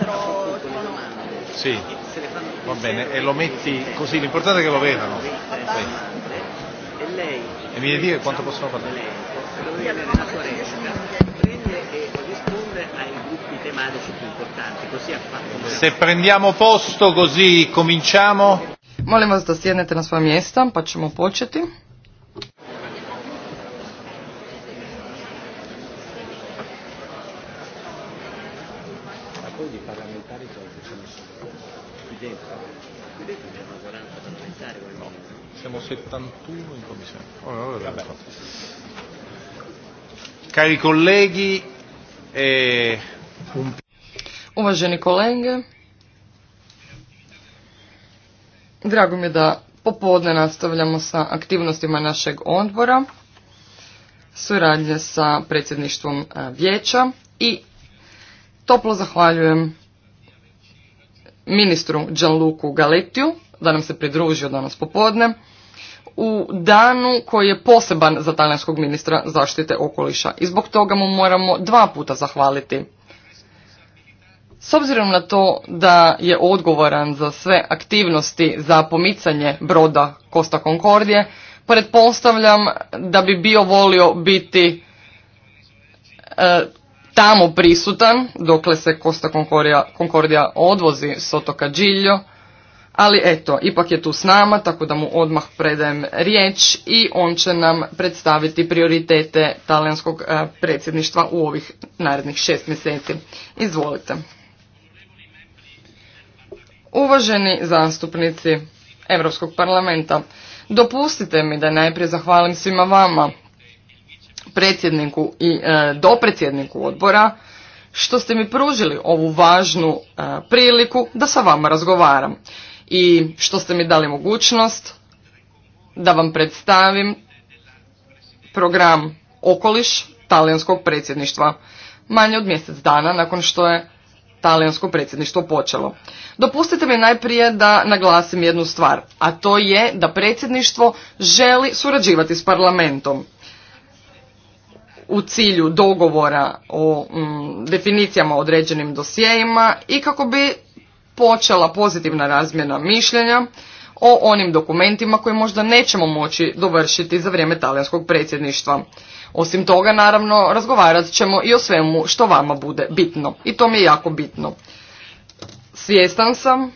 dentro il tuo Sì, va bene, e lo metti così, l'importante è che lo vedano. Sì. E lei? E mi devi dire quanto possono parlare? E la foresta, prende e risponde ai gruppi tematici più importanti, così ha fatto. Se prendiamo posto così cominciamo. Molim vas da sjednete na svoje mjesta, pa ćemo početi. siamo 71 in commissione. Oh, Uvaženi kolege, drago mi je da popodne nastavljamo sa aktivnostima našeg odbora, suradnje sa predsjedništvom e, vijeća i toplo zahvaljujem ministru Gianluku Galetiju da nam se pridružio danas popodne u danu koji je poseban za talijanskog ministra zaštite okoliša i zbog toga mu moramo dva puta zahvaliti. S obzirom na to da je odgovoran za sve aktivnosti za pomicanje broda Costa Concordia, pretpostavljam da bi bio volio biti e, tamo prisutan, dokle se Costa Concordia, Concordia odvozi s otoka Džiljo, ali eto, ipak je tu s nama, tako da mu odmah predajem riječ i on će nam predstaviti prioritete talijanskog e, predsjedništva u ovih narednih šest mjeseci. Izvolite. Uvaženi zastupnici Europskog parlamenta, dopustite mi da najprije zahvalim svima vama, predsjedniku i e, dopredsjedniku odbora, što ste mi pružili ovu važnu e, priliku da sa vama razgovaram i što ste mi dali mogućnost da vam predstavim program Okoliš talijanskog predsjedništva manje od mjesec dana nakon što je talijansko predsjedništvo počelo. Dopustite mi najprije da naglasim jednu stvar, a to je da predsjedništvo želi surađivati s parlamentom u cilju dogovora o mm, definicijama određenim dosjejima i kako bi počela pozitivna razmjena mišljenja o onim dokumentima koje možda nećemo moći dovršiti za vrijeme talijanskog predsjedništva. Osim toga, naravno, razgovarat ćemo i o svemu što vama bude bitno. I to mi je jako bitno. Svjestan sam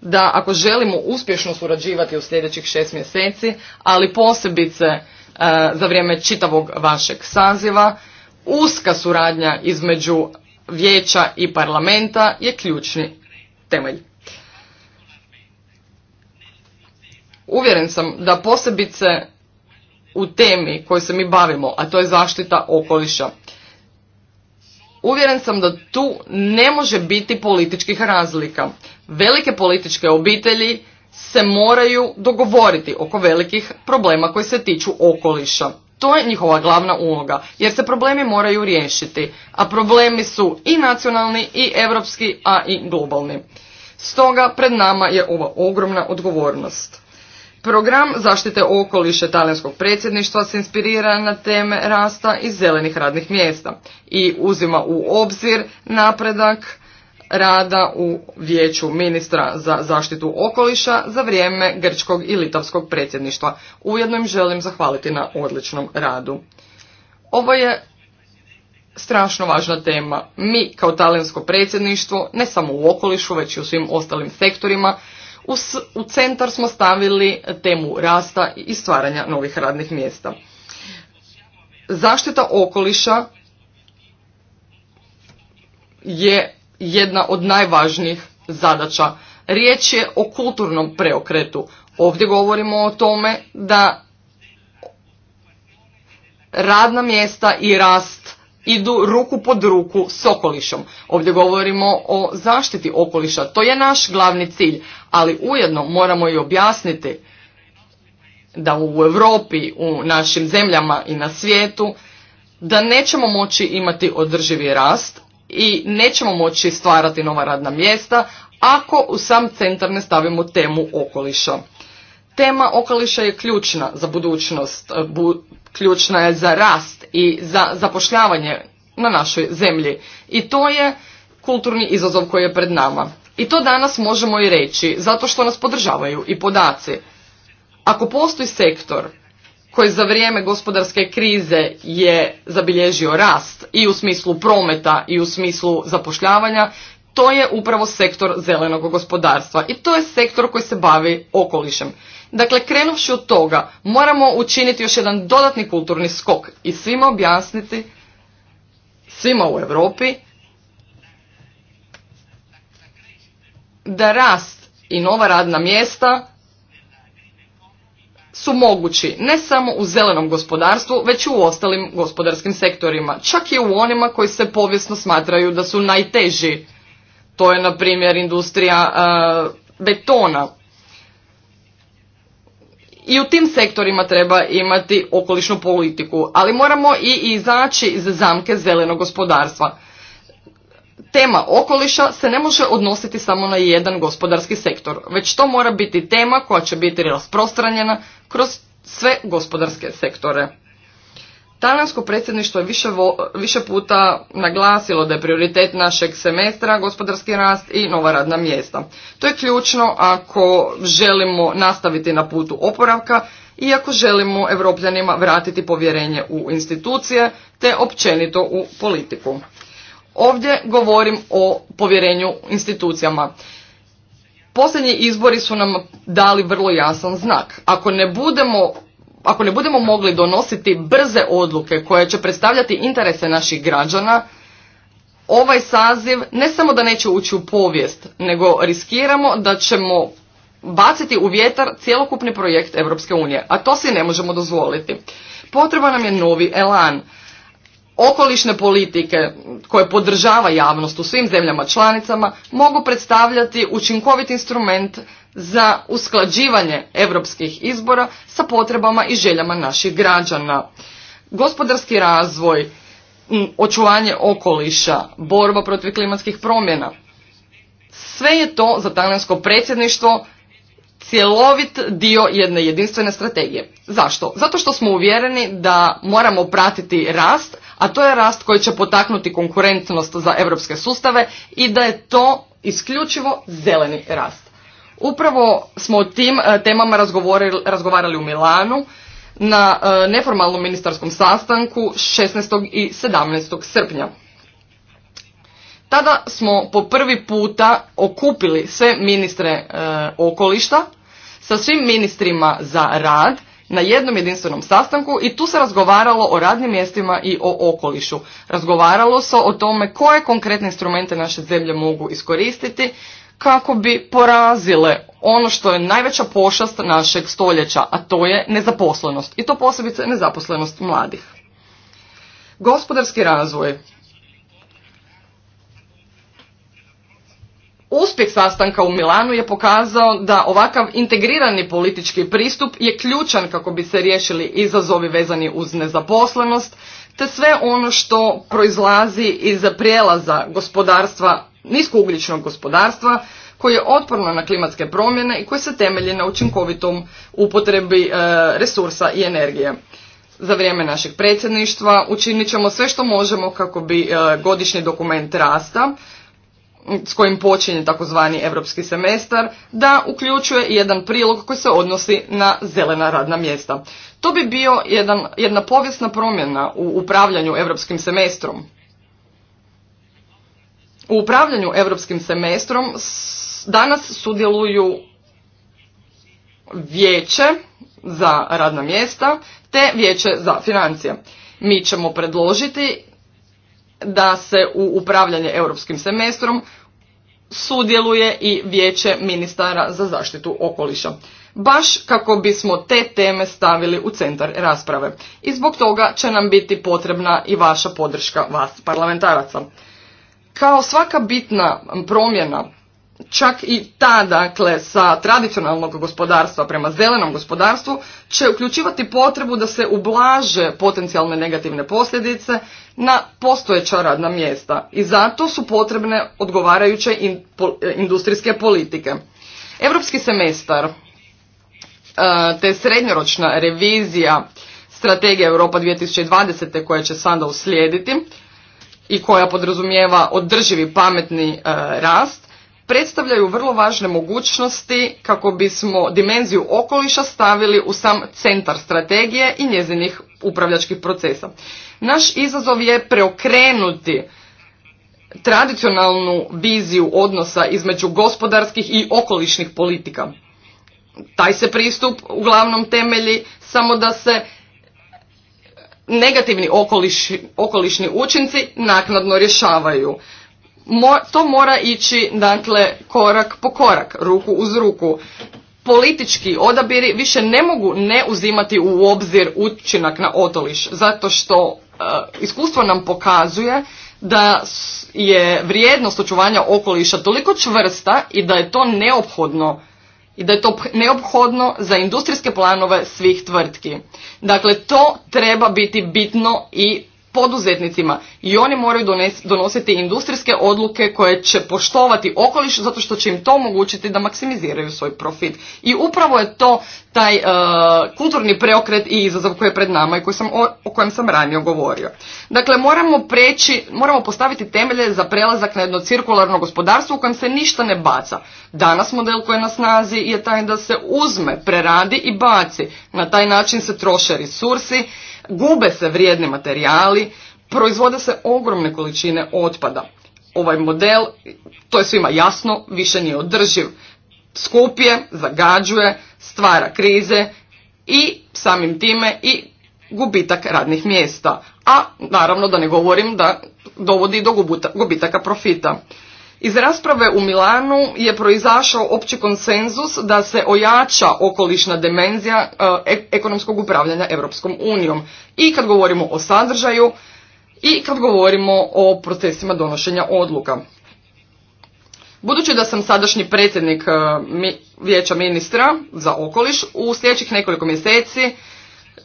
da ako želimo uspješno surađivati u sljedećih šest mjeseci, ali posebice e, za vrijeme čitavog vašeg saziva, uska suradnja između vijeća i parlamenta je ključni temelj. Uvjeren sam da posebice u temi koju se mi bavimo, a to je zaštita okoliša, uvjeren sam da tu ne može biti političkih razlika. Velike političke obitelji se moraju dogovoriti oko velikih problema koji se tiču okoliša. To je njihova glavna uloga, jer se problemi moraju riješiti, a problemi su i nacionalni, i europski, a i globalni. Stoga pred nama je ova ogromna odgovornost. Program zaštite okoliša talijanskog predsjedništva se inspirira na teme rasta i zelenih radnih mjesta i uzima u obzir napredak rada u vijeću ministra za zaštitu okoliša za vrijeme grčkog i litavskog predsjedništva. Ujedno im želim zahvaliti na odličnom radu. Ovo je strašno važna tema. Mi kao talijansko predsjedništvo, ne samo u okolišu, već i u svim ostalim sektorima, u, u centar smo stavili temu rasta i stvaranja novih radnih mjesta. Zaštita okoliša je jedna od najvažnijih zadaća. Riječ je o kulturnom preokretu. Ovdje govorimo o tome da radna mjesta i rast idu ruku pod ruku s okolišom. Ovdje govorimo o zaštiti okoliša. To je naš glavni cilj, ali ujedno moramo i objasniti da u Europi, u našim zemljama i na svijetu da nećemo moći imati održivi rast i nećemo moći stvarati nova radna mjesta ako u sam centar ne stavimo temu okoliša. Tema okoliša je ključna za budućnost, e, bu, ključna je za rast i za zapošljavanje na našoj zemlji. I to je kulturni izazov koji je pred nama. I to danas možemo i reći, zato što nas podržavaju i podaci. Ako postoji sektor koji za vrijeme gospodarske krize je zabilježio rast i u smislu prometa i u smislu zapošljavanja, to je upravo sektor zelenog gospodarstva i to je sektor koji se bavi okolišem. Dakle, krenuvši od toga, moramo učiniti još jedan dodatni kulturni skok i svima objasniti, svima u Europi, da rast i nova radna mjesta su mogući ne samo u zelenom gospodarstvu, već i u ostalim gospodarskim sektorima, čak i u onima koji se povijesno smatraju da su najteži. To je, na primjer, industrija e, betona. I u tim sektorima treba imati okolišnu politiku, ali moramo i izaći iz zamke zelenog gospodarstva. Tema okoliša se ne može odnositi samo na jedan gospodarski sektor, već to mora biti tema koja će biti rasprostranjena kroz sve gospodarske sektore. Talijansko predsjedništvo je više, vo, više puta naglasilo da je prioritet našeg semestra gospodarski rast i nova radna mjesta. To je ključno ako želimo nastaviti na putu oporavka i ako želimo Evropljanima vratiti povjerenje u institucije te općenito u politiku. Ovdje govorim o povjerenju institucijama posljednji izbori su nam dali vrlo jasan znak. Ako ne budemo ako ne budemo mogli donositi brze odluke koje će predstavljati interese naših građana, ovaj saziv ne samo da neće ući u povijest, nego riskiramo da ćemo baciti u vjetar cjelokupni projekt Europske unije, a to si ne možemo dozvoliti. Potreban nam je novi elan okolišne politike koje podržava javnost u svim zemljama članicama mogu predstavljati učinkovit instrument za usklađivanje europskih izbora sa potrebama i željama naših građana. Gospodarski razvoj, očuvanje okoliša, borba protiv klimatskih promjena. Sve je to za talijansko predsjedništvo cjelovit dio jedne jedinstvene strategije. Zašto? Zato što smo uvjereni da moramo pratiti rast, a to je rast koji će potaknuti konkurentnost za europske sustave i da je to isključivo zeleni rast. Upravo smo o tim e, temama razgovarali u Milanu na e, neformalnom ministarskom sastanku 16. i 17. srpnja. Tada smo po prvi puta okupili sve ministre e, okolišta sa svim ministrima za rad na jednom jedinstvenom sastanku i tu se razgovaralo o radnim mjestima i o okolišu. Razgovaralo se o tome koje konkretne instrumente naše zemlje mogu iskoristiti kako bi porazile ono što je najveća pošast našeg stoljeća, a to je nezaposlenost. I to posebice nezaposlenost mladih. Gospodarski razvoj Uspjeh sastanka u Milanu je pokazao da ovakav integrirani politički pristup je ključan kako bi se riješili izazovi vezani uz nezaposlenost, te sve ono što proizlazi iz prijelaza gospodarstva, niskougljičnog gospodarstva, koje je otporno na klimatske promjene i koje se temelji na učinkovitom upotrebi e, resursa i energije. Za vrijeme našeg predsjedništva učinit ćemo sve što možemo kako bi e, godišnji dokument rasta s kojim počinje takozvani europski semestar, da uključuje jedan prilog koji se odnosi na zelena radna mjesta. To bi bio jedan, jedna povijesna promjena u upravljanju europskim semestrom. U upravljanju europskim semestrom danas sudjeluju vijeće za radna mjesta te vijeće za financije. Mi ćemo predložiti da se u upravljanje europskim semestrom sudjeluje i vijeće ministara za zaštitu okoliša. Baš kako bismo te teme stavili u centar rasprave. I zbog toga će nam biti potrebna i vaša podrška vas parlamentaraca. Kao svaka bitna promjena čak i ta, dakle, sa tradicionalnog gospodarstva prema zelenom gospodarstvu će uključivati potrebu da se ublaže potencijalne negativne posljedice na postojeća radna mjesta i zato su potrebne odgovarajuće e, industrijske politike. Europski semestar e, te srednjoročna revizija strategije Europa 2020. koja će sada uslijediti i koja podrazumijeva održivi pametni e, rast predstavljaju vrlo važne mogućnosti kako bismo dimenziju okoliša stavili u sam centar strategije i njezinih upravljačkih procesa. Naš izazov je preokrenuti tradicionalnu viziju odnosa između gospodarskih i okolišnih politika. Taj se pristup uglavnom temelji samo da se negativni okolišni učinci naknadno rješavaju to mora ići dakle korak po korak, ruku uz ruku. Politički odabiri više ne mogu ne uzimati u obzir učinak na otoliš, zato što eh, iskustvo nam pokazuje da je vrijednost očuvanja okoliša toliko čvrsta i da je to neophodno i da je to neophodno za industrijske planove svih tvrtki. Dakle, to treba biti bitno i poduzetnicima i oni moraju donositi industrijske odluke koje će poštovati okoliš zato što će im to omogućiti da maksimiziraju svoj profit. I upravo je to taj e, kulturni preokret i izazov koji je pred nama i koji sam, o, o kojem sam ranije govorio. Dakle, moramo preći, moramo postaviti temelje za prelazak na jedno cirkularno gospodarstvo u kojem se ništa ne baca. Danas model koji je na snazi je taj da se uzme, preradi i baci. Na taj način se troše resursi gube se vrijedni materijali, proizvode se ogromne količine otpada. Ovaj model, to je svima jasno, više nije održiv. Skup zagađuje, stvara krize i samim time i gubitak radnih mjesta. A naravno da ne govorim da dovodi do gubitaka profita. Iz rasprave u Milanu je proizašao opći konsenzus da se ojača okolišna dimenzija e, ekonomskog upravljanja Europskom unijom i kad govorimo o sadržaju i kad govorimo o procesima donošenja odluka. Budući da sam sadašnji predsjednik e, vijeća ministra za okoliš, u sljedećih nekoliko mjeseci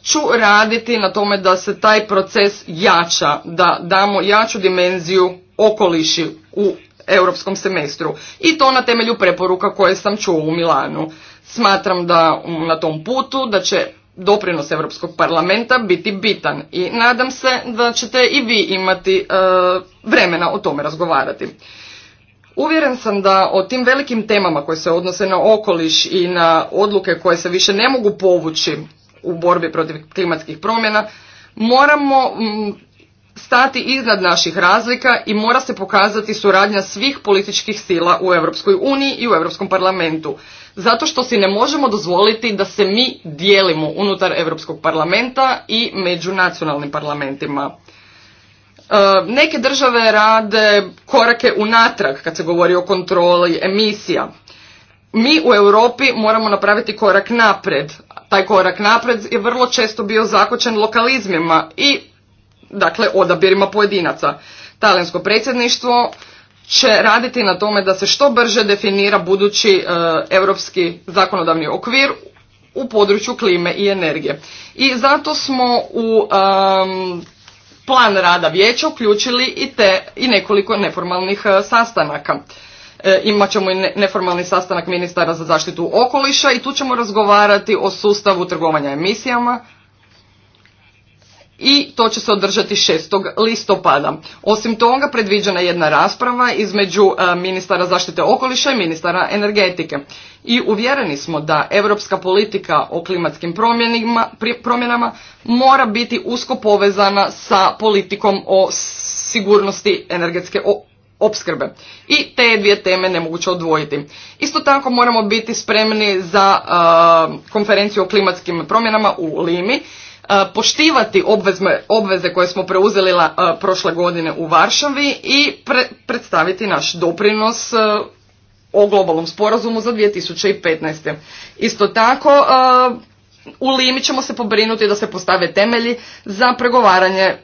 ću raditi na tome da se taj proces jača, da damo jaču dimenziju okoliši u europskom semestru i to na temelju preporuka koje sam čuo u Milanu. Smatram da na tom putu da će doprinos Europskog parlamenta biti bitan i nadam se da ćete i vi imati e, vremena o tome razgovarati. Uvjeren sam da o tim velikim temama koje se odnose na okoliš i na odluke koje se više ne mogu povući u borbi protiv klimatskih promjena moramo stati iznad naših razlika i mora se pokazati suradnja svih političkih sila u Europskoj uniji i u Europskom parlamentu. Zato što si ne možemo dozvoliti da se mi dijelimo unutar Europskog parlamenta i među nacionalnim parlamentima. E, neke države rade korake unatrag kad se govori o kontroli emisija. Mi u Europi moramo napraviti korak napred. Taj korak napred je vrlo često bio zakočen lokalizmima i dakle odabirima pojedinaca. Talijansko predsjedništvo će raditi na tome da se što brže definira budući e, europski zakonodavni okvir u području klime i energije. I zato smo u e, plan rada vijeća uključili i te i nekoliko neformalnih e, sastanaka. E, imat ćemo i neformalni sastanak ministara za zaštitu okoliša i tu ćemo razgovarati o sustavu trgovanja emisijama, i to će se održati 6. listopada. Osim toga predviđena je jedna rasprava između e, ministara zaštite okoliša i ministara energetike. I uvjereni smo da europska politika o klimatskim promjenama mora biti usko povezana sa politikom o sigurnosti energetske opskrbe. I te dvije teme ne moguće odvojiti. Isto tako moramo biti spremni za e, konferenciju o klimatskim promjenama u Limi E, poštivati obvezme, obveze koje smo preuzeli e, prošle godine u Varšavi i predstaviti naš doprinos e, o globalnom sporazumu za 2015. Isto tako, u Limi ćemo se pobrinuti da se postave temelji za pregovaranje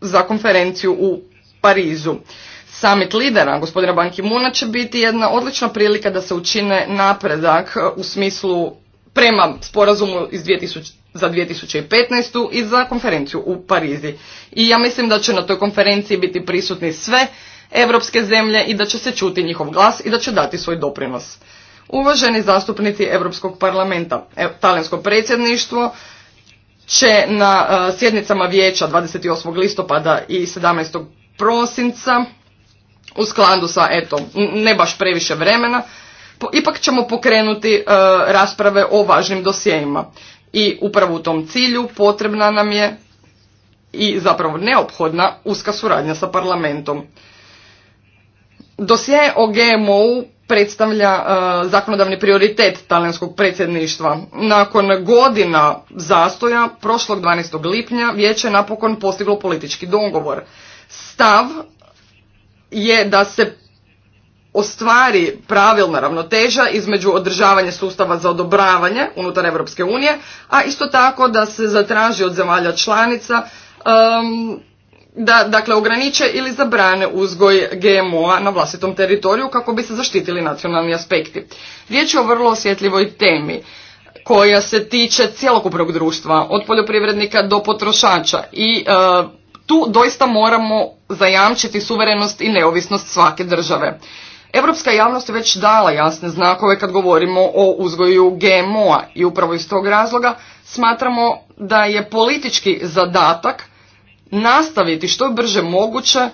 za konferenciju u Parizu. Summit lidera gospodina Banki Muna će biti jedna odlična prilika da se učine napredak u smislu prema sporazumu iz za 2015. i za konferenciju u Parizi. I ja mislim da će na toj konferenciji biti prisutni sve evropske zemlje i da će se čuti njihov glas i da će dati svoj doprinos. Uvaženi zastupnici Europskog parlamenta, e, talijansko predsjedništvo će na e, sjednicama vijeća 28. listopada i 17. prosinca u skladu sa, eto, ne baš previše vremena, ipak ćemo pokrenuti e, rasprave o važnim dosjejima. I upravo u tom cilju potrebna nam je i zapravo neophodna uska suradnja sa parlamentom. Dosje o GMO-u predstavlja e, zakonodavni prioritet talijanskog predsjedništva. Nakon godina zastoja, prošlog 12. lipnja, vijeće je napokon postiglo politički dogovor. Stav je da se ostvari pravilna ravnoteža između održavanja sustava za odobravanje unutar Europske unije, a isto tako da se zatraži od zemalja članica um, da dakle ograniče ili zabrane uzgoj GMO-a na vlastitom teritoriju kako bi se zaštitili nacionalni aspekti. Riječ je o vrlo osjetljivoj temi koja se tiče cjelokupnog društva, od poljoprivrednika do potrošača i uh, tu doista moramo zajamčiti suverenost i neovisnost svake države. Europska javnost je već dala jasne znakove kad govorimo o uzgoju GMO-a i upravo iz tog razloga smatramo da je politički zadatak nastaviti što je brže moguće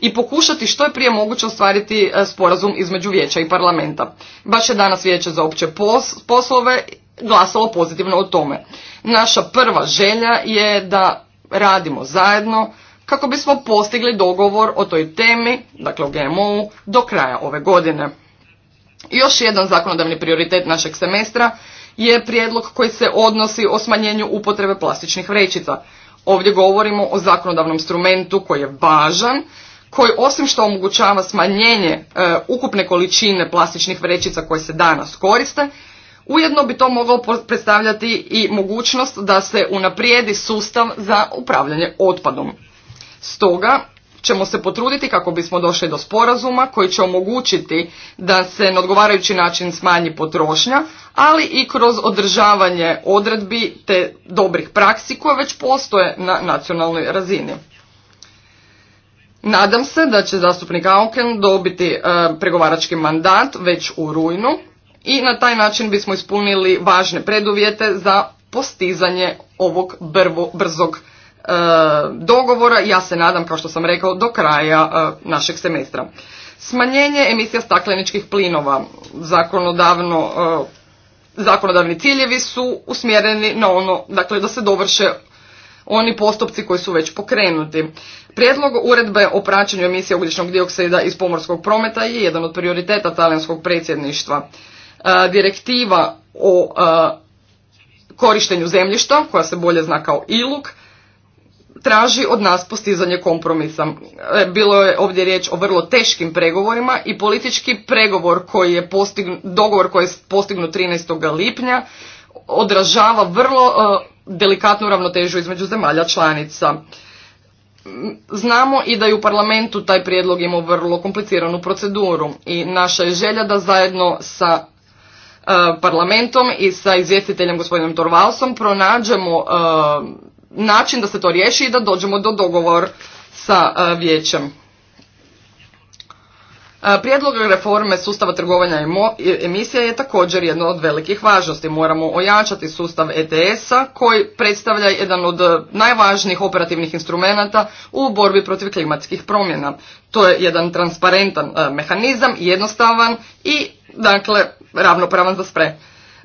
i pokušati što je prije moguće ostvariti e, sporazum između vijeća i parlamenta. Baš je danas vijeće za opće poslove glasalo pozitivno o tome. Naša prva želja je da radimo zajedno, kako bismo postigli dogovor o toj temi, dakle o GMO-u, do kraja ove godine. Još jedan zakonodavni prioritet našeg semestra je prijedlog koji se odnosi o smanjenju upotrebe plastičnih vrećica. Ovdje govorimo o zakonodavnom instrumentu koji je važan, koji osim što omogućava smanjenje e, ukupne količine plastičnih vrećica koje se danas koriste, ujedno bi to moglo predstavljati i mogućnost da se unaprijedi sustav za upravljanje otpadom. Stoga ćemo se potruditi kako bismo došli do sporazuma koji će omogućiti da se na odgovarajući način smanji potrošnja, ali i kroz održavanje odredbi te dobrih praksi koje već postoje na nacionalnoj razini. Nadam se da će zastupnik Auken dobiti e, pregovarački mandat već u rujnu i na taj način bismo ispunili važne preduvjete za postizanje ovog brvo, brzog E, dogovora ja se nadam kao što sam rekao do kraja e, našeg semestra. Smanjenje emisija stakleničkih plinova zakonodavno e, zakonodavni ciljevi su usmjereni na ono dakle da se dovrše oni postupci koji su već pokrenuti. Prijedlog uredbe o praćenju emisije ugljičnog dioksida iz pomorskog prometa je jedan od prioriteta talijanskog predsjedništva. Direktiva o korištenju zemljišta, koja se bolje zna kao iluk, traži od nas postizanje kompromisa. E, bilo je ovdje riječ o vrlo teškim pregovorima i politički pregovor koji je postignut, dogovor koji je postignut 13. lipnja odražava vrlo e, delikatnu ravnotežu između zemalja članica. Znamo i da je u parlamentu taj prijedlog imao vrlo kompliciranu proceduru i naša je želja da zajedno sa e, parlamentom i sa izvjestiteljem gospodinom Torvalsom pronađemo način da se to riješi i da dođemo do dogovor sa e, vijećem. E, prijedlog reforme sustava trgovanja emisija je također jedno od velikih važnosti. Moramo ojačati sustav ETS-a koji predstavlja jedan od e, najvažnijih operativnih instrumenata u borbi protiv klimatskih promjena. To je jedan transparentan mehanizam, jednostavan i dakle ravnopravan za spre.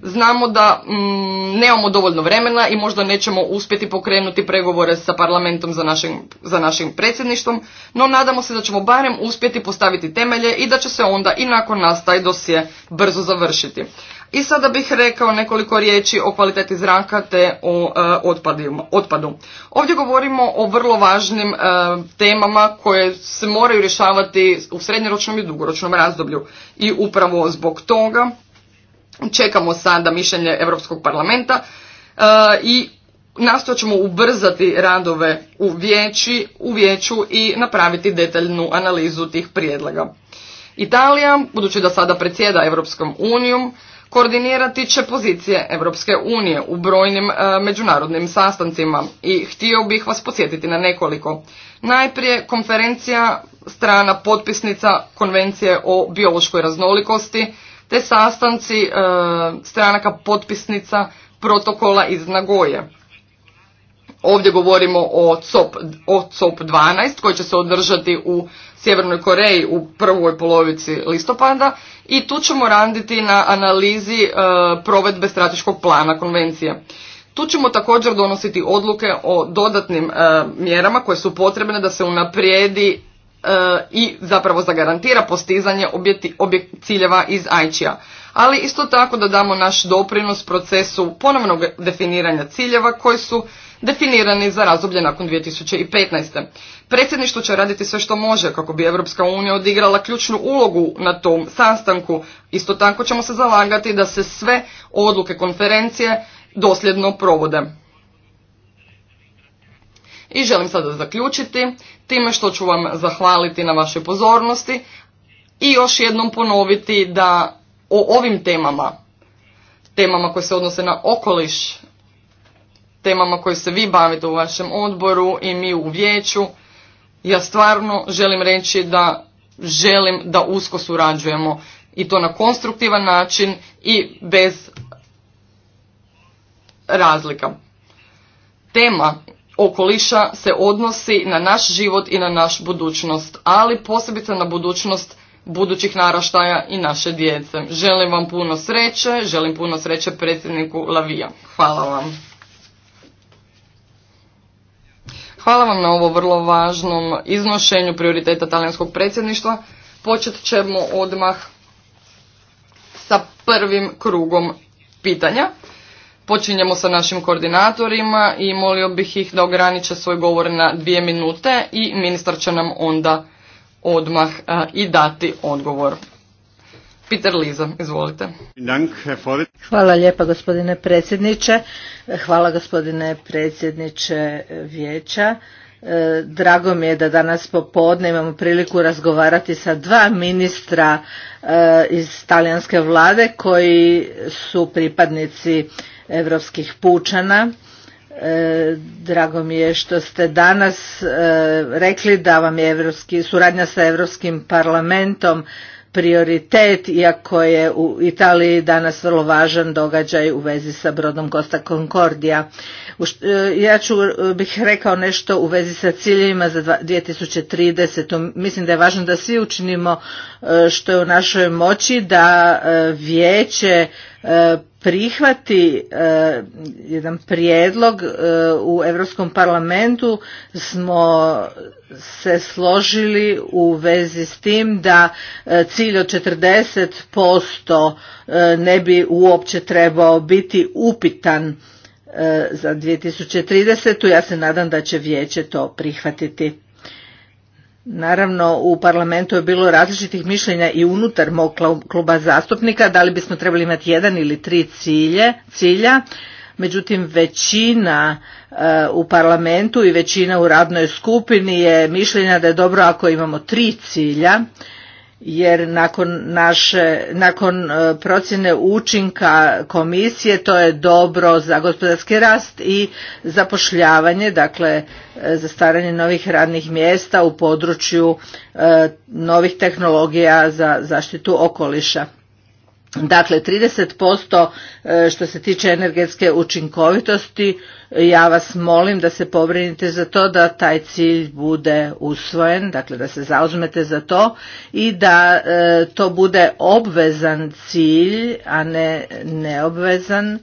Znamo da mm, nemamo dovoljno vremena i možda nećemo uspjeti pokrenuti pregovore sa parlamentom za našim, za našim predsjedništvom, no nadamo se da ćemo barem uspjeti postaviti temelje i da će se onda i nakon nas taj dosje brzo završiti. I sada bih rekao nekoliko riječi o kvaliteti zraka te o e, otpadu. Ovdje govorimo o vrlo važnim e, temama koje se moraju rješavati u srednjoročnom i dugoročnom razdoblju. I upravo zbog toga Čekamo sada mišljenje Europskog parlamenta e, i nasto ćemo ubrzati radove u vijeći, u vijeću i napraviti detaljnu analizu tih prijedloga. Italija, budući da sada predsjeda Europskom unijom, koordinirati će pozicije Europske unije u brojnim e, međunarodnim sastancima i htio bih vas podsjetiti na nekoliko. Najprije konferencija strana potpisnica Konvencije o biološkoj raznolikosti te sastanci e, stranaka potpisnica protokola iz Nagoje. Ovdje govorimo o COP, o COP 12 koji će se održati u Sjevernoj Koreji u prvoj polovici listopada i tu ćemo raditi na analizi e, provedbe strateškog plana konvencije. Tu ćemo također donositi odluke o dodatnim e, mjerama koje su potrebne da se unaprijedi E, i zapravo zagarantira postizanje objeti, ciljeva iz AIĆ-a. Ali isto tako da damo naš doprinos procesu ponovnog definiranja ciljeva koji su definirani za razdoblje nakon 2015. Predsjedništvo će raditi sve što može kako bi Europska unija odigrala ključnu ulogu na tom sastanku. Isto tako ćemo se zalagati da se sve odluke konferencije dosljedno provode. I želim sada zaključiti time što ću vam zahvaliti na vašoj pozornosti i još jednom ponoviti da o ovim temama, temama koje se odnose na okoliš, temama koje se vi bavite u vašem odboru i mi u vijeću, ja stvarno želim reći da želim da usko surađujemo i to na konstruktivan način i bez razlika. Tema okoliša se odnosi na naš život i na naš budućnost, ali posebice na budućnost budućih naraštaja i naše djece. Želim vam puno sreće, želim puno sreće predsjedniku Lavija. Hvala vam. Hvala vam na ovo vrlo važnom iznošenju prioriteta talijanskog predsjedništva. Počet ćemo odmah sa prvim krugom pitanja. Počinjemo sa našim koordinatorima i molio bih ih da ograniče svoj govor na dvije minute i ministar će nam onda odmah i dati odgovor. Peter Liza, izvolite. Hvala lijepa gospodine predsjedniče. Hvala gospodine predsjedniče vijeća. E, drago mi je da danas popodne imamo priliku razgovarati sa dva ministra e, iz talijanske vlade koji su pripadnici europskih pučana. E, drago mi je što ste danas e, rekli da vam je suradnja sa Europskim parlamentom prioritet, iako je u Italiji danas vrlo važan događaj u vezi sa brodom Costa Concordia. E, ja ću, bih rekao nešto u vezi sa ciljevima za 2030. Mislim da je važno da svi učinimo što je u našoj moći, da vijeće prihvati e, jedan prijedlog e, u Europskom parlamentu smo se složili u vezi s tim da e, cilj od 40% ne bi uopće trebao biti upitan za 2030. Ja se nadam da će vijeće to prihvatiti. Naravno, u parlamentu je bilo različitih mišljenja i unutar mog kluba zastupnika, da li bismo trebali imati jedan ili tri cilje, cilja, međutim većina eh, u parlamentu i većina u radnoj skupini je mišljenja da je dobro ako imamo tri cilja jer nakon naše nakon e, procjene učinka komisije to je dobro za gospodarski rast i zapošljavanje dakle e, za stvaranje novih radnih mjesta u području e, novih tehnologija za zaštitu okoliša Dakle, 30% e, što se tiče energetske učinkovitosti, ja vas molim da se pobrinite za to da taj cilj bude usvojen, dakle da se zauzmete za to i da e, to bude obvezan cilj, a ne neobvezan.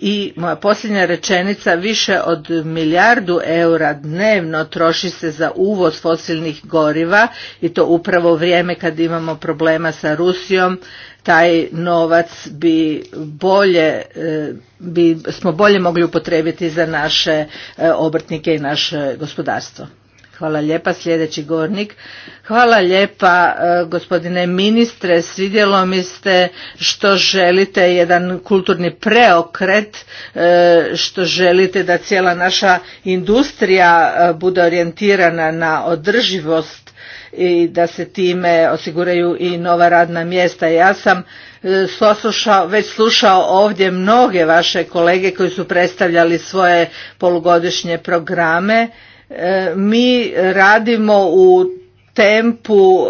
I moja posljednja rečenica, više od milijardu eura dnevno troši se za uvoz fosilnih goriva i to upravo vrijeme kad imamo problema sa Rusijom, taj novac bi bolje e, bi smo bolje mogli upotrijebiti za naše e, obrtnike i naše gospodarstvo. Hvala lijepa, sljedeći govornik. Hvala lijepa e, gospodine ministre, svidjelo mi ste što želite jedan kulturni preokret, što želite da cijela naša industrija bude orijentirana na održivost i da se time osiguraju i nova radna mjesta. Ja sam e, već slušao ovdje mnoge vaše kolege koji su predstavljali svoje polugodišnje programe. E, mi radimo u tempu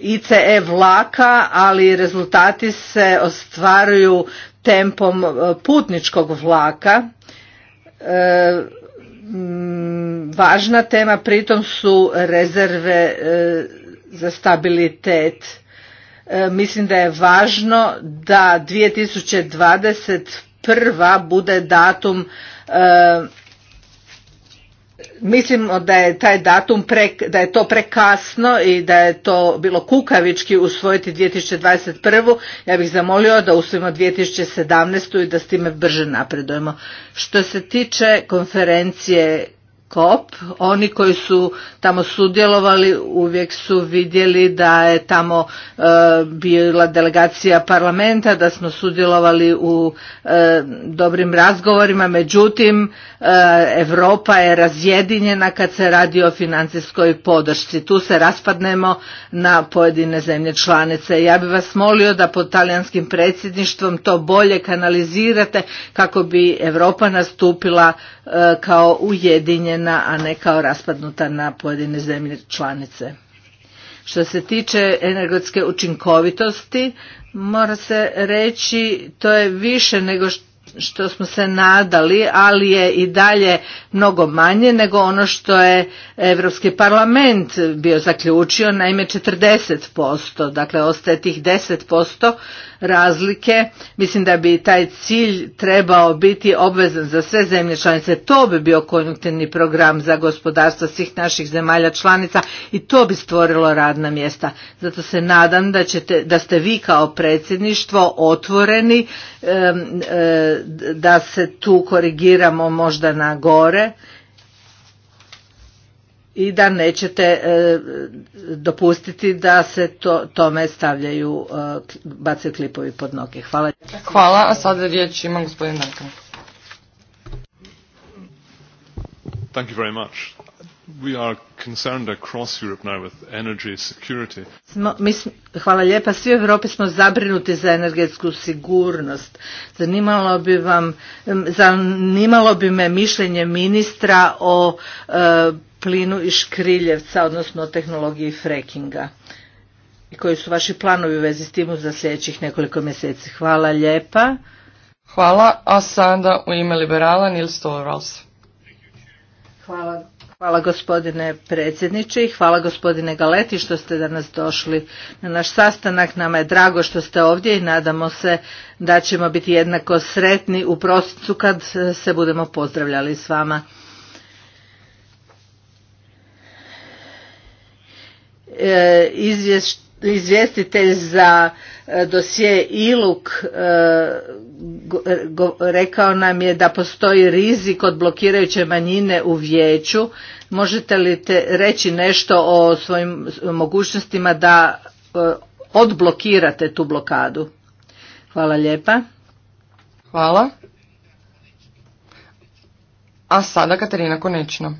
ICE e vlaka, ali rezultati se ostvaruju tempom putničkog vlaka. Mm, važna tema, pritom su rezerve e, za stabilitet. E, mislim da je važno da 2021. bude datum e, Mislim da je taj datum pre, da je to prekasno i da je to bilo kukavički usvojiti 2021. Ja bih zamolio da usvojimo 2017. i da s time brže napredujemo. Što se tiče konferencije kop oni koji su tamo sudjelovali uvijek su vidjeli da je tamo e, bila delegacija parlamenta da smo sudjelovali u e, dobrim razgovorima međutim europa je razjedinjena kad se radi o financijskoj podršci tu se raspadnemo na pojedine zemlje članice ja bih vas molio da pod talijanskim predsjedništvom to bolje kanalizirate kako bi europa nastupila E, kao ujedinjena, a ne kao raspadnuta na pojedine zemlje članice. Što se tiče energetske učinkovitosti, mora se reći, to je više nego što smo se nadali, ali je i dalje mnogo manje nego ono što je Europski parlament bio zaključio, naime 40%, dakle ostaje tih 10% razlike. Mislim da bi taj cilj trebao biti obvezan za sve zemlje članice. To bi bio konjunktivni program za gospodarstvo svih naših zemalja članica i to bi stvorilo radna mjesta. Zato se nadam da, ćete, da ste vi kao predsjedništvo otvoreni e, da se tu korigiramo možda na gore i da nećete e, dopustiti da se to, tome stavljaju e, bace klipovi pod noge. Hvala. Hvala, a sada riječ ima gospodin Duncan. Thank you very much. We are concerned across Europe now with energy security. hvala lijepa. Svi u Europi smo zabrinuti za energetsku sigurnost. Zanimalo bi vam, zanimalo bi me mišljenje ministra o e, plinu iz škriljevca, odnosno tehnologiji frekinga. I koji su vaši planovi u vezi s tim za sljedećih nekoliko mjeseci? Hvala lijepa. Hvala, a sada u ime liberala Nils Torvalds. Hvala, hvala gospodine predsjedniče i hvala gospodine Galeti što ste danas došli na naš sastanak. Nama je drago što ste ovdje i nadamo se da ćemo biti jednako sretni u prosincu kad se budemo pozdravljali s vama. E, izvjestitelj za e, dosje Iluk e, rekao nam je da postoji rizik od blokirajuće manjine u vijeću. Možete li reći nešto o svojim mogućnostima da odblokirate tu blokadu? Hvala lijepa. Hvala. A sada Katarina konečno.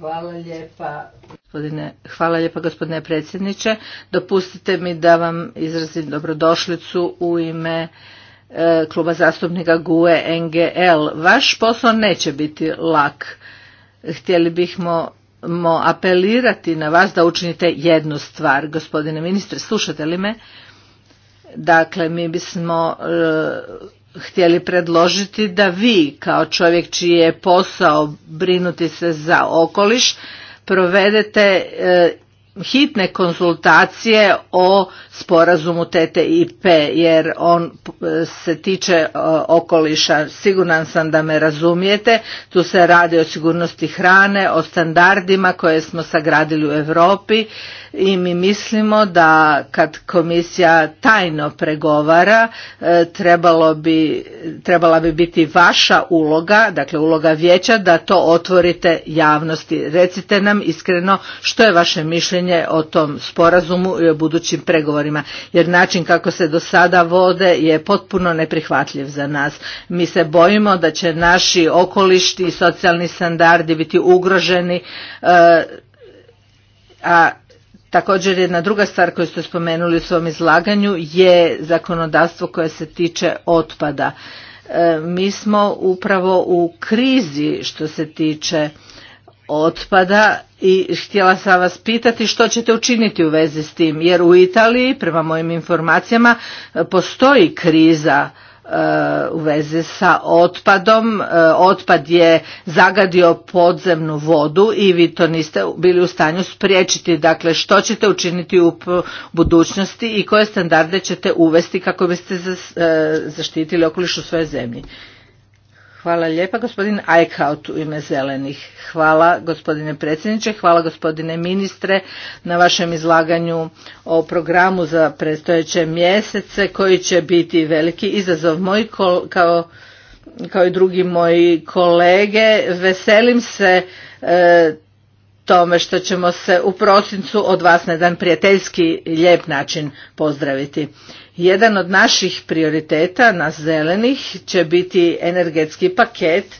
Hvala lijepa. Gospodine, hvala lijepa gospodine predsjedniče. Dopustite mi da vam izrazim dobrodošlicu u ime e, kluba zastupnika GUE NGL. Vaš posao neće biti lak. Htjeli bismo mo apelirati na vas da učinite jednu stvar. Gospodine ministre, slušate li me? Dakle, mi bismo e, htjeli predložiti da vi kao čovjek čiji je posao brinuti se za okoliš provedete e, hitne konzultacije o sporazumu TTIP jer on e, se tiče e, okoliša. Siguran sam da me razumijete. Tu se radi o sigurnosti hrane, o standardima koje smo sagradili u Europi i mi mislimo da kad komisija tajno pregovara e, trebalo bi, trebala bi biti vaša uloga, dakle uloga vijeća da to otvorite javnosti. Recite nam iskreno što je vaše mišljenje o tom sporazumu i o budućim pregovorima jer način kako se do sada vode je potpuno neprihvatljiv za nas. Mi se bojimo da će naši okolišti i socijalni standardi biti ugroženi e, a Također jedna druga stvar koju ste spomenuli u svom izlaganju je zakonodavstvo koje se tiče otpada. E, mi smo upravo u krizi što se tiče otpada i htjela sam vas pitati što ćete učiniti u vezi s tim jer u Italiji prema mojim informacijama postoji kriza u vezi sa otpadom. E, otpad je zagadio podzemnu vodu i vi to niste bili u stanju spriječiti. Dakle, što ćete učiniti u budućnosti i koje standarde ćete uvesti kako biste e, zaštitili okoliš u svojoj zemlji? Hvala lijepa gospodin Eichhout u ime zelenih. Hvala gospodine predsjedniče, hvala gospodine ministre na vašem izlaganju o programu za predstojeće mjesece koji će biti veliki izazov. moj kao, kao i drugi moji kolege veselim se e, tome što ćemo se u prosincu od vas na jedan prijateljski lijep način pozdraviti. Jedan od naših prioriteta na zelenih će biti energetski paket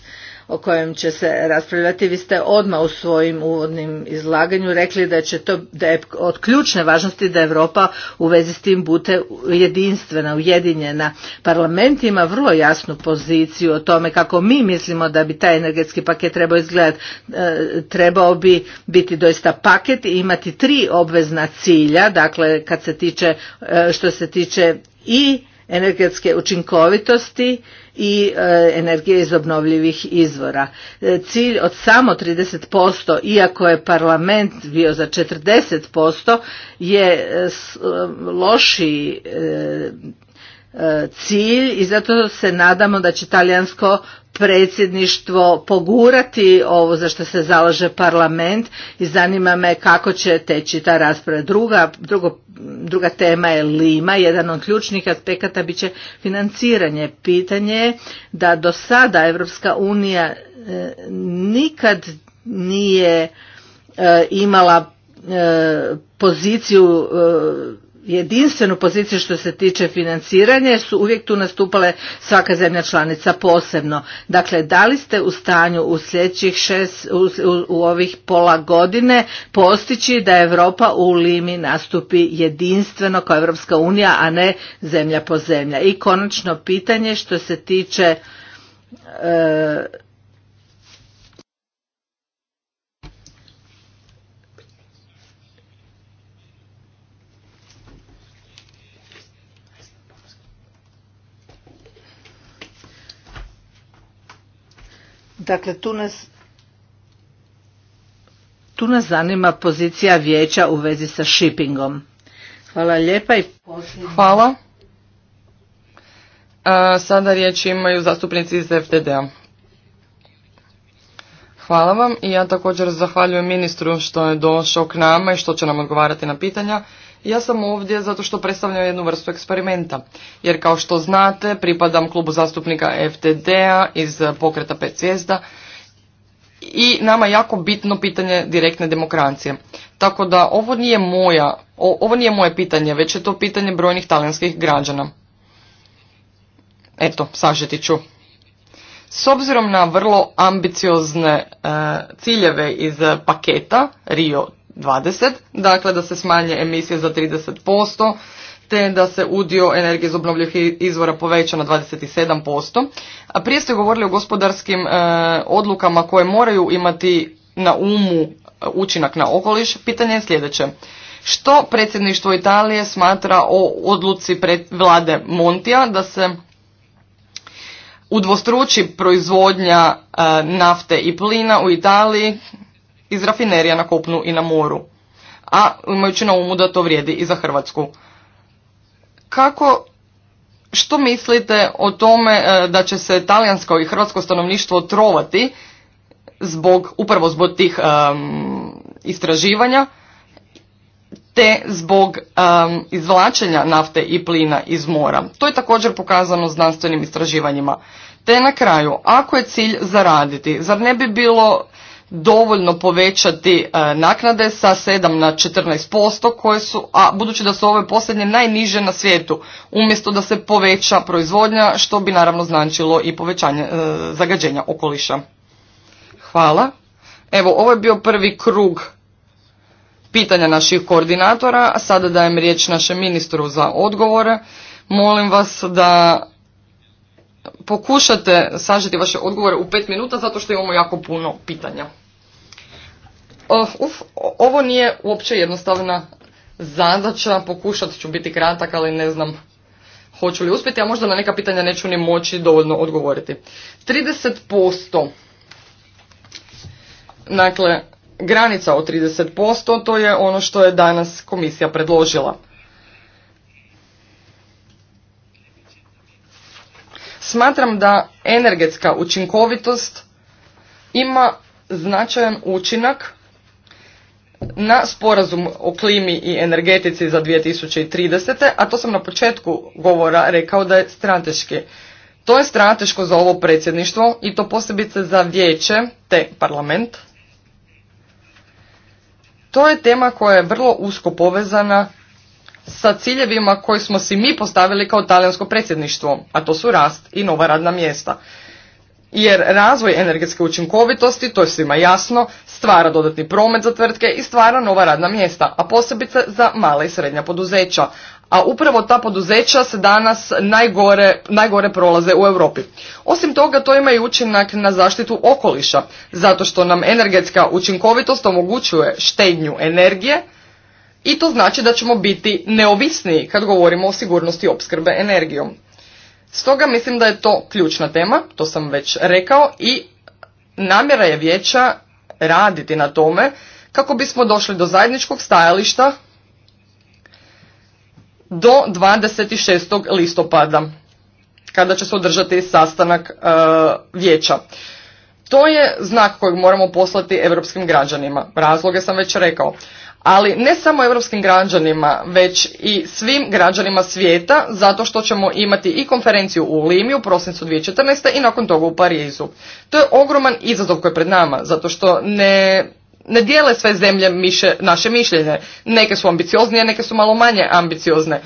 o kojem će se raspravljati. Vi ste odmah u svojim uvodnim izlaganju rekli da će to da je od ključne važnosti da Europa u vezi s tim bude jedinstvena, ujedinjena. Parlament ima vrlo jasnu poziciju o tome kako mi mislimo da bi taj energetski paket trebao izgledati. E, trebao bi biti doista paket i imati tri obvezna cilja, dakle kad se tiče, e, što se tiče i energetske učinkovitosti i e, energije iz obnovljivih izvora. E, cilj od samo 30%, iako je parlament bio za 40%, je e, loši cilj i zato se nadamo da će talijansko predsjedništvo pogurati ovo za što se zalaže parlament i zanima me kako će teći ta rasprava. Druga, druga tema je Lima, jedan od ključnih aspekata bit će financiranje. Pitanje je da do sada Evropska unija e, nikad nije e, imala e, poziciju jedinstvenu poziciju što se tiče financiranja jer su uvijek tu nastupale svaka zemlja članica posebno. Dakle, da li ste u stanju u sljedećih šest, u, ovih pola godine postići da Europa u Limi nastupi jedinstveno kao Europska unija, a ne zemlja po zemlja. I konačno pitanje što se tiče e, Dakle, tu nas tu nas zanima pozicija vijeća u vezi sa shippingom. Hvala lijepa i Hvala. E, sada riječ imaju zastupnici iz FTDA. Hvala vam i ja također zahvaljujem ministru što je došao k nama i što će nam odgovarati na pitanja. Ja sam ovdje zato što predstavljam jednu vrstu eksperimenta, jer kao što znate pripadam klubu zastupnika FTD-a iz pokreta pet svijezda i nama je jako bitno pitanje direktne demokracije. Tako da ovo nije, moja, ovo nije moje pitanje, već je to pitanje brojnih talijanskih građana. Eto, sažeti ću. S obzirom na vrlo ambiciozne e, ciljeve iz paketa Rio 2020, dakle da se smanje emisije za 30%, te da se udio energije iz obnovljivih izvora poveća na 27%. A prije ste govorili o gospodarskim e, odlukama koje moraju imati na umu e, učinak na okoliš. Pitanje je sljedeće. Što predsjedništvo Italije smatra o odluci pred vlade Montija da se udvostruči proizvodnja e, nafte i plina u Italiji iz rafinerija na kopnu i na moru. A imajući na umu da to vrijedi i za Hrvatsku. Kako, što mislite o tome e, da će se talijansko i hrvatsko stanovništvo trovati zbog, upravo zbog tih istraživanja, te zbog izvlačenja nafte i plina iz mora. To je također pokazano znanstvenim istraživanjima. Te na kraju, ako je cilj zaraditi, zar ne bi bilo dovoljno povećati e, naknade sa 7 na 14% koje su, a budući da su ove posljednje najniže na svijetu, umjesto da se poveća proizvodnja, što bi naravno značilo i povećanje e, zagađenja okoliša. Hvala. Evo, ovo je bio prvi krug pitanja naših koordinatora, a sada dajem riječ našem ministru za odgovore. Molim vas da pokušate sažeti vaše odgovore u pet minuta zato što imamo jako puno pitanja. Eh, uf, ovo nije uopće jednostavna zadaća, pokušat ću biti kratak, ali ne znam hoću li uspjeti, a možda na neka pitanja neću ni moći dovoljno odgovoriti. 30%, dakle, granica od 30%, to je ono što je danas komisija predložila. Smatram da energetska učinkovitost ima značajan učinak na sporazum o klimi i energetici za 2030. a to sam na početku govora rekao da je strateški. To je strateško za ovo predsjedništvo i to posebice za vijeće te parlament. To je tema koja je vrlo usko povezana sa ciljevima koje smo si mi postavili kao talijansko predsjedništvo, a to su rast i nova radna mjesta jer razvoj energetske učinkovitosti, to je svima jasno, stvara dodatni promet za tvrtke i stvara nova radna mjesta, a posebice za mala i srednja poduzeća. A upravo ta poduzeća se danas najgore, najgore prolaze u Europi. Osim toga, to ima i učinak na zaštitu okoliša, zato što nam energetska učinkovitost omogućuje štednju energije i to znači da ćemo biti neovisniji kad govorimo o sigurnosti opskrbe energijom. Stoga mislim da je to ključna tema, to sam već rekao i namjera je vijeća raditi na tome kako bismo došli do zajedničkog stajališta do 26. listopada kada će se održati sastanak e, vijeća. To je znak kojeg moramo poslati europskim građanima. Razloge sam već rekao ali ne samo europskim građanima, već i svim građanima svijeta, zato što ćemo imati i konferenciju u Limi u prosincu 2014. i nakon toga u Parizu. To je ogroman izazov koji je pred nama, zato što ne, ne dijele sve zemlje miše, naše mišljenje. Neke su ambicioznije, neke su malo manje ambiciozne.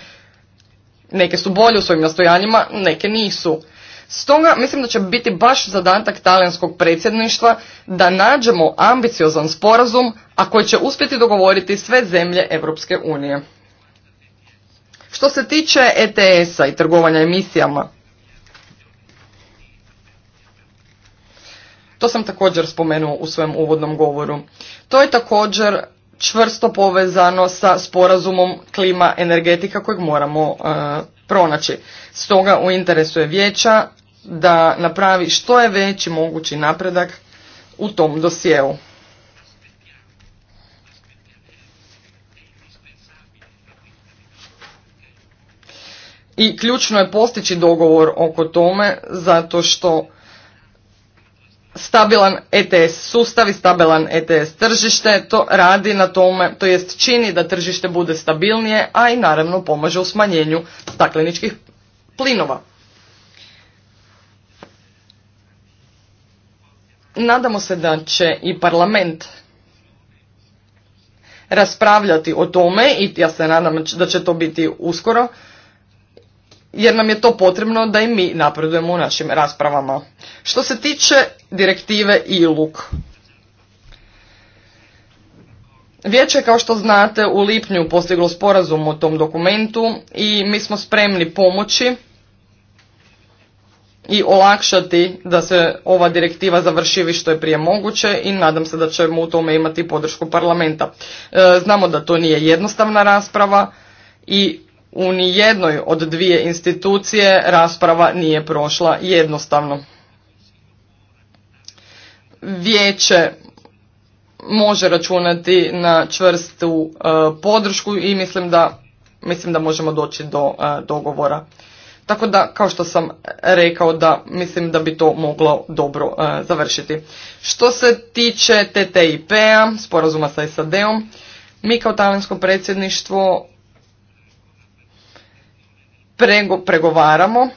Neke su bolje u svojim nastojanjima, neke nisu. Stoga mislim da će biti baš zadatak talijanskog predsjedništva da nađemo ambiciozan sporazum, a koji će uspjeti dogovoriti sve zemlje Europske unije. Što se tiče ETS-a i trgovanja emisijama, to sam također spomenuo u svojem uvodnom govoru. To je također čvrsto povezano sa sporazumom klima energetika kojeg moramo e, pronaći. Stoga u interesu je vijeća da napravi što je veći mogući napredak u tom dosjeu. I ključno je postići dogovor oko tome zato što stabilan ETS sustav i stabilan ETS tržište to radi na tome, to jest čini da tržište bude stabilnije, a i naravno pomaže u smanjenju stakleničkih plinova. Nadamo se da će i parlament raspravljati o tome i ja se nadam da će to biti uskoro jer nam je to potrebno da i mi napredujemo u našim raspravama. Što se tiče direktive ILUK, Vijeće kao što znate u lipnju postiglo sporazum o tom dokumentu i mi smo spremni pomoći i olakšati da se ova direktiva vi što je prije moguće i nadam se da ćemo u tome imati podršku parlamenta. E, znamo da to nije jednostavna rasprava i u ni od dvije institucije rasprava nije prošla jednostavno. Vijeće može računati na čvrstu e, podršku i mislim da, mislim da možemo doći do e, dogovora. Tako da, kao što sam rekao, da mislim da bi to moglo dobro e, završiti. Što se tiče TTIP-a, sporazuma sa SAD-om, mi kao talijansko predsjedništvo pregovaramo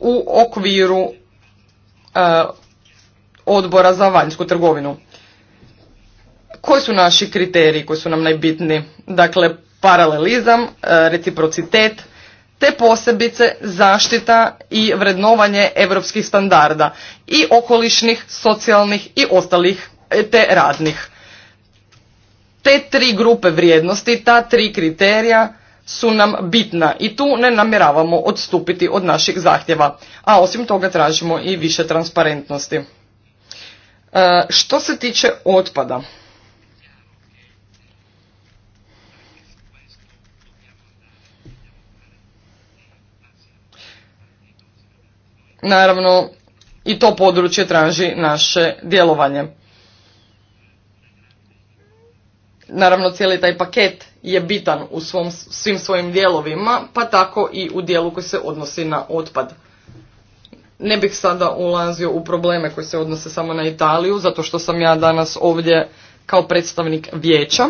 u okviru e, odbora za vanjsku trgovinu. Koji su naši kriteriji koji su nam najbitni? Dakle, paralelizam, e, reciprocitet, te posebice zaštita i vrednovanje europskih standarda i okolišnih, socijalnih i ostalih e, te radnih. Te tri grupe vrijednosti, ta tri kriterija su nam bitna i tu ne namjeravamo odstupiti od naših zahtjeva, a osim toga tražimo i više transparentnosti. E, što se tiče otpada, naravno i to područje traži naše djelovanje. Naravno cijeli taj paket je bitan u svom, svim svojim dijelovima, pa tako i u dijelu koji se odnosi na otpad. Ne bih sada ulazio u probleme koji se odnose samo na Italiju, zato što sam ja danas ovdje kao predstavnik vijeća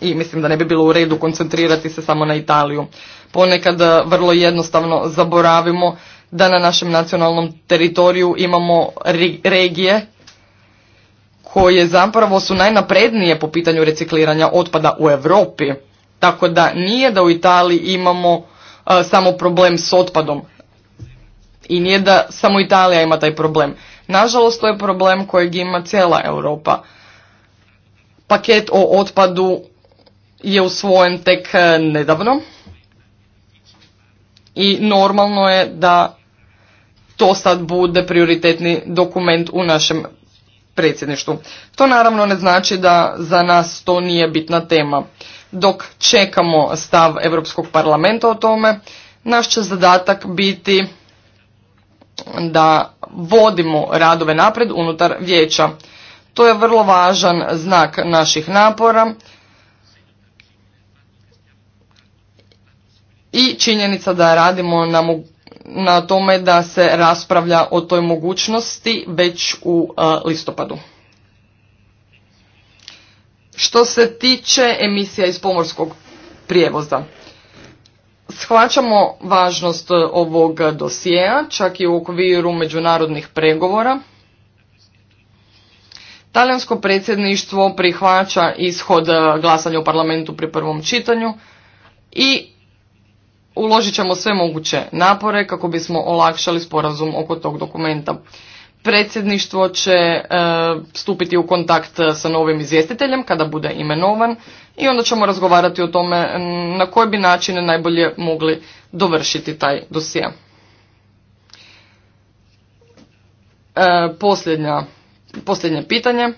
i mislim da ne bi bilo u redu koncentrirati se samo na Italiju. Ponekad vrlo jednostavno zaboravimo da na našem nacionalnom teritoriju imamo regije koje zapravo su najnaprednije po pitanju recikliranja otpada u Europi. Tako da nije da u Italiji imamo e, samo problem s otpadom. I nije da samo Italija ima taj problem. Nažalost, to je problem kojeg ima cijela Europa. Paket o otpadu je usvojen tek e, nedavno i normalno je da to sad bude prioritetni dokument u našem predsjedništvu. To naravno ne znači da za nas to nije bitna tema. Dok čekamo stav Europskog parlamenta o tome, naš će zadatak biti da vodimo radove napred unutar vijeća. To je vrlo važan znak naših napora i činjenica da radimo na, na tome da se raspravlja o toj mogućnosti već u e, listopadu. Što se tiče emisija iz pomorskog prijevoza, shvaćamo važnost e, ovog dosijeja, čak i u okviru međunarodnih pregovora. Talijansko predsjedništvo prihvaća ishod e, glasanja u parlamentu pri prvom čitanju i uložit ćemo sve moguće napore kako bismo olakšali sporazum oko tog dokumenta. Predsjedništvo će e, stupiti u kontakt sa novim izvjestiteljem kada bude imenovan i onda ćemo razgovarati o tome na koji bi način najbolje mogli dovršiti taj dosije. E, posljednja, posljednje pitanje.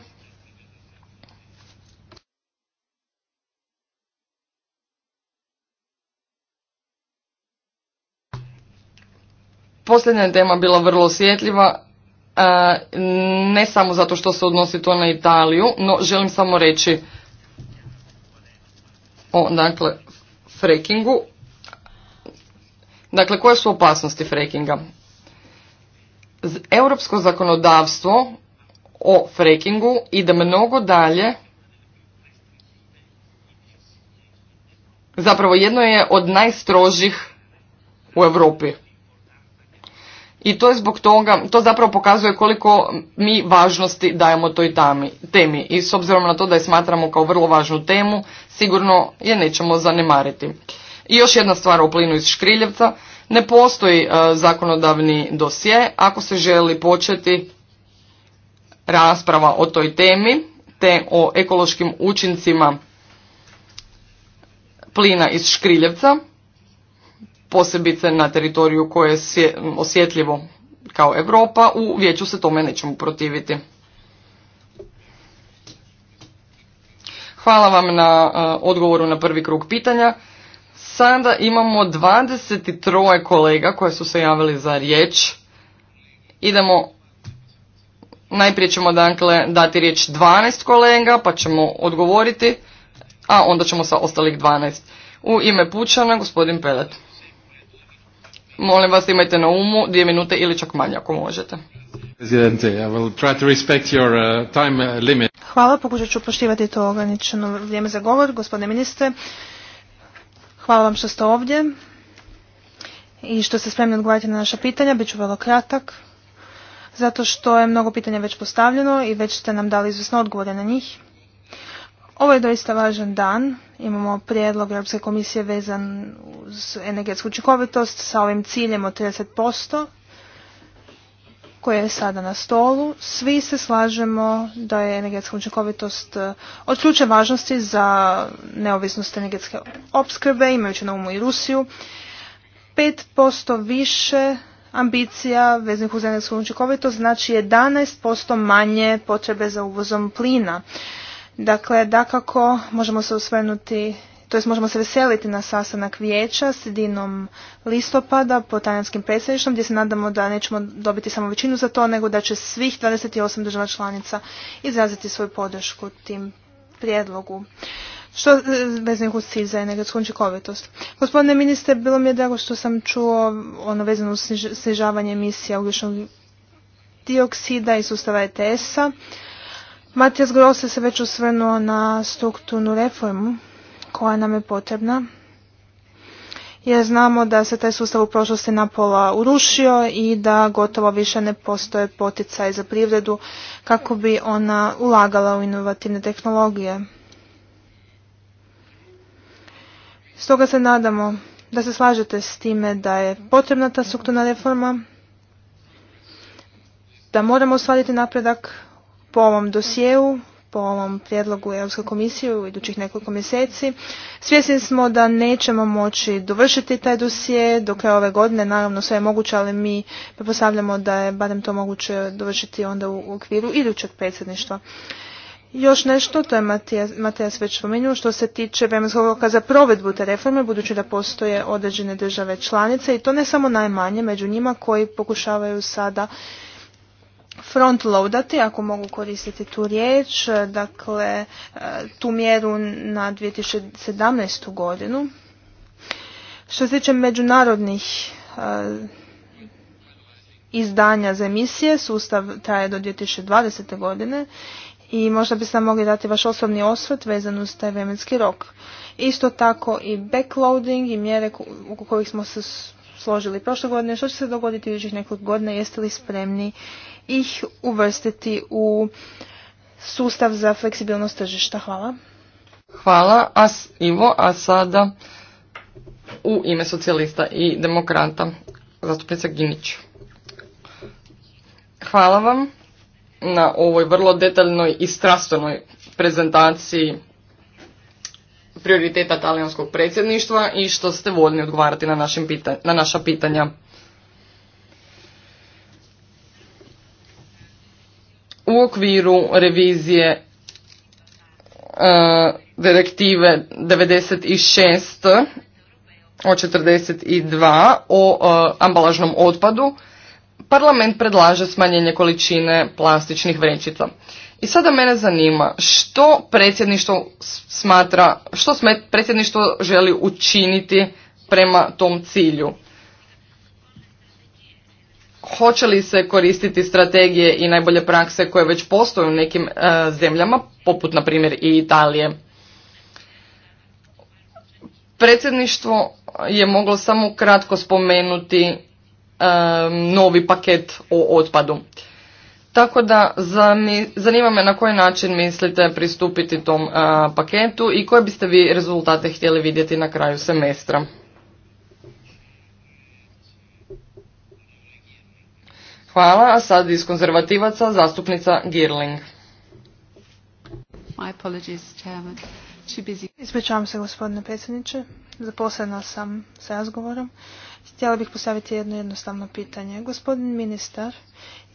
Posljednja je tema bila vrlo osjetljiva E, ne samo zato što se odnosi to na Italiju, no želim samo reći o dakle, frekingu. Dakle, koje su opasnosti frekinga? Europsko zakonodavstvo o frekingu ide mnogo dalje. Zapravo jedno je od najstrožih u Europi. I to je zbog toga, to zapravo pokazuje koliko mi važnosti dajemo toj temi. I s obzirom na to da je smatramo kao vrlo važnu temu, sigurno je nećemo zanemariti. I još jedna stvar o plinu iz Škriljevca. Ne postoji e, zakonodavni dosje. Ako se želi početi rasprava o toj temi, te o ekološkim učincima plina iz Škriljevca, posebice na teritoriju koje je osjetljivo kao Europa, u vijeću se tome nećemo protiviti. Hvala vam na e, odgovoru na prvi krug pitanja. Sada imamo 23 kolega koje su se javili za riječ. Idemo, najprije ćemo dakle dati riječ 12 kolega, pa ćemo odgovoriti, a onda ćemo sa ostalih 12. U ime Pučana, gospodin Pelet. Molim vas imajte na umu dvije minute ili čak manje ako možete. Uh, uh, hvala, pokušat ću poštivati to ograničeno vrijeme za govor. Gospodine ministre, hvala vam što ste ovdje i što ste spremni odgovarati na naša pitanja. Biću vrlo kratak, zato što je mnogo pitanja već postavljeno i već ste nam dali izvjesno odgovore na njih. Ovo je doista važan dan. Imamo prijedlog Europske komisije vezan uz energetsku učinkovitost sa ovim ciljem od 30% koje je sada na stolu. Svi se slažemo da je energetska učinkovitost eh, od ključe važnosti za neovisnost energetske opskrbe, imajući na umu i Rusiju. 5% više ambicija veznih uz energetsku učinkovitost znači 11% manje potrebe za uvozom plina Dakle, dakako možemo se osvrnuti to jest možemo se veseliti na sastanak vijeća sredinom listopada po tajanskim predsjedništvom gdje se nadamo da nećemo dobiti samo većinu za to nego da će svih 28 država članica izraziti svoju podršku tim prijedlogu. Što e, vezano uz cilj za energetsku učinkovitost. Gospodine ministre, bilo mi je drago što sam čuo ono vezano uz snižavanje emisija ugljičnog dioksida i sustava ETS-a. Matijas Grose se već osvrnuo na strukturnu reformu koja nam je potrebna jer znamo da se taj sustav u prošlosti napola urušio i da gotovo više ne postoje poticaj za privredu kako bi ona ulagala u inovativne tehnologije. Stoga se nadamo da se slažete s time da je potrebna ta strukturna reforma, da moramo ostvariti napredak po ovom dosjeu, po ovom prijedlogu Europske komisije u idućih nekoliko mjeseci. Svjesni smo da nećemo moći dovršiti taj dosje do kraja ove godine, naravno sve je moguće, ali mi pretpostavljamo da je barem to moguće dovršiti onda u okviru idućeg predsjedništva. Još nešto, to je Matijas već spomenuo, što se tiče vremenskog roka za provedbu te reforme, budući da postoje određene države članice i to ne samo najmanje među njima koji pokušavaju sada front loadati, ako mogu koristiti tu riječ, e, dakle e, tu mjeru na 2017. godinu. Što se tiče međunarodnih e, izdanja za emisije, sustav traje do 2020. godine i možda biste nam mogli dati vaš osobni osvrt vezan uz taj vremenski rok. Isto tako i backloading i mjere u kojih smo se složili prošle godine. Što će se dogoditi u idućih nekoliko godina? Jeste li spremni ih uvrstiti u sustav za fleksibilnost tržišta. Hvala. Hvala, as Ivo, a sada u ime socijalista i demokrata, zastupnica Ginić. Hvala vam na ovoj vrlo detaljnoj i strastvenoj prezentaciji prioriteta talijanskog predsjedništva i što ste voljni odgovarati na, na naša pitanja. u okviru revizije e, direktive 96 o 42 o e, ambalažnom otpadu, parlament predlaže smanjenje količine plastičnih vrećica. I sada mene zanima što predsjedništvo smatra, što predsjedništvo želi učiniti prema tom cilju hoće li se koristiti strategije i najbolje prakse koje već postoje u nekim e, zemljama, poput na primjer i Italije. Predsjedništvo je moglo samo kratko spomenuti e, novi paket o otpadu. Tako da zanima me na koji način mislite pristupiti tom e, paketu i koje biste vi rezultate htjeli vidjeti na kraju semestra. Hvala, a sad iz konzervativaca zastupnica Girling. My apologies, Ispričavam se gospodine predsjedniče, zaposlena sam sa razgovorom. Htjela bih postaviti jedno jednostavno pitanje. Gospodin ministar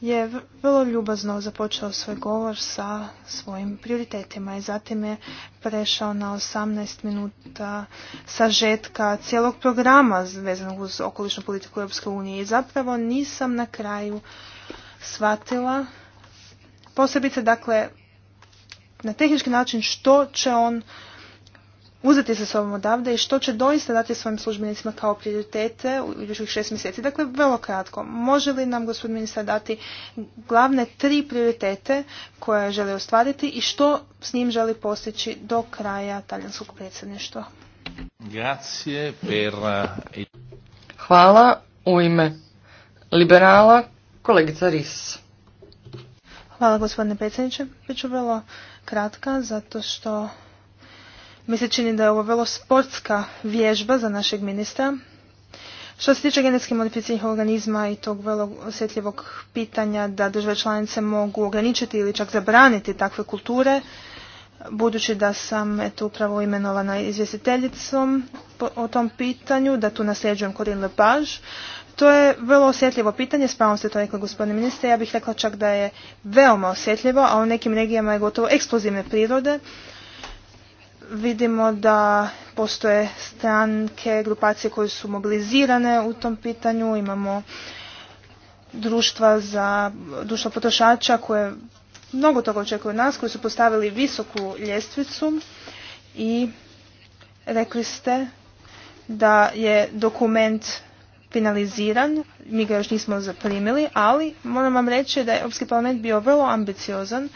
je vrlo ljubazno započeo svoj govor sa svojim prioritetima i zatim je prešao na 18 minuta sažetka cijelog programa vezanog uz okolišnu politiku Europske unije i zapravo nisam na kraju shvatila posebice dakle na tehnički način što će on uzeti sa sobom odavde i što će doista dati svojim službenicima kao prioritete u idućih šest mjeseci. Dakle, vrlo kratko, može li nam gospodin ministar dati glavne tri prioritete koje želi ostvariti i što s njim želi postići do kraja talijanskog predsjedništva? Eh, Hvala u ime liberala kolegica Ris. Hvala gospodine predsjedniče. Biću vrlo kratka zato što mi se čini da je ovo vrlo sportska vježba za našeg ministra. Što se tiče genetski modificiranih organizma i tog vrlo osjetljivog pitanja da države članice mogu ograničiti ili čak zabraniti takve kulture, budući da sam eto upravo imenovana izvjestiteljicom o tom pitanju, da tu nasljeđujem Corinne Lepage, to je vrlo osjetljivo pitanje, s pravom ste to rekli gospodine ministre, ja bih rekla čak da je veoma osjetljivo, a u nekim regijama je gotovo eksplozivne prirode Vidimo da postoje stranke, grupacije koje su mobilizirane u tom pitanju. Imamo društva za društva potrošača koje mnogo toga očekuju od nas, koji su postavili visoku ljestvicu i rekli ste da je dokument finaliziran, mi ga još nismo zaprimili, ali moram vam reći da je Europski parlament bio vrlo ambiciozan.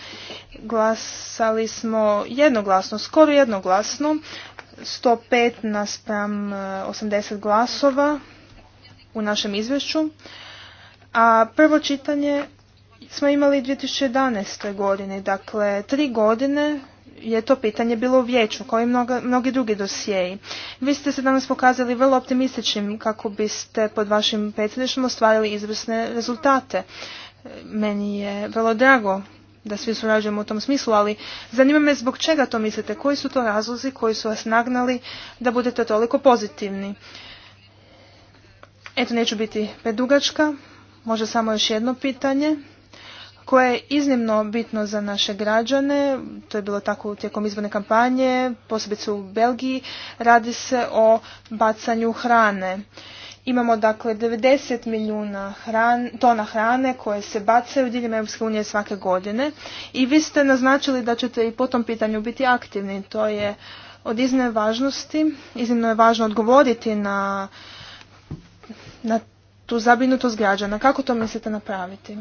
Glasali smo jednoglasno, skoro jednoglasno, 105 naspram 80 eh, glasova u našem izvješću. A prvo čitanje smo imali 2011. godine, dakle tri godine je to pitanje bilo u vijeću, kao i mnogi drugi dosjeji. Vi ste se danas pokazali vrlo optimističnim kako biste pod vašim predsjedništvom ostvarili izvrsne rezultate. E, meni je vrlo drago da svi surađujemo u tom smislu, ali zanima me zbog čega to mislite, koji su to razlozi koji su vas nagnali da budete toliko pozitivni. Eto, neću biti predugačka, možda samo još jedno pitanje koje je iznimno bitno za naše građane. To je bilo tako tijekom izborne kampanje, posebice u Belgiji. Radi se o bacanju hrane. Imamo dakle 90 milijuna tona hrane koje se bacaju diljem EU svake godine i vi ste naznačili da ćete i po tom pitanju biti aktivni. To je od iznimne važnosti, iznimno je važno odgovoriti na, na tu zabrinutost građana. Kako to mislite napraviti?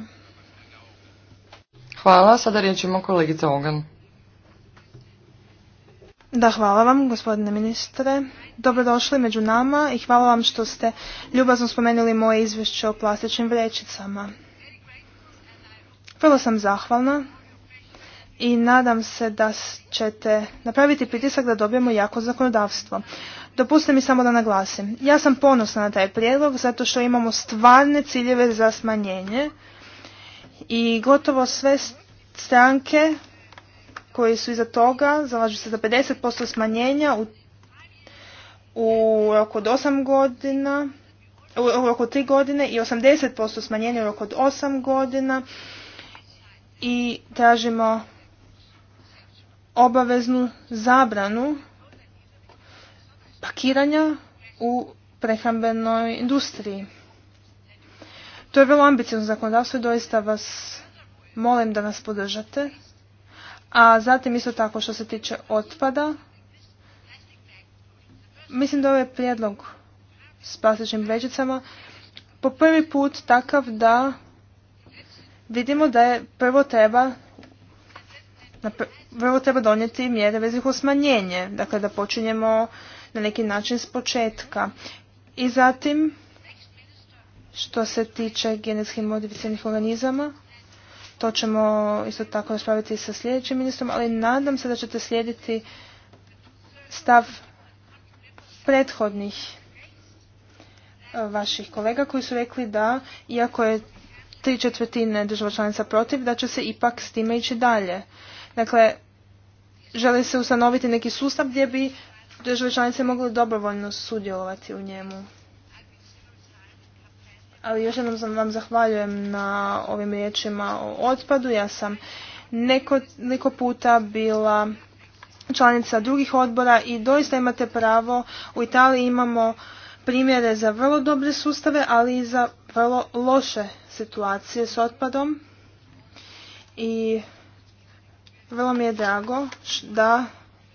Hvala. Sada riječ kolegica Ogan. Da, hvala vam, gospodine ministre. Dobrodošli među nama i hvala vam što ste ljubazno spomenuli moje izvješće o plastičnim vrećicama. Vrlo sam zahvalna i nadam se da ćete napraviti pritisak da dobijemo jako zakonodavstvo. Dopustite mi samo da naglasim. Ja sam ponosna na taj prijedlog zato što imamo stvarne ciljeve za smanjenje i gotovo sve stranke koje su iza toga zalažu se za 50% smanjenja u, u roku od 8 godina u roku 3 godine i 80% smanjenja u roku od 8 godina i tražimo obaveznu zabranu pakiranja u prehrambenoj industriji. To je vrlo ambiciozno zakonodavstvo i doista vas molim da nas podržate. A zatim isto tako što se tiče otpada, mislim da ovaj prijedlog s plastičnim vrećicama po prvi put takav da vidimo da je prvo treba prvo treba donijeti mjere vezih u smanjenje, dakle da počinjemo na neki način s početka. I zatim što se tiče genetski modificiranih organizama, to ćemo isto tako raspraviti sa sljedećim ministrom, ali nadam se da ćete slijediti stav prethodnih e, vaših kolega koji su rekli da, iako je tri četvrtine država članica protiv, da će se ipak s time ići dalje. Dakle, želi se ustanoviti neki sustav gdje bi države članice mogle dobrovoljno sudjelovati u njemu. Ali još jednom vam zahvaljujem na ovim riječima o otpadu. Ja sam neko, puta bila članica drugih odbora i doista imate pravo. U Italiji imamo primjere za vrlo dobre sustave, ali i za vrlo loše situacije s otpadom. I vrlo mi je drago da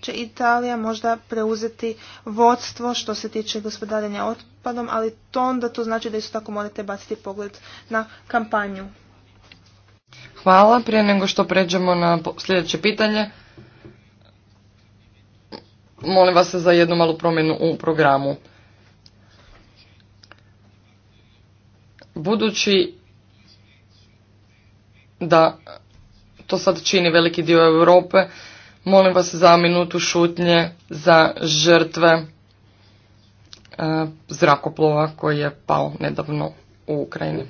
će Italija možda preuzeti vodstvo što se tiče gospodarenja otpadom, ali to onda to znači da isto tako morate baciti pogled na kampanju. Hvala. Prije nego što pređemo na sljedeće pitanje, molim vas za jednu malu promjenu u programu. Budući da to sad čini veliki dio Europe, molim vas za minutu šutnje za žrtve E, zrakoplova koji je pao nedavno u Ukrajini.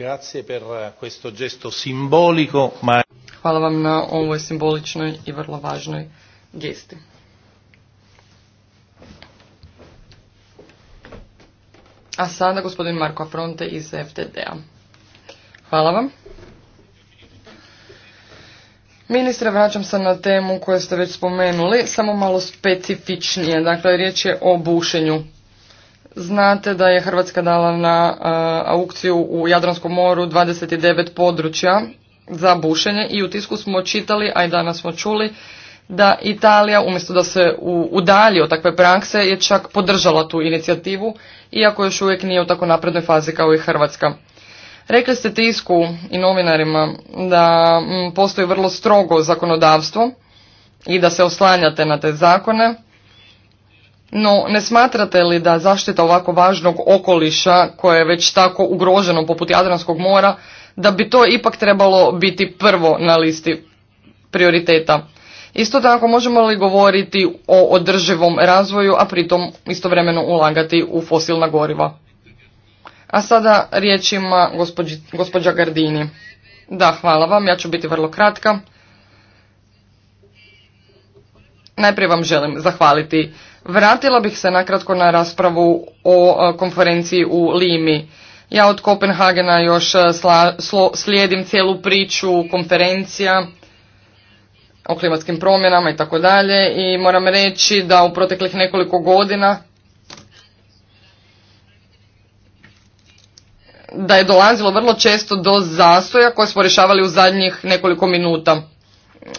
Grazie per eh, questo gesto simbolico, Hvala vam na ovoj simboličnoj i vrlo važnoj gesti. A sada gospodin Marko Afronte iz ftd Hvala vam. Ministre, vraćam se na temu koju ste već spomenuli, samo malo specifičnije. Dakle, riječ je o bušenju Znate da je Hrvatska dala na eh, aukciju u Jadranskom moru 29 područja za bušenje i u tisku smo čitali, a i danas smo čuli, da Italija umjesto da se udalji od takve prakse je čak podržala tu inicijativu, iako još uvijek nije u tako naprednoj fazi kao i Hrvatska. Rekli ste tisku i novinarima da mm, postoji vrlo strogo zakonodavstvo i da se oslanjate na te zakone, no, ne smatrate li da zaštita ovako važnog okoliša, koje je već tako ugroženo poput Jadranskog mora, da bi to ipak trebalo biti prvo na listi prioriteta? Isto tako možemo li govoriti o održivom razvoju, a pritom istovremeno ulagati u fosilna goriva? A sada riječ ima gospođa Gardini. Da, hvala vam, ja ću biti vrlo kratka. Najprije vam želim zahvaliti Vratila bih se nakratko na raspravu o e, konferenciji u Limi. Ja od Kopenhagena još e, slijedim cijelu priču konferencija o klimatskim promjenama i tako dalje i moram reći da u proteklih nekoliko godina da je dolazilo vrlo često do zastoja koje smo rješavali u zadnjih nekoliko minuta.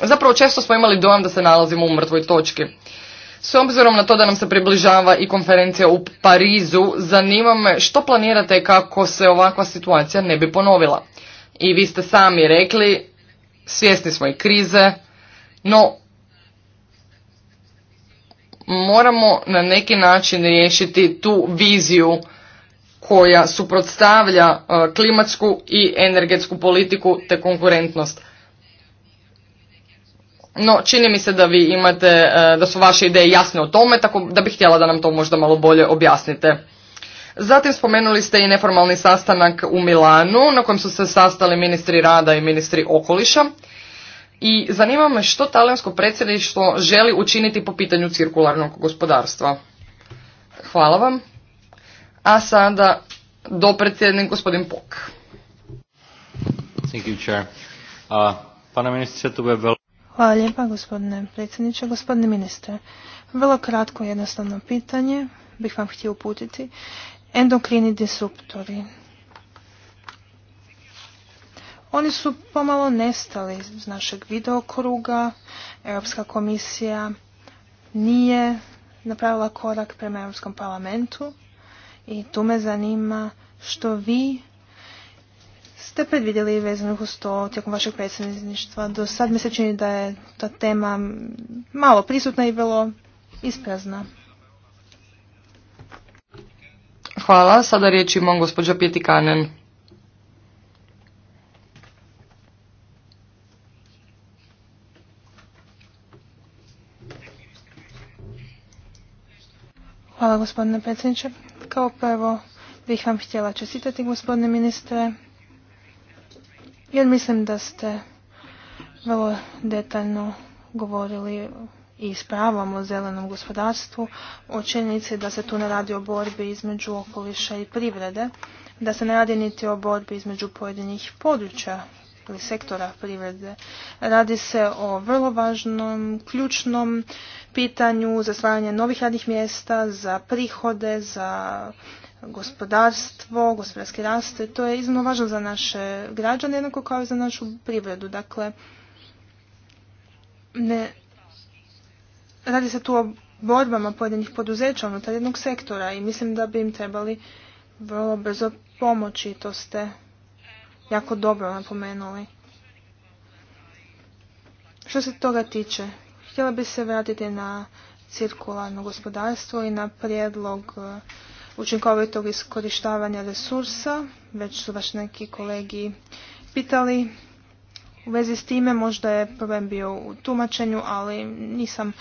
Zapravo često smo imali dojam da se nalazimo u mrtvoj točki. S obzirom na to da nam se približava i konferencija u Parizu, zanima me što planirate kako se ovakva situacija ne bi ponovila. I vi ste sami rekli, svjesni smo i krize, no moramo na neki način riješiti tu viziju koja suprotstavlja e, klimatsku i energetsku politiku te konkurentnost no čini mi se da vi imate, e, da su vaše ideje jasne o tome, tako da bih htjela da nam to možda malo bolje objasnite. Zatim spomenuli ste i neformalni sastanak u Milanu na kojem su se sastali ministri rada i ministri okoliša. I zanima me što talijansko predsjedništvo želi učiniti po pitanju cirkularnog gospodarstva. Hvala vam. A sada dopredsjednik gospodin Pok. Thank you, uh, pana ministrice, tu Hvala lijepa gospodine predsjedniče, gospodine ministre. Vrlo kratko jednostavno pitanje bih vam htio uputiti. Endokrini disruptori. Oni su pomalo nestali iz našeg videokruga. Europska komisija nije napravila korak prema Europskom parlamentu i tu me zanima što vi ste predvidjeli vezano uz to tijekom vašeg predsjedništva. Do sad mi se čini da je ta tema malo prisutna i vrlo isprazna. Hvala. Sada riječ imam gospođa Kanen. Hvala gospodine predsjedniče. Kao prvo bih vam htjela čestitati gospodine ministre jer mislim da ste vrlo detaljno govorili i pravom o zelenom gospodarstvu, o činjenici da se tu ne radi o borbi između okoliša i privrede, da se ne radi niti o borbi između pojedinih područja ili sektora privrede. Radi se o vrlo važnom, ključnom pitanju za stvaranje novih radnih mjesta, za prihode, za gospodarstvo, gospodarski rast, to je iznimno važno za naše građane, jednako kao i za našu privredu. Dakle, ne radi se tu o borbama pojedinih poduzeća unutar jednog sektora i mislim da bi im trebali vrlo brzo pomoći, to ste jako dobro napomenuli. Što se toga tiče, htjela bi se vratiti na cirkularno gospodarstvo i na prijedlog učinkovitog iskorištavanja resursa, već su vaš neki kolegi pitali. U vezi s time možda je problem bio u tumačenju, ali nisam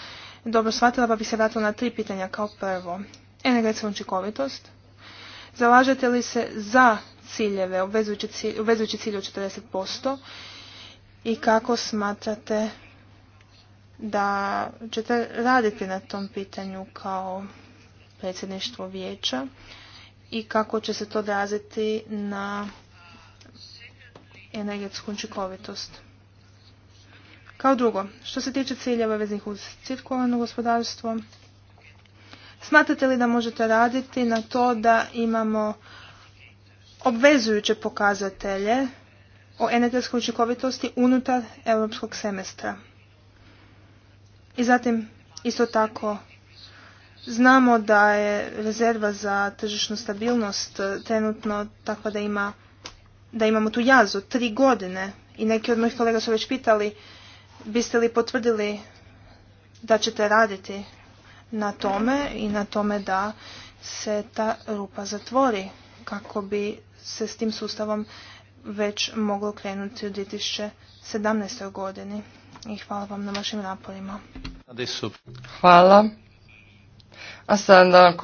dobro shvatila pa bi se vratila na tri pitanja kao prvo. Energetska učinkovitost. Zalažete li se za ciljeve, obvezujući cilj, cilj od 40% i kako smatrate da ćete raditi na tom pitanju kao predsjedništvo vijeća i kako će se to odraziti na energetsku učinkovitost. Kao drugo, što se tiče ciljeva veznih uz cirkularno gospodarstvo, smatrate li da možete raditi na to da imamo obvezujuće pokazatelje o energetskoj učinkovitosti unutar europskog semestra? I zatim isto tako Znamo da je rezerva za tržišnu stabilnost e, trenutno takva da ima da imamo tu jazu tri godine i neki od mojih kolega su već pitali biste li potvrdili da ćete raditi na tome i na tome da se ta rupa zatvori kako bi se s tim sustavom već moglo krenuti u 2017. godini. I hvala vam na vašim naporima. Hvala. A sada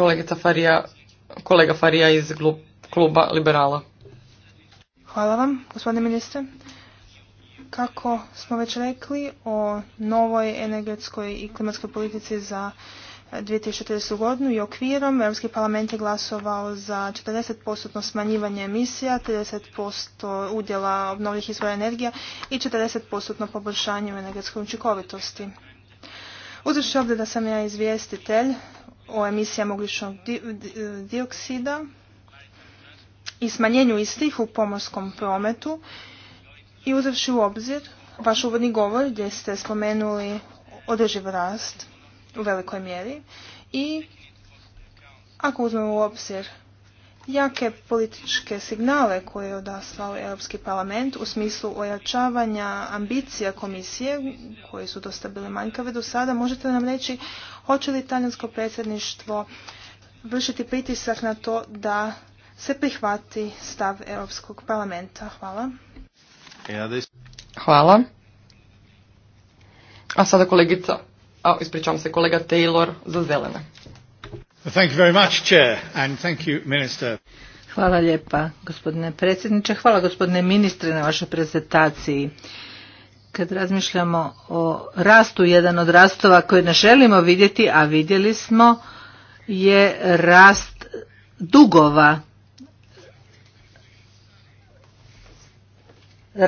kolega Farija iz kluba Liberala. Hvala vam, gospodine ministre. Kako smo već rekli o novoj energetskoj i klimatskoj politici za 2040. E, godinu i okvirom Europski parlament je glasovao za 40% smanjivanje emisija, 30% udjela obnovljivih izvora energija i 40% poboljšanje u energetskoj učinkovitosti. Uzvrši ovdje da sam ja izvjestitelj o emisijama ugljičnog dioksida i smanjenju istih u pomorskom prometu i uzevši u obzir vaš uvodni govor gdje ste spomenuli održiv rast u velikoj mjeri i ako uzmemo u obzir jake političke signale koje je odaslao Europski parlament u smislu ojačavanja ambicija komisije koje su dosta bile manjkave do sada, možete nam reći Hoće li talijansko predsjedništvo vršiti pritisak na to da se prihvati stav Europskog parlamenta? Hvala. Hvala. A sada kolegica, a ispričavam se, kolega Taylor za zelene. Thank you very much, Chair, and thank you, Minister. Hvala lijepa, gospodine predsjedniče. Hvala, gospodine ministre, na vašoj prezentaciji kad razmišljamo o rastu, jedan od rastova koji ne želimo vidjeti, a vidjeli smo, je rast dugova. E,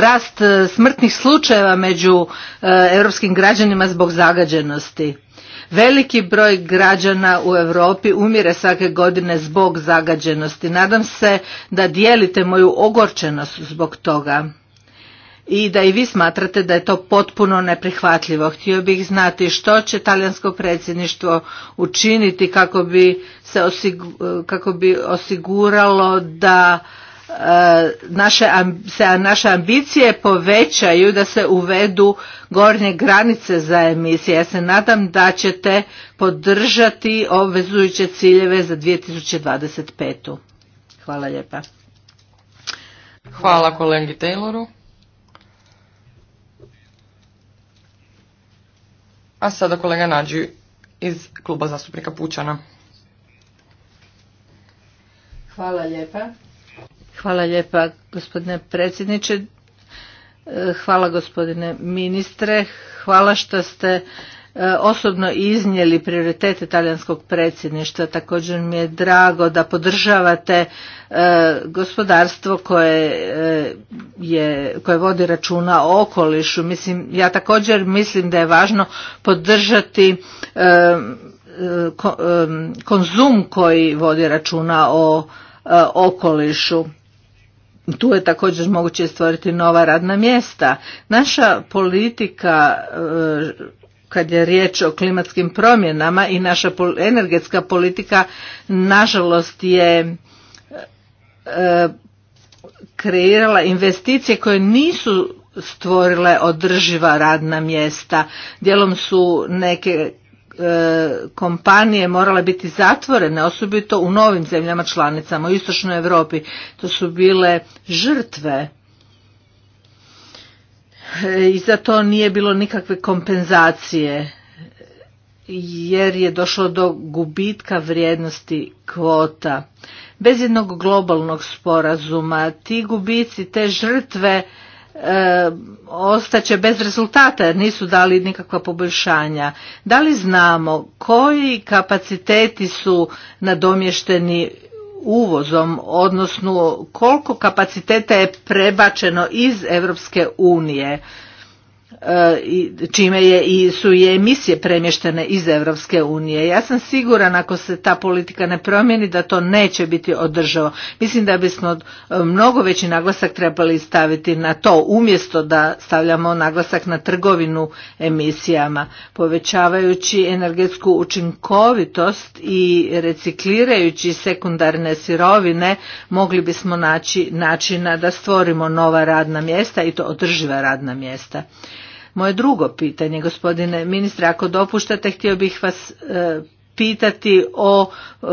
rast e, smrtnih slučajeva među e, europskim građanima zbog zagađenosti. Veliki broj građana u Europi umire svake godine zbog zagađenosti. Nadam se da dijelite moju ogorčenost zbog toga i da i vi smatrate da je to potpuno neprihvatljivo. Htio bih znati što će talijansko predsjedništvo učiniti kako bi, se kako bi osiguralo da eh, naše, se naše ambicije povećaju da se uvedu gornje granice za emisije. Ja se nadam da ćete podržati obvezujuće ciljeve za 2025. Hvala lijepa. Hvala kolegi Tayloru. A sada kolega Nađi iz kluba zastupnika Pučana. Hvala lijepa. Hvala lijepa gospodine predsjedniče. E, hvala gospodine ministre. Hvala što ste E, osobno iznijeli prioritete talijanskog predsjedništva. Također mi je drago da podržavate e, gospodarstvo koje, e, je, koje vodi računa o okolišu. Mislim, ja također mislim da je važno podržati konzum koji vodi računa o okolišu. Tu je također moguće stvoriti nova radna mjesta. Naša politika kad je riječ o klimatskim promjenama i naša energetska politika nažalost je e, kreirala investicije koje nisu stvorile održiva radna mjesta. Dijelom su neke e, kompanije morale biti zatvorene, osobito u novim zemljama članicama, u istočnoj Europi. To su bile žrtve i za to nije bilo nikakve kompenzacije jer je došlo do gubitka vrijednosti kvota. Bez jednog globalnog sporazuma ti gubici, te žrtve e, ostaće bez rezultata jer nisu dali nikakva poboljšanja. Da li znamo koji kapaciteti su nadomješteni uvozom, odnosno koliko kapaciteta je prebačeno iz Europske unije čime je i su i emisije premještene iz Europske unije. Ja sam siguran ako se ta politika ne promijeni da to neće biti održavo. Mislim da bismo e, mnogo veći naglasak trebali staviti na to umjesto da stavljamo naglasak na trgovinu emisijama. Povećavajući energetsku učinkovitost i reciklirajući sekundarne sirovine mogli bismo naći načina da stvorimo nova radna mjesta i to održiva radna mjesta. Moje drugo pitanje, gospodine ministre, ako dopuštate, htio bih vas e, pitati o e,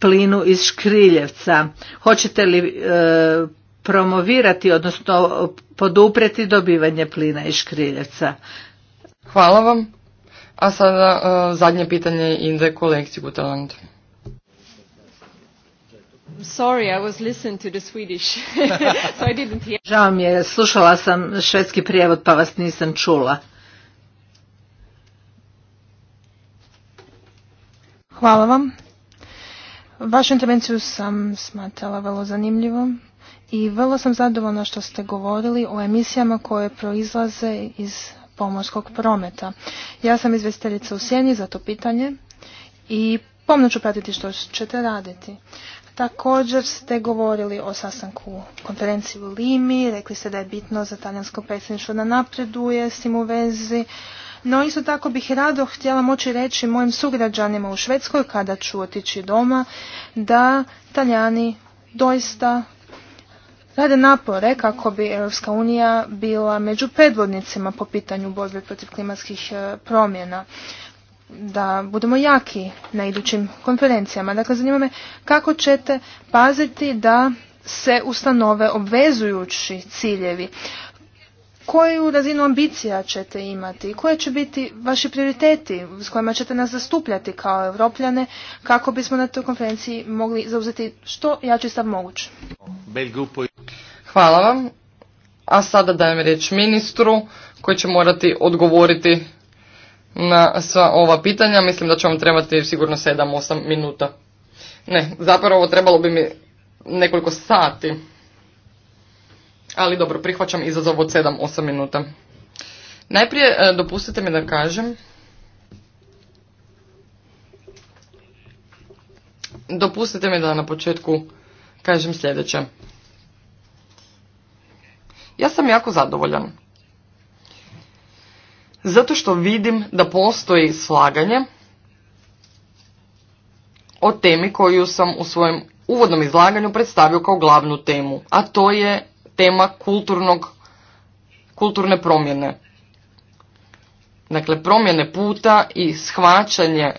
plinu iz Škriljevca. Hoćete li e, promovirati, odnosno podupreti dobivanje plina iz Škriljevca? Hvala vam. A sada zadnje pitanje ide kolekciju Gutaland. Žao mi je, slušala sam švedski prijevod pa vas nisam čula. Hvala vam. Vašu intervenciju sam smatrala vrlo zanimljivom i vrlo sam zadovoljna što ste govorili o emisijama koje proizlaze iz pomorskog prometa. Ja sam izvjestiteljica u Sjeni za to pitanje i pomno ću pratiti što ćete raditi. Također ste govorili o sastanku konferenciji u Limi, rekli ste da je bitno za talijansko predsjedništvo da napreduje s tim u vezi. No isto tako bih rado htjela moći reći mojim sugrađanima u Švedskoj kada ću otići doma da Talijani doista rade napore kako bi Europska unija bila među predvodnicima po pitanju borbe protiv klimatskih e, promjena da budemo jaki na idućim konferencijama. Dakle, zanima me kako ćete paziti da se ustanove obvezujući ciljevi. Koju razinu ambicija ćete imati? Koje će biti vaši prioriteti s kojima ćete nas zastupljati kao evropljane kako bismo na toj konferenciji mogli zauzeti što jači stav mogući? Hvala vam. A sada dajem riječ ministru koji će morati odgovoriti na sva ova pitanja. Mislim da će vam trebati sigurno 7-8 minuta. Ne, zapravo trebalo bi mi nekoliko sati. Ali dobro, prihvaćam izazov od 7-8 minuta. Najprije e, dopustite mi da kažem Dopustite mi da na početku kažem sljedeće. Ja sam jako zadovoljan zato što vidim da postoji slaganje o temi koju sam u svojem uvodnom izlaganju predstavio kao glavnu temu, a to je tema kulturnog, kulturne promjene. Dakle, promjene puta i shvaćanje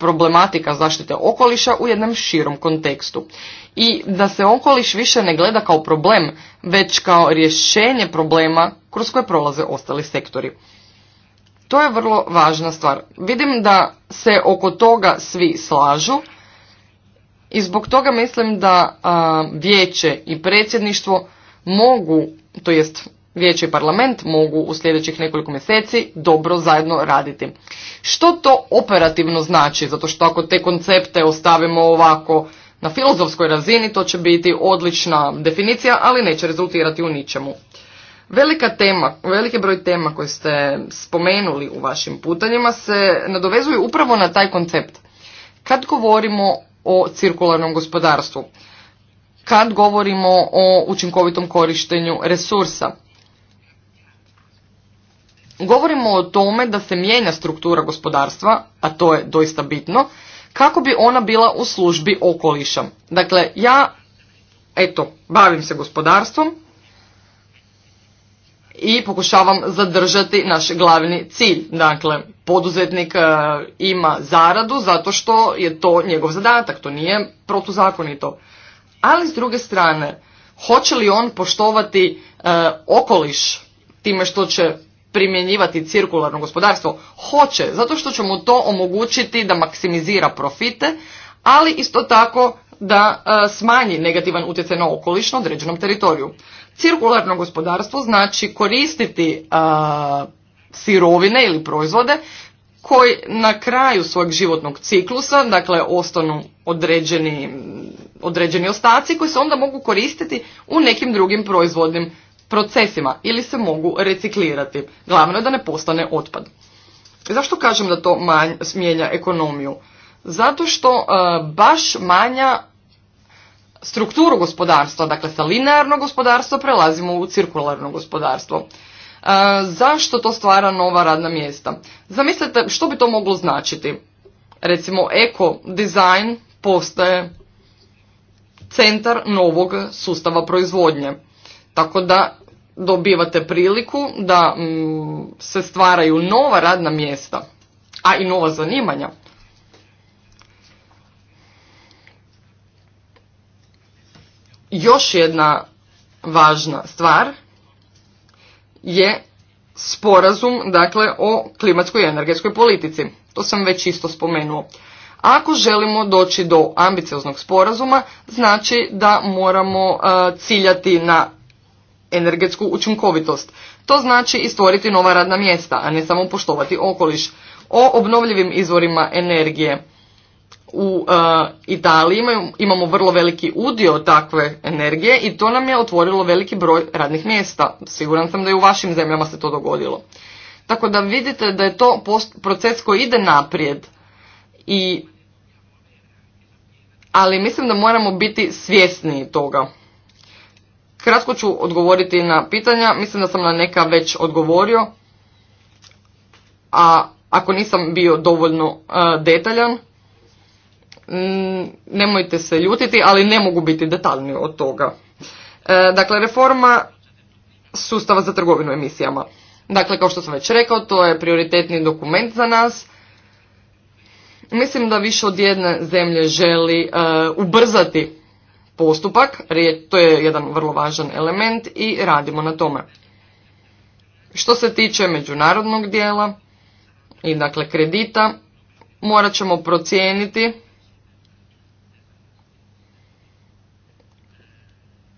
problematika zaštite okoliša u jednom širom kontekstu i da se okoliš više ne gleda kao problem, već kao rješenje problema kroz koje prolaze ostali sektori. To je vrlo važna stvar. Vidim da se oko toga svi slažu i zbog toga mislim da vijeće i predsjedništvo mogu, to jest vijeće i parlament mogu u sljedećih nekoliko mjeseci dobro zajedno raditi. Što to operativno znači? Zato što ako te koncepte ostavimo ovako na filozofskoj razini, to će biti odlična definicija, ali neće rezultirati u ničemu. Velika tema, veliki broj tema koje ste spomenuli u vašim putanjima se nadovezuju upravo na taj koncept. Kad govorimo o cirkularnom gospodarstvu, kad govorimo o učinkovitom korištenju resursa, Govorimo o tome da se mijenja struktura gospodarstva, a to je doista bitno, kako bi ona bila u službi okoliša. Dakle, ja, eto, bavim se gospodarstvom i pokušavam zadržati naš glavni cilj. Dakle, poduzetnik e, ima zaradu zato što je to njegov zadatak, to nije protuzakonito. Ali s druge strane, hoće li on poštovati e, okoliš time što će primjenjivati cirkularno gospodarstvo? Hoće, zato što će mu to omogućiti da maksimizira profite, ali isto tako da e, smanji negativan utjecaj na okoliš na određenom teritoriju. Cirkularno gospodarstvo znači koristiti e, sirovine ili proizvode koji na kraju svog životnog ciklusa, dakle ostanu određeni, određeni ostaci koji se onda mogu koristiti u nekim drugim proizvodnim procesima ili se mogu reciklirati. Glavno je da ne postane otpad. Zašto kažem da to manj, smijenja ekonomiju? Zato što e, baš manja strukturu gospodarstva, dakle sa linearnog gospodarstva prelazimo u cirkularno gospodarstvo. E, zašto to stvara nova radna mjesta? Zamislite što bi to moglo značiti? Recimo eko dizajn postaje centar novog sustava proizvodnje. Tako da dobivate priliku da mm, se stvaraju nova radna mjesta, a i nova zanimanja. Još jedna važna stvar je sporazum dakle o klimatskoj i energetskoj politici. To sam već isto spomenuo. Ako želimo doći do ambicioznog sporazuma, znači da moramo e, ciljati na energetsku učinkovitost. To znači i stvoriti nova radna mjesta, a ne samo poštovati okoliš. O obnovljivim izvorima energije u e, Italiji imamo vrlo veliki udio takve energije i to nam je otvorilo veliki broj radnih mjesta. Siguran sam da i u vašim zemljama se to dogodilo. Tako da vidite da je to post, proces koji ide naprijed i ali mislim da moramo biti svjesni toga. Kratko ću odgovoriti na pitanja, mislim da sam na neka već odgovorio, a ako nisam bio dovoljno e, detaljan, mm, nemojte se ljutiti, ali ne mogu biti detaljniji od toga. E, dakle, reforma sustava za trgovinu emisijama. Dakle, kao što sam već rekao, to je prioritetni dokument za nas. Mislim da više od jedne zemlje želi e, ubrzati postupak, to je jedan vrlo važan element i radimo na tome. Što se tiče međunarodnog dijela i dakle kredita, morat ćemo procijeniti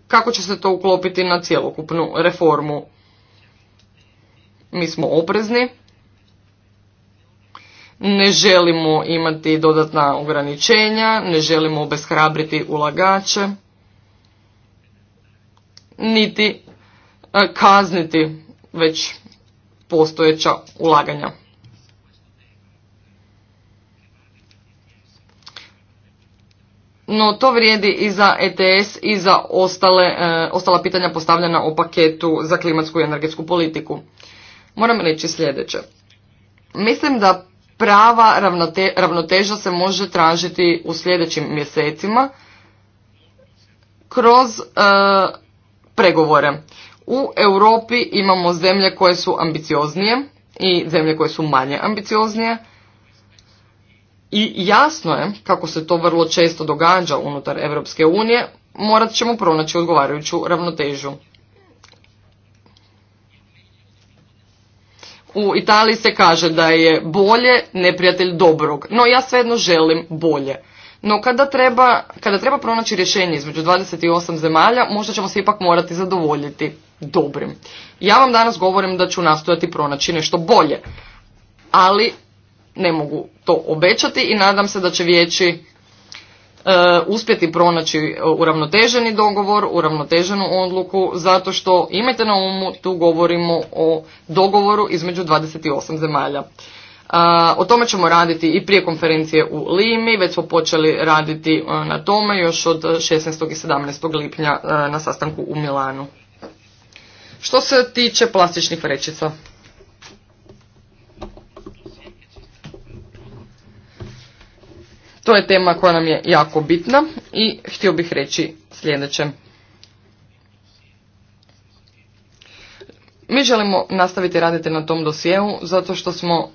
kako će se to uklopiti na cjelokupnu reformu. Mi smo oprezni ne želimo imati dodatna ograničenja, ne želimo obeshrabriti ulagače, niti e, kazniti već postojeća ulaganja. No to vrijedi i za ETS i za ostale, e, ostala pitanja postavljena o paketu za klimatsku i energetsku politiku. Moram reći sljedeće. Mislim da prava ravnoteža se može tražiti u sljedećim mjesecima kroz e, pregovore. U Europi imamo zemlje koje su ambicioznije i zemlje koje su manje ambicioznije. I jasno je, kako se to vrlo često događa unutar Europske unije, morat ćemo pronaći odgovarajuću ravnotežu. u Italiji se kaže da je bolje neprijatelj dobrog, no ja svejedno želim bolje. No kada treba, kada treba pronaći rješenje između 28 zemalja, možda ćemo se ipak morati zadovoljiti dobrim. Ja vam danas govorim da ću nastojati pronaći nešto bolje, ali ne mogu to obećati i nadam se da će vijeći E, uspjeti pronaći e, uravnoteženi dogovor, uravnoteženu odluku, zato što imajte na umu, tu govorimo o dogovoru između 28 zemalja. E, o tome ćemo raditi i prije konferencije u Limi, već smo počeli raditi na tome još od 16. i 17. lipnja na sastanku u Milanu. Što se tiče plastičnih vrećica, To je tema koja nam je jako bitna i htio bih reći sljedeće. Mi želimo nastaviti raditi na tom dosjeu zato što smo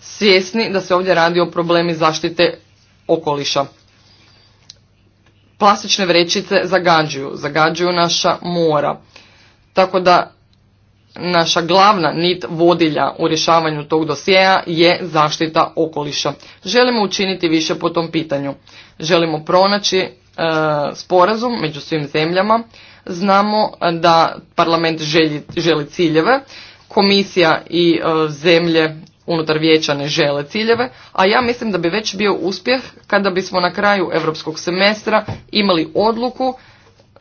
svjesni da se ovdje radi o problemi zaštite okoliša. Plastične vrećice zagađuju, zagađuju naša mora. Tako da naša glavna nit vodilja u rješavanju tog dosjeja je zaštita okoliša. Želimo učiniti više po tom pitanju. Želimo pronaći e, sporazum među svim zemljama. Znamo da parlament želi ciljeve, komisija i e, zemlje unutar vijeća ne žele ciljeve, a ja mislim da bi već bio uspjeh kada bismo na kraju europskog semestra imali odluku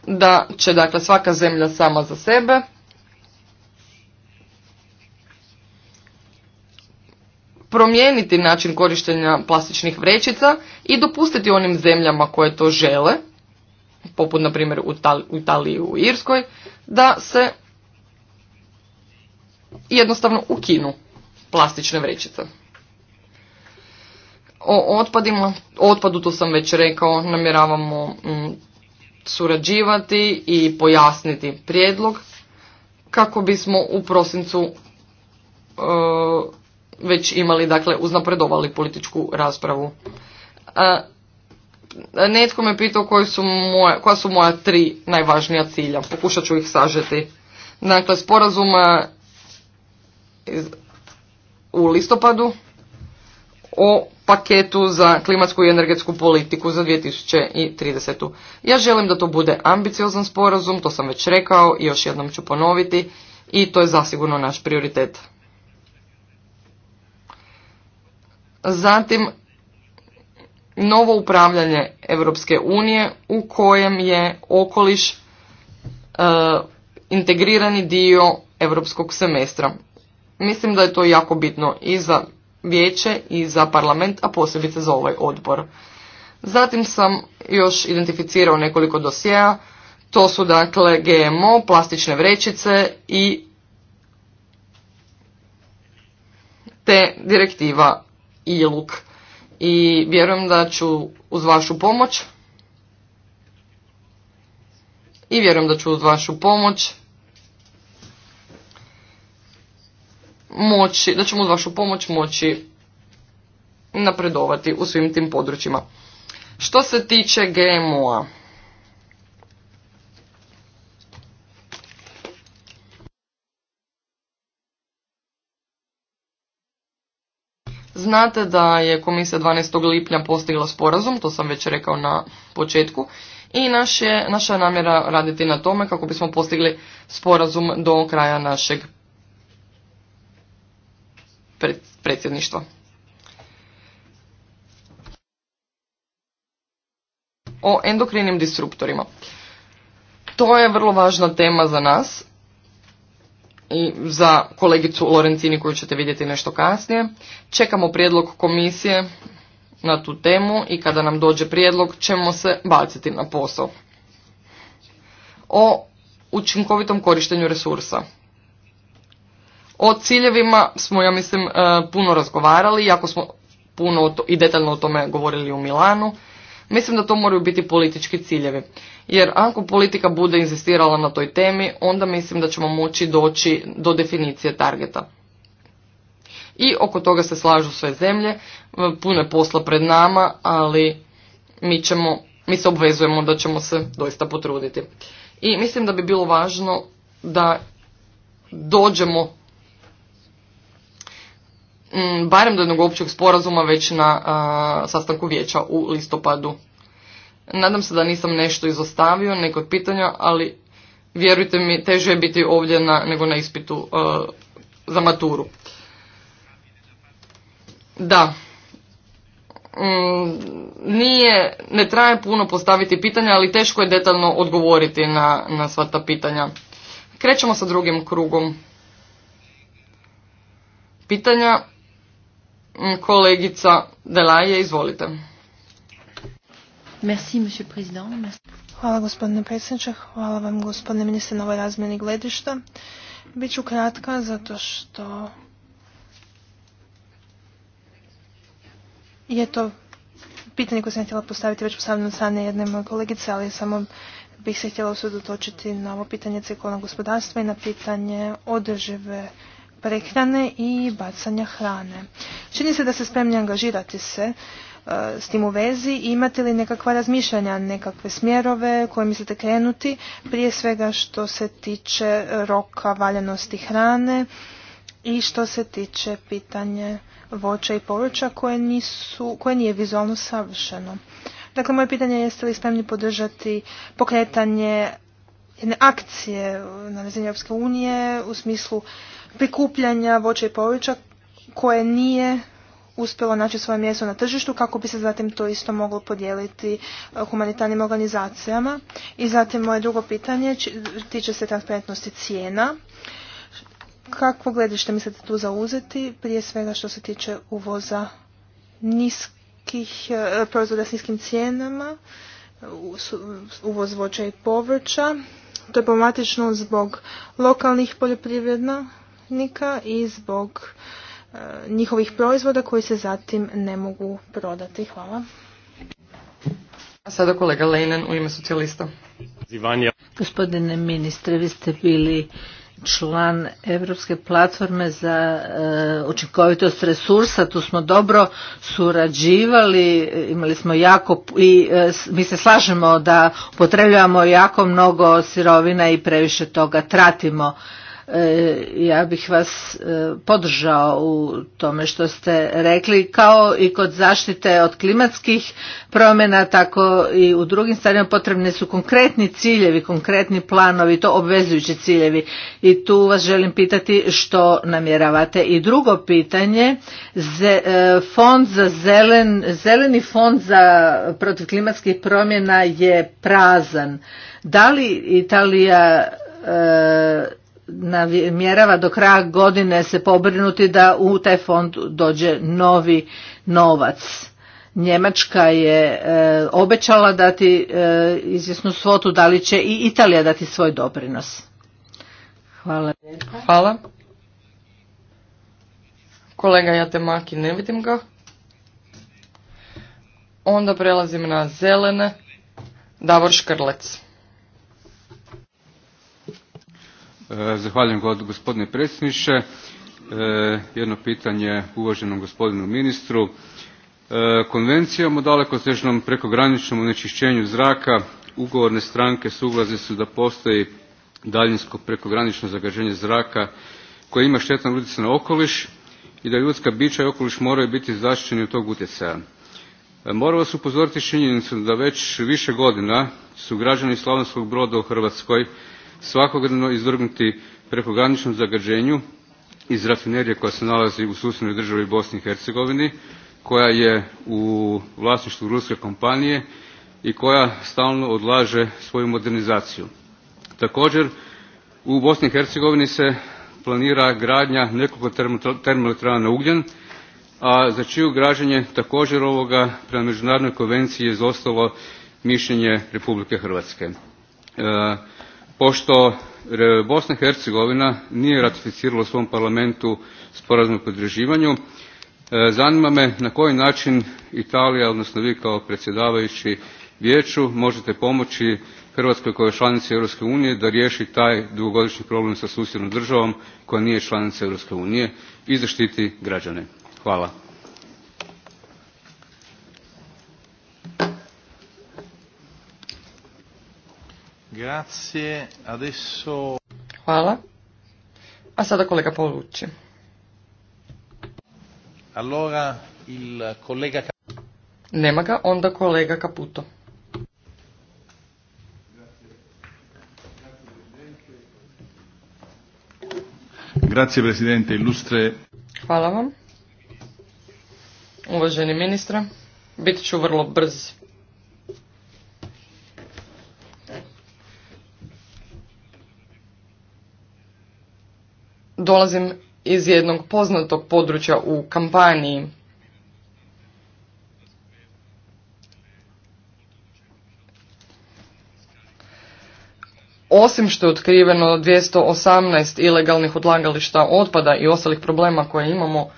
da će dakle svaka zemlja sama za sebe promijeniti način korištenja plastičnih vrećica i dopustiti onim zemljama koje to žele, poput na primjer u Italiji i u Irskoj, da se jednostavno ukinu plastične vrećice. O otpadima, otpadu to sam već rekao, namjeravamo mm, surađivati i pojasniti prijedlog kako bismo u prosincu e, već imali, dakle, uznapredovali političku raspravu. Netko me pitao su koja su moja tri najvažnija cilja. Pokušat ću ih sažeti. Dakle, sporazuma iz, u listopadu o paketu za klimatsku i energetsku politiku za 2030. Ja želim da to bude ambiciozan sporazum, to sam već rekao i još jednom ću ponoviti i to je zasigurno naš prioritet. Zatim novo upravljanje Europske unije u kojem je okoliš e, integrirani dio europskog semestra. Mislim da je to jako bitno i za vijeće i za parlament, a posebice za ovaj odbor. Zatim sam još identificirao nekoliko dosjeja, to su dakle GMO, plastične vrećice i te direktiva i luk. I vjerujem da ću uz vašu pomoć i vjerujem da ću uz vašu pomoć moći, da ćemo uz vašu pomoć moći napredovati u svim tim područjima. Što se tiče GMO-a, Znate da je komisija 12. lipnja postigla sporazum, to sam već rekao na početku, i naš je, naša je namjera raditi na tome kako bismo postigli sporazum do kraja našeg predsjedništva. O endokrinim disruptorima. To je vrlo važna tema za nas i za kolegicu Lorencini koju ćete vidjeti nešto kasnije. Čekamo prijedlog komisije na tu temu i kada nam dođe prijedlog ćemo se baciti na posao. O učinkovitom korištenju resursa. O ciljevima smo, ja mislim, e, puno razgovarali, jako smo puno i detaljno o tome govorili u Milanu. Mislim da to moraju biti politički ciljevi. Jer ako politika bude inzistirala na toj temi, onda mislim da ćemo moći doći do definicije targeta. I oko toga se slažu sve zemlje, e, puno je posla pred nama, ali mi, ćemo, mi se obvezujemo da ćemo se doista potruditi. I mislim da bi bilo važno da dođemo Mm, barem do jednog općeg sporazuma već na sastanku vijeća u listopadu. Nadam se da nisam nešto izostavio, neko pitanja, ali vjerujte mi, teže je biti ovdje na, nego na ispitu za maturu. Da, mm, nije, ne traje puno postaviti pitanja, ali teško je detaljno odgovoriti na, na sva ta pitanja. Krećemo sa drugim krugom. Pitanja Mm, kolegica Delaje, izvolite. Merci, monsieur président. Hvala gospodine predsjedniče, hvala vam gospodine ministre na ovoj razmjeni gledišta. Biću kratka zato što je to pitanje koje sam htjela postaviti već postavljeno od strane jedne moje kolegice, ali samo bih se htjela usredotočiti na ovo pitanje cirkularnog gospodarstva i na pitanje održive prehrane i bacanja hrane. Čini se da se spremni angažirati se e, s tim u vezi i imate li nekakva razmišljanja, nekakve smjerove koje mislite krenuti, prije svega što se tiče roka valjanosti hrane i što se tiče pitanje voća i povrća koje, nisu, koje nije vizualno savršeno. Dakle, moje pitanje je jeste li spremni podržati pokretanje jedne akcije na razini Europske unije u smislu prikupljanja voća i povrća koje nije uspjelo naći svoje mjesto na tržištu kako bi se zatim to isto moglo podijeliti e, humanitarnim organizacijama. I zatim moje drugo pitanje tiče se transparentnosti cijena. Kako gledište mislite tu zauzeti, prije svega što se tiče uvoza niskih, e, proizvoda s niskim cijenama, uvoz voća i povrća. To je problematično zbog lokalnih poljoprivrednika i zbog E, njihovih proizvoda koji se zatim ne mogu prodati. Hvala. A sada kolega Lejnen u ime socijalista. Gospodine ministre, vi ste bili član Europske platforme za e, učinkovitost resursa, tu smo dobro surađivali, imali smo jako i e, mi se slažemo da upotrebljavamo jako mnogo sirovina i previše toga tratimo. E, ja bih vas e, podržao u tome što ste rekli kao i kod zaštite od klimatskih promjena tako i u drugim stvarima potrebni su konkretni ciljevi konkretni planovi to obvezujući ciljevi i tu vas želim pitati što namjeravate i drugo pitanje e, fond za zelen zeleni fond za protiv klimatskih promjena je prazan da li Italija namjerava do kraja godine se pobrinuti da u taj fond dođe novi novac. Njemačka je e, obećala dati e, izvjesnu svotu, da li će i Italija dati svoj doprinos. Hvala. Hvala. Kolega Jatemaki, ne vidim ga. Onda prelazim na zelene. Davor Škrlec. Zahvaljujem gospodine predsjedniče. E, jedno pitanje uvaženom gospodinu ministru. E, konvencijom o dalekosežnom prekograničnom onečišćenju zraka ugovorne stranke suglasne su da postoji daljinsko prekogranično zagađenje zraka koje ima štetan utjecaj na okoliš i da ljudska bića i okoliš moraju biti zaštićeni od tog utjecaja. E, moram vas upozoriti činjenicu da već više godina su građani Slavonskog Broda u Hrvatskoj svakogredno izvrgnuti prekograničnom zagađenju iz rafinerije koja se nalazi u susjednoj državi Bosni i Hercegovini, koja je u vlasništvu ruske kompanije i koja stalno odlaže svoju modernizaciju. Također, u Bosni i Hercegovini se planira gradnja nekoliko termoelektrana na ugljen, a za čiju građenje također ovoga prema međunarodnoj konvenciji je izostalo mišljenje Republike Hrvatske. E, pošto bosna i hercegovina nije ratificirala u svom parlamentu sporazum o pridruživanju e, zanima me na koji način italija odnosno vi kao predsjedavajući vijeću možete pomoći hrvatskoj koja je članica europske unije da riješi taj dugogodišnji problem sa susjednom državom koja nije članica europske unije i zaštiti građane. hvala. Grazie. Adesso... Hvala. A sada kolega Polucci. Allora il collega Nema ga, onda kolega Caputo. Grazie presidente, illustre. Hvala vam. Uvaženi ministre, bit ću vrlo brz. dolazim iz jednog poznatog područja u kampaniji. Osim što je otkriveno 218 ilegalnih odlagališta otpada i ostalih problema koje imamo,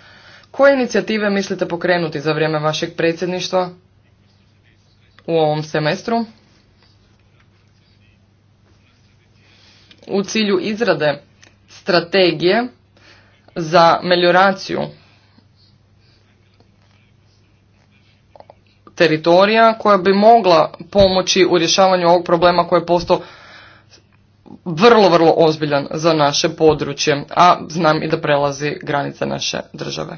koje inicijative mislite pokrenuti za vrijeme vašeg predsjedništva u ovom semestru? U cilju izrade strategije za melioraciju teritorija koja bi mogla pomoći u rješavanju ovog problema koji je postao vrlo, vrlo ozbiljan za naše područje, a znam i da prelazi granice naše države.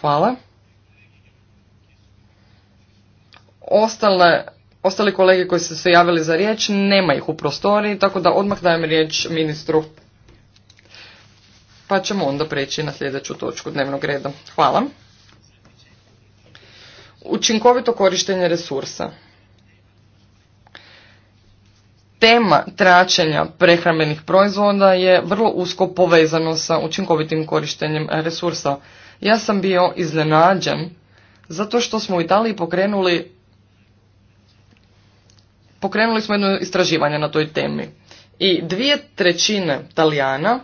Hvala. Ostale Ostali kolege koji su se javili za riječ, nema ih u prostoriji, tako da odmah dajem riječ ministru. Pa ćemo onda preći na sljedeću točku dnevnog reda. Hvala. Učinkovito korištenje resursa. Tema tračenja prehrambenih proizvoda je vrlo usko povezano sa učinkovitim korištenjem resursa. Ja sam bio iznenađen zato što smo u Italiji pokrenuli pokrenuli smo jedno istraživanje na toj temi. I dvije trećine Talijana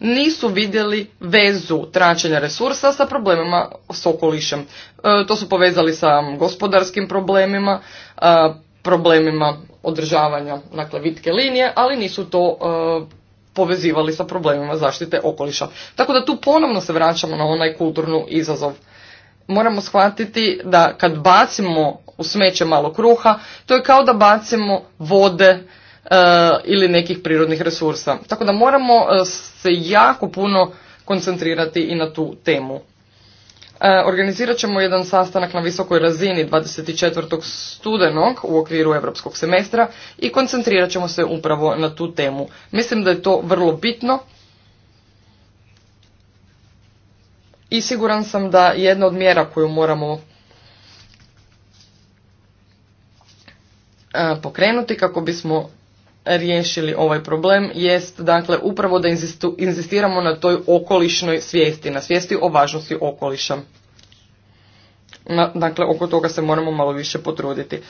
nisu vidjeli vezu tračenja resursa sa problemima s okolišem. E, to su povezali sa gospodarskim problemima, e, problemima održavanja dakle, vitke linije, ali nisu to e, povezivali sa problemima zaštite okoliša. Tako da tu ponovno se vraćamo na onaj kulturnu izazov moramo shvatiti da kad bacimo u smeće malo kruha, to je kao da bacimo vode e, ili nekih prirodnih resursa. Tako da moramo e, se jako puno koncentrirati i na tu temu. E, organizirat ćemo jedan sastanak na visokoj razini 24. studenog u okviru europskog semestra i koncentrirat ćemo se upravo na tu temu. Mislim da je to vrlo bitno i siguran sam da jedna od mjera koju moramo e, pokrenuti kako bismo riješili ovaj problem jest dakle upravo da inzistiramo na toj okolišnoj svijesti, na svijesti o važnosti okoliša. dakle, oko toga se moramo malo više potruditi.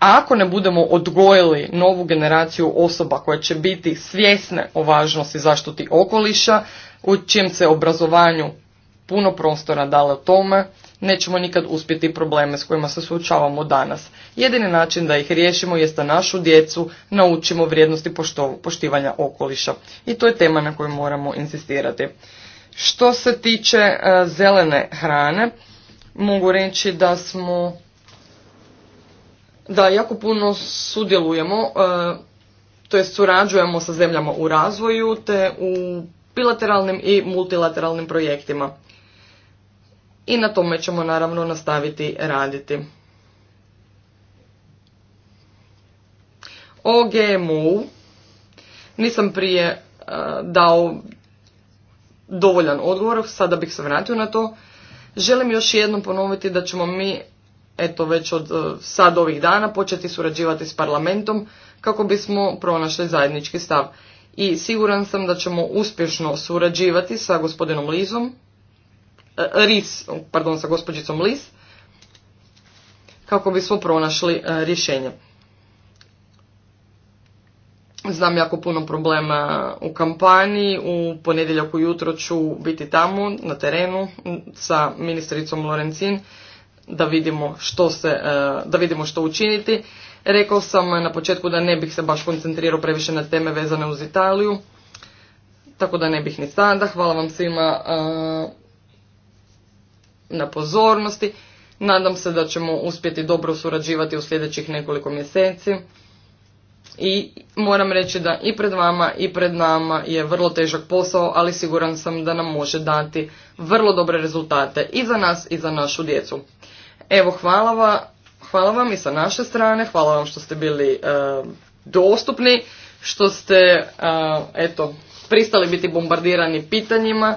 A ako ne budemo odgojili novu generaciju osoba koje će biti svjesne o važnosti zaštiti okoliša, u čijem se obrazovanju puno prostora dala tome, nećemo nikad uspjeti probleme s kojima se suočavamo danas. Jedini način da ih riješimo jest da našu djecu naučimo vrijednosti poštivanja okoliša. I to je tema na kojoj moramo insistirati. Što se tiče e, zelene hrane, mogu reći da smo da jako puno sudjelujemo, e, to jest surađujemo sa zemljama u razvoju te u bilateralnim i multilateralnim projektima. I na tome ćemo naravno nastaviti raditi. O GMO nisam prije e, dao dovoljan odgovor, sada bih se vratio na to. Želim još jednom ponoviti da ćemo mi eto već od e, sad ovih dana početi surađivati s parlamentom kako bismo pronašli zajednički stav. I siguran sam da ćemo uspješno surađivati sa gospodinom Lizom, e, Riz, pardon, sa gospođicom Lis, kako bismo pronašli e, rješenje. Znam jako puno problema u kampanji, u ponedjeljak ujutro ću biti tamo na terenu sa ministricom Lorencin da vidimo što, se, e, da vidimo što učiniti. Rekao sam na početku da ne bih se baš koncentrirao previše na teme vezane uz Italiju, tako da ne bih ni sada. Hvala vam svima e, na pozornosti. Nadam se da ćemo uspjeti dobro surađivati u sljedećih nekoliko mjeseci. I moram reći da i pred vama i pred nama je vrlo težak posao, ali siguran sam da nam može dati vrlo dobre rezultate i za nas i za našu djecu. Evo, hvala, hvala vam i sa naše strane, hvala vam što ste bili eh, dostupni, što ste, eh, eto, pristali biti bombardirani pitanjima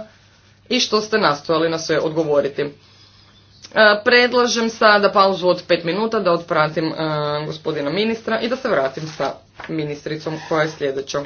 i što ste nastojali na sve odgovoriti. Eh, predlažem sada pauzu od pet minuta da odpratim gospodina ministra i da se vratim sa ministricom koja je sljedeća.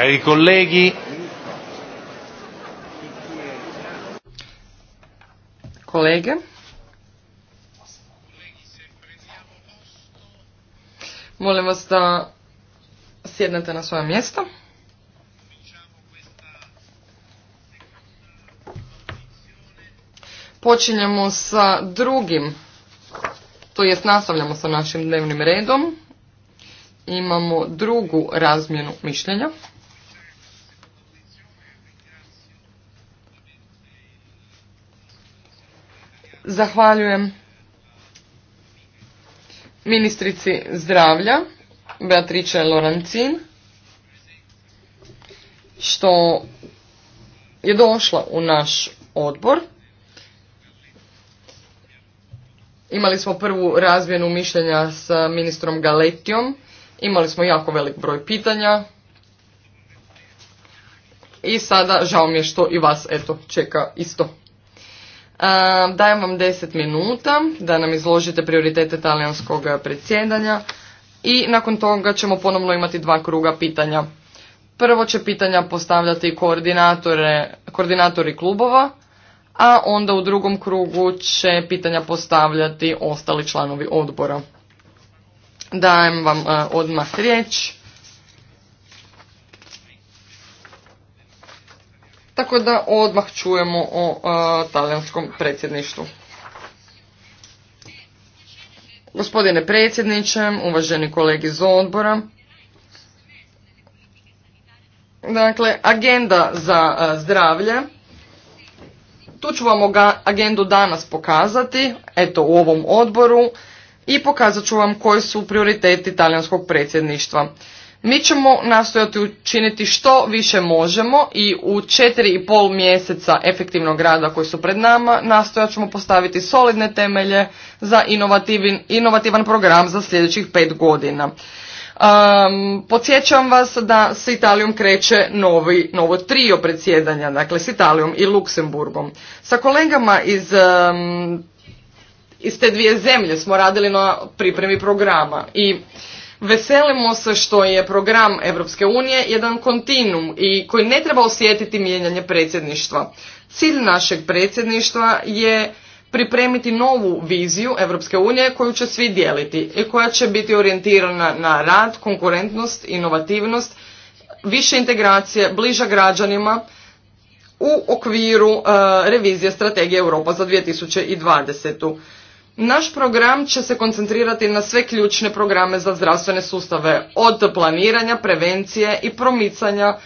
Cari colleghi. Kolege. Molim vas da sjednete na svoje mjesta. Počinjemo sa drugim, to jest nastavljamo sa našim dnevnim redom imamo drugu razmjenu mišljenja. Zahvaljujem ministrici zdravlja Beatrice Lorancin što je došla u naš odbor. Imali smo prvu razmjenu mišljenja s ministrom Galetijom. Imali smo jako velik broj pitanja. I sada žao mi je što i vas eto čeka isto. Dajem vam 10 minuta da nam izložite prioritete talijanskog predsjedanja i nakon toga ćemo ponovno imati dva kruga pitanja. Prvo će pitanja postavljati koordinatore, koordinatori klubova, a onda u drugom krugu će pitanja postavljati ostali članovi odbora. Dajem vam odmah riječ. tako da odmah čujemo o talijanskom predsjedništvu. Gospodine predsjedniče, uvaženi kolegi iz odbora, dakle, agenda za zdravlje, tu ću vam agendu danas pokazati, eto u ovom odboru, i pokazat ću vam koji su prioriteti talijanskog predsjedništva. Mi ćemo nastojati učiniti što više možemo i u četiri i pol mjeseca efektivnog rada koji su pred nama nastojat ćemo postaviti solidne temelje za inovativan program za sljedećih pet godina. Um, podsjećam vas da s Italijom kreće novi, novo trio predsjedanja, dakle s Italijom i Luksemburgom. Sa kolegama iz, um, iz te dvije zemlje smo radili na pripremi programa i Veselimo se što je program Europske unije jedan kontinuum i koji ne treba osjetiti mijenjanje predsjedništva. Cilj našeg predsjedništva je pripremiti novu viziju Europske unije koju će svi dijeliti i koja će biti orijentirana na rad, konkurentnost, inovativnost, više integracije, bliža građanima u okviru e, revizije strategije Europa za 2020. Naš program će se koncentrirati na sve ključne programe za zdravstvene sustave, od planiranja, prevencije i promicanja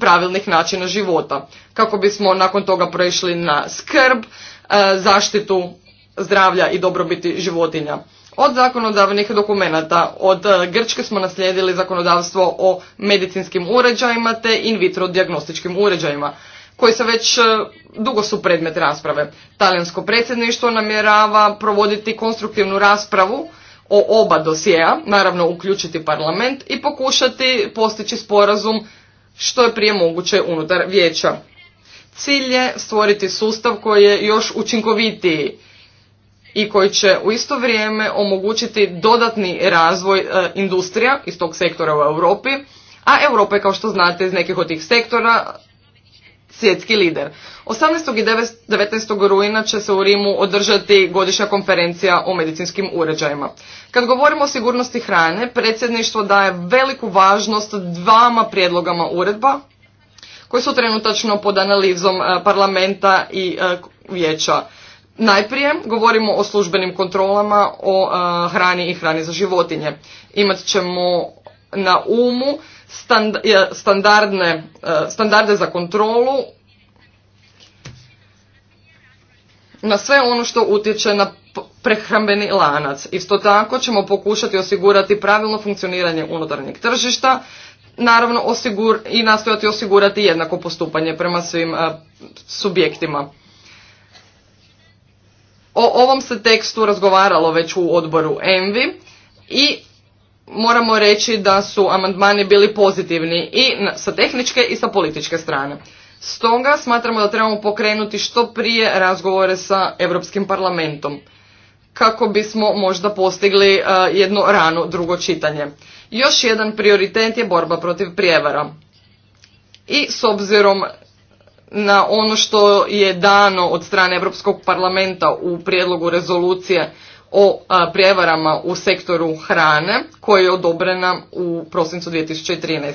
pravilnih načina života, kako bismo nakon toga prešli na skrb, e, zaštitu zdravlja i dobrobiti životinja. Od zakonodavnih dokumenata, od e, Grčke smo naslijedili zakonodavstvo o medicinskim uređajima te in vitro diagnostičkim uređajima koji se već e, dugo su predmet rasprave. Talijansko predsjedništvo namjerava provoditi konstruktivnu raspravu o oba dosjeja, naravno uključiti parlament i pokušati postići sporazum što je prije moguće unutar vijeća. Cilj je stvoriti sustav koji je još učinkovitiji i koji će u isto vrijeme omogućiti dodatni razvoj e, industrija iz tog sektora u Europi, a Europa je kao što znate iz nekih od tih sektora svjetski lider. 18. i 19. rujna će se u Rimu održati godišnja konferencija o medicinskim uređajima. Kad govorimo o sigurnosti hrane, predsjedništvo daje veliku važnost dvama prijedlogama uredba koji su trenutačno pod analizom e, parlamenta i e, vijeća. Najprije govorimo o službenim kontrolama o e, hrani i hrani za životinje. Imat ćemo na umu standardne, e, standarde za kontrolu na sve ono što utječe na prehrambeni lanac. Isto tako ćemo pokušati osigurati pravilno funkcioniranje unutarnjeg tržišta, naravno osigur, i nastojati osigurati jednako postupanje prema svim e, subjektima. O ovom se tekstu razgovaralo već u odboru ENVI i moramo reći da su amandmani bili pozitivni i sa tehničke i sa političke strane. Stoga smatramo da trebamo pokrenuti što prije razgovore sa Europskim parlamentom kako bismo možda postigli e, jedno rano drugo čitanje. Još jedan prioritet je borba protiv prijevara. I s obzirom na ono što je dano od strane Europskog parlamenta u prijedlogu rezolucije o prijevarama u sektoru hrane koja je odobrena u prosincu 2013.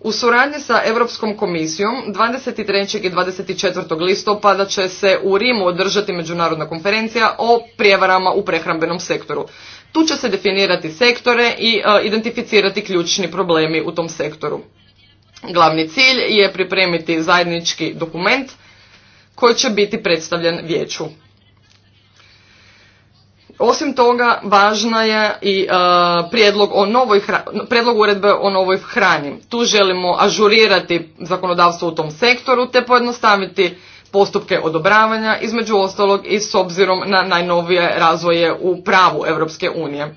U suradnji sa Europskom komisijom 23. i 24. listopada će se u Rimu održati međunarodna konferencija o prijevarama u prehrambenom sektoru. Tu će se definirati sektore i identificirati ključni problemi u tom sektoru. Glavni cilj je pripremiti zajednički dokument koji će biti predstavljen vijeću. Osim toga, važna je i e, prijedlog, o novoj uredbe o novoj hrani. Tu želimo ažurirati zakonodavstvo u tom sektoru te pojednostaviti postupke odobravanja, između ostalog i s obzirom na najnovije razvoje u pravu Europske unije.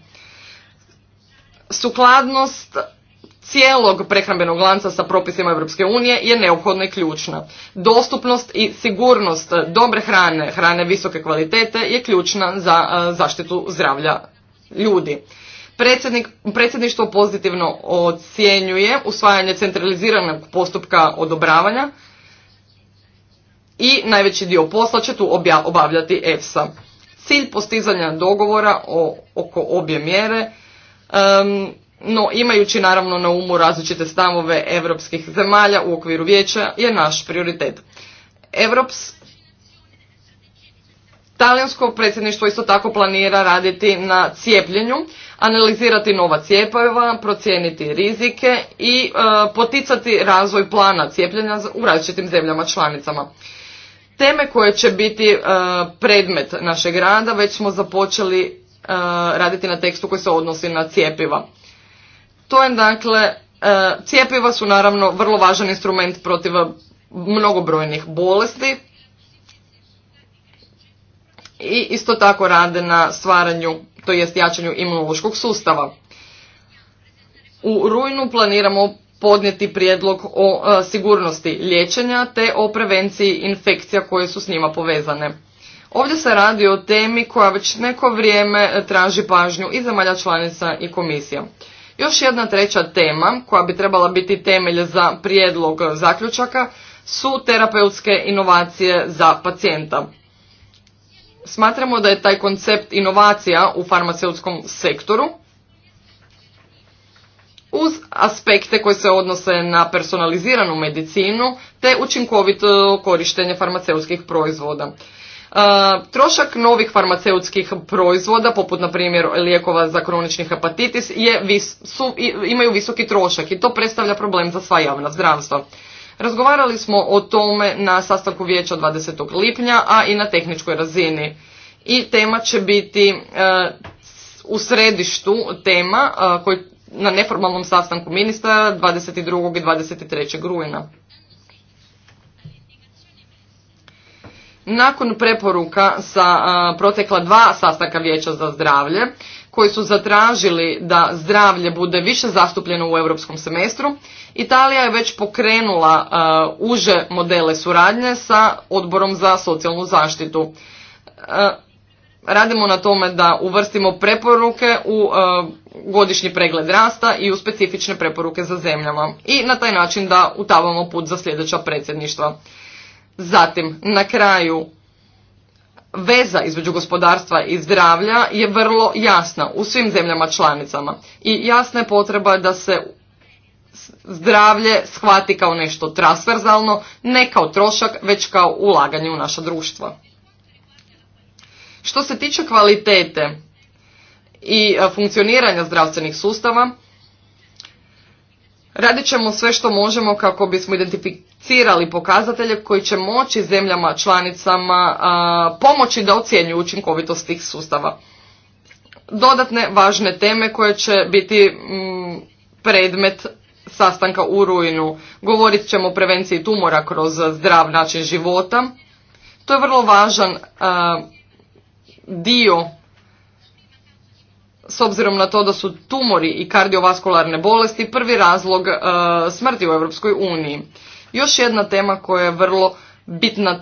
Sukladnost cijelog prehrambenog lanca sa propisima Europske unije je neophodna i ključna. Dostupnost i sigurnost e, dobre hrane, hrane visoke kvalitete je ključna za e, zaštitu zdravlja ljudi. predsjedništvo pozitivno ocjenjuje usvajanje centraliziranog postupka odobravanja i najveći dio posla će tu obavljati EFSA. Cilj postizanja dogovora o, oko obje mjere no, imajući naravno na umu različite stavove europskih zemalja u okviru vijeća je naš prioritet. Evrops... Talijansko predsjedništvo isto tako planira raditi na cijepljenju, analizirati nova cijepova, procijeniti rizike i e, poticati razvoj plana cijepljenja u različitim zemljama članicama. Teme koje će biti e, predmet našeg rada već smo započeli e, raditi na tekstu koji se odnosi na cijepiva. To je dakle, e, cijepiva su naravno vrlo važan instrument protiv e, mnogobrojnih bolesti i isto tako rade na stvaranju, to jest jačanju imunološkog sustava. U rujnu planiramo podnijeti prijedlog o e, sigurnosti liječenja te o prevenciji infekcija koje su s njima povezane. Ovdje se radi o temi koja već neko vrijeme traži pažnju i zemalja članica i komisija. Još jedna treća tema koja bi trebala biti temelj za prijedlog zaključaka su terapeutske inovacije za pacijenta. Smatramo da je taj koncept inovacija u farmaceutskom sektoru uz aspekte koje se odnose na personaliziranu medicinu te učinkovito korištenje farmaceutskih proizvoda. E, trošak novih farmaceutskih proizvoda, poput na primjer lijekova za kronični hepatitis, je vis, su, imaju visoki trošak i to predstavlja problem za sva javna zdravstva. Razgovarali smo o tome na sastanku vijeća 20. lipnja, a i na tehničkoj razini. I tema će biti e, u središtu tema e, koji na neformalnom sastanku ministra 22. i 23. rujna. Nakon preporuka sa protekla dva sastaka vijeća za zdravlje, koji su zatražili da zdravlje bude više zastupljeno u europskom semestru, Italija je već pokrenula uže modele suradnje sa odborom za socijalnu zaštitu. radimo na tome da uvrstimo preporuke u godišnji pregled rasta i u specifične preporuke za zemljama i na taj način da utavamo put za sljedeća predsjedništva. Zatim, na kraju, veza između gospodarstva i zdravlja je vrlo jasna u svim zemljama članicama i jasna je potreba da se zdravlje shvati kao nešto transverzalno, ne kao trošak, već kao ulaganje u naša društva. Što se tiče kvalitete i e, funkcioniranja zdravstvenih sustava, radit ćemo sve što možemo kako bismo identificirali cirali pokazatelje koji će moći zemljama članicama pomoći da ocjenju učinkovitost tih sustava. Dodatne važne teme koje će biti mm, predmet sastanka u rujnu. Govorit ćemo o prevenciji tumora kroz zdrav način života. To je vrlo važan dio s obzirom na to da su tumori i kardiovaskularne bolesti prvi razlog smrti u Europskoj uniji. Još jedna tema koja je vrlo bitna e,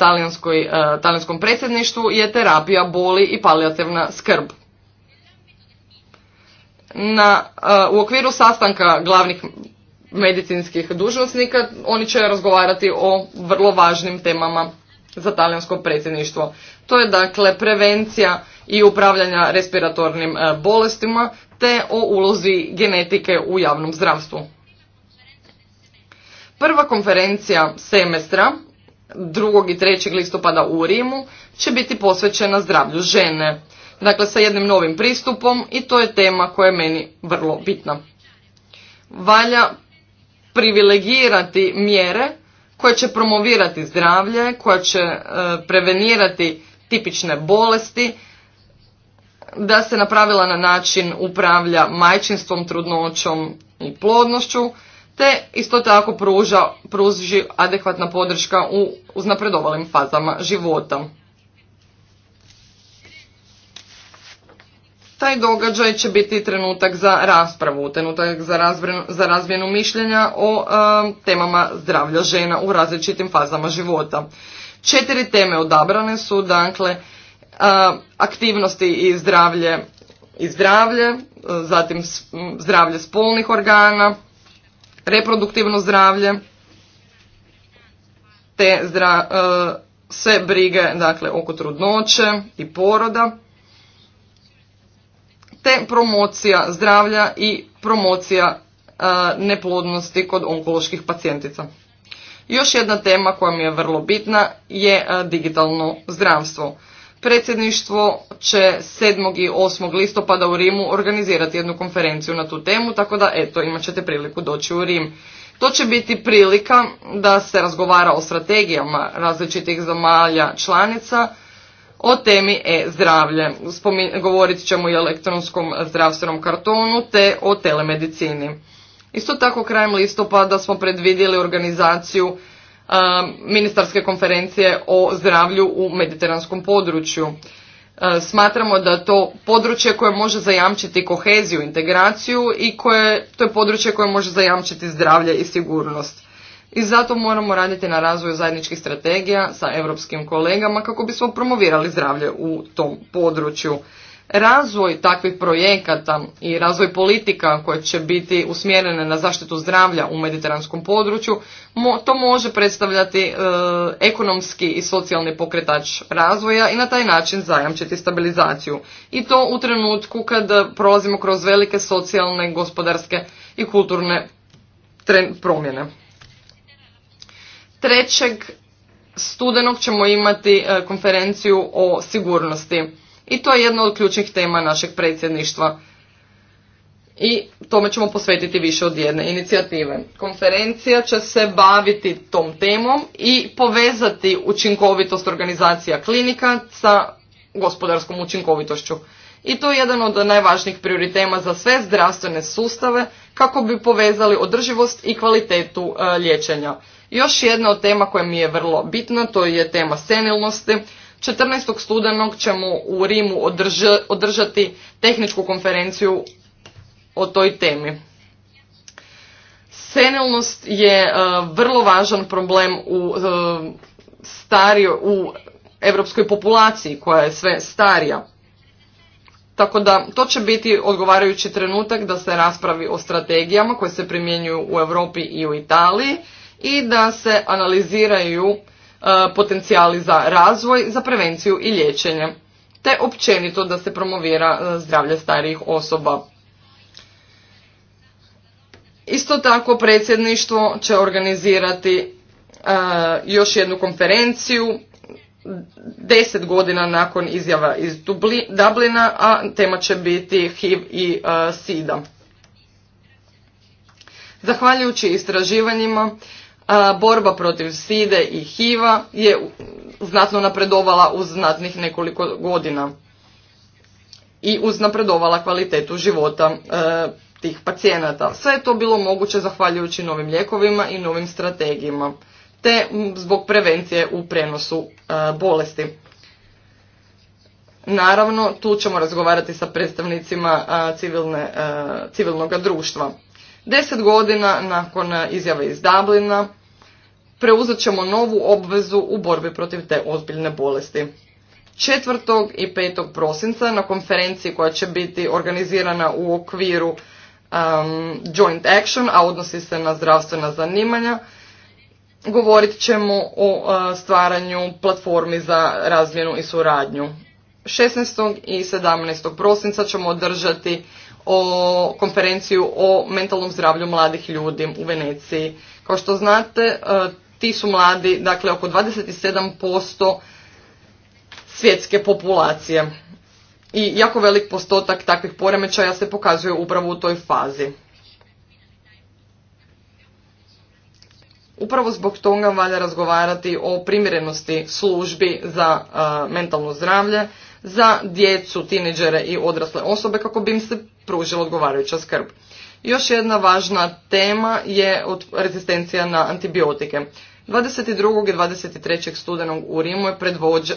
talijanskom predsjedništvu je terapija boli i palijativna skrb. Na, e, u okviru sastanka glavnih medicinskih dužnosnika oni će razgovarati o vrlo važnim temama za talijansko predsjedništvo. To je dakle prevencija i upravljanja respiratornim e, bolestima te o ulozi genetike u javnom zdravstvu. Prva konferencija semestra 2. i 3. listopada u Rimu će biti posvećena zdravlju žene. Dakle, sa jednim novim pristupom i to je tema koja je meni vrlo bitna. Valja privilegirati mjere koje će promovirati zdravlje, koje će e, prevenirati tipične bolesti, da se napravila na način upravlja majčinstvom, trudnoćom i plodnošću, te isto tako pruža, pruži adekvatna podrška u uznapredovalim fazama života. Taj događaj će biti trenutak za raspravu, trenutak za, razmjenu razvijenu mišljenja o e, temama zdravlja žena u različitim fazama života. Četiri teme odabrane su, dakle, e, aktivnosti i zdravlje i zdravlje, e, zatim zdravlje spolnih organa, reproduktivno zdravlje, te e, sve brige dakle, oko trudnoće i poroda, te promocija zdravlja i promocija e, neplodnosti kod onkoloških pacijentica. Još jedna tema koja mi je vrlo bitna je e, digitalno zdravstvo. Predsjedništvo će 7. i 8. listopada u Rimu organizirati jednu konferenciju na tu temu, tako da eto, imat ćete priliku doći u Rim. To će biti prilika da se razgovara o strategijama različitih zemalja članica o temi e-zdravlje. Govorit ćemo i o elektronskom zdravstvenom kartonu te o telemedicini. Isto tako krajem listopada smo predvidjeli organizaciju ministarske konferencije o zdravlju u mediteranskom području. Smatramo da to područje koje može zajamčiti koheziju, integraciju i koje, to je područje koje može zajamčiti zdravlje i sigurnost. I zato moramo raditi na razvoju zajedničkih strategija sa europskim kolegama kako bismo promovirali zdravlje u tom području. Razvoj takvih projekata i razvoj politika koje će biti usmjerene na zaštitu zdravlja u mediteranskom području, to može predstavljati e, ekonomski i socijalni pokretač razvoja i na taj način zajamčiti stabilizaciju. I to u trenutku kad prolazimo kroz velike socijalne, gospodarske i kulturne promjene. Trećeg studenog ćemo imati e, konferenciju o sigurnosti i to je jedna od ključnih tema našeg predsjedništva. I tome ćemo posvetiti više od jedne inicijative. Konferencija će se baviti tom temom i povezati učinkovitost organizacija klinika sa gospodarskom učinkovitošću. I to je jedan od najvažnijih prioritema za sve zdravstvene sustave kako bi povezali održivost i kvalitetu e, liječenja. Još jedna od tema koja mi je vrlo bitna, to je tema senilnosti. 14. studenog ćemo u Rimu održati tehničku konferenciju o toj temi. Senilnost je e, vrlo važan problem u e, stariju, u europskoj populaciji koja je sve starija. Tako da to će biti odgovarajući trenutak da se raspravi o strategijama koje se primjenjuju u Europi i u Italiji i da se analiziraju E, potencijali za razvoj, za prevenciju i liječenje, te općenito da se promovira e, zdravlje starijih osoba. Isto tako predsjedništvo će organizirati e, još jednu konferenciju deset godina nakon izjava iz Dublina, a tema će biti HIV i SIDA. Zahvaljujući istraživanjima a, borba protiv side i hiva je znatno napredovala uz znatnih nekoliko godina i uznapredovala kvalitetu života e, tih pacijenata. Sve je to bilo moguće zahvaljujući novim lijekovima i novim strategijama, te zbog prevencije u prenosu e, bolesti. Naravno, tu ćemo razgovarati sa predstavnicima e, civilnoga civilne, civilnog društva. Deset godina nakon izjave iz Dublina preuzet ćemo novu obvezu u borbi protiv te ozbiljne bolesti. 4. i 5. prosinca na konferenciji koja će biti organizirana u okviru um, Joint Action, a odnosi se na zdravstvena zanimanja, govorit ćemo o uh, stvaranju platformi za razmjenu i suradnju. 16. i 17. prosinca ćemo održati o konferenciju o mentalnom zdravlju mladih ljudi u Veneciji. Kao što znate, e, ti su mladi, dakle oko 27% svjetske populacije. I jako velik postotak takvih poremećaja se pokazuje upravo u toj fazi. Upravo zbog toga valja razgovarati o primjerenosti službi za e, mentalno zdravlje, za djecu, tineđere i odrasle osobe kako bi im se pružila odgovarajuća skrb. Još jedna važna tema je rezistencija na antibiotike. 22. i 23. studenog u Rimu je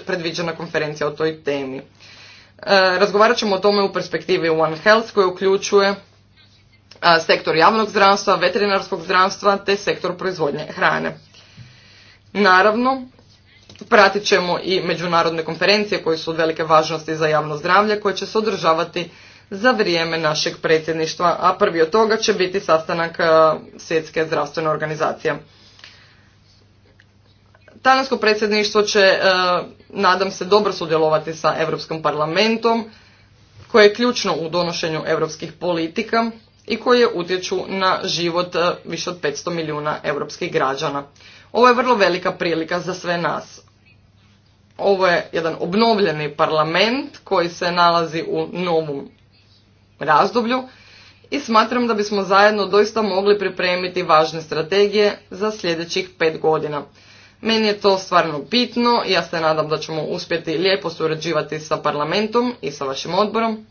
predviđena konferencija o toj temi. E, razgovarat ćemo o tome u perspektivi One Health koji uključuje sektor javnog zdravstva, veterinarskog zdravstva te sektor proizvodnje hrane. Naravno, pratit ćemo i međunarodne konferencije koje su od velike važnosti za javno zdravlje koje će se održavati za vrijeme našeg predsjedništva, a prvi od toga će biti sastanak e, svjetske zdravstvene organizacije. Talijansko predsjedništvo će, e, nadam se, dobro sudjelovati sa Europskim parlamentom, koje je ključno u donošenju europskih politika i koje utječu na život e, više od 500 milijuna europskih građana. Ovo je vrlo velika prilika za sve nas. Ovo je jedan obnovljeni parlament koji se nalazi u novom razdoblju i smatram da bismo zajedno doista mogli pripremiti važne strategije za sljedećih pet godina. Meni je to stvarno bitno i ja se nadam da ćemo uspjeti lijepo surađivati sa parlamentom i sa vašim odborom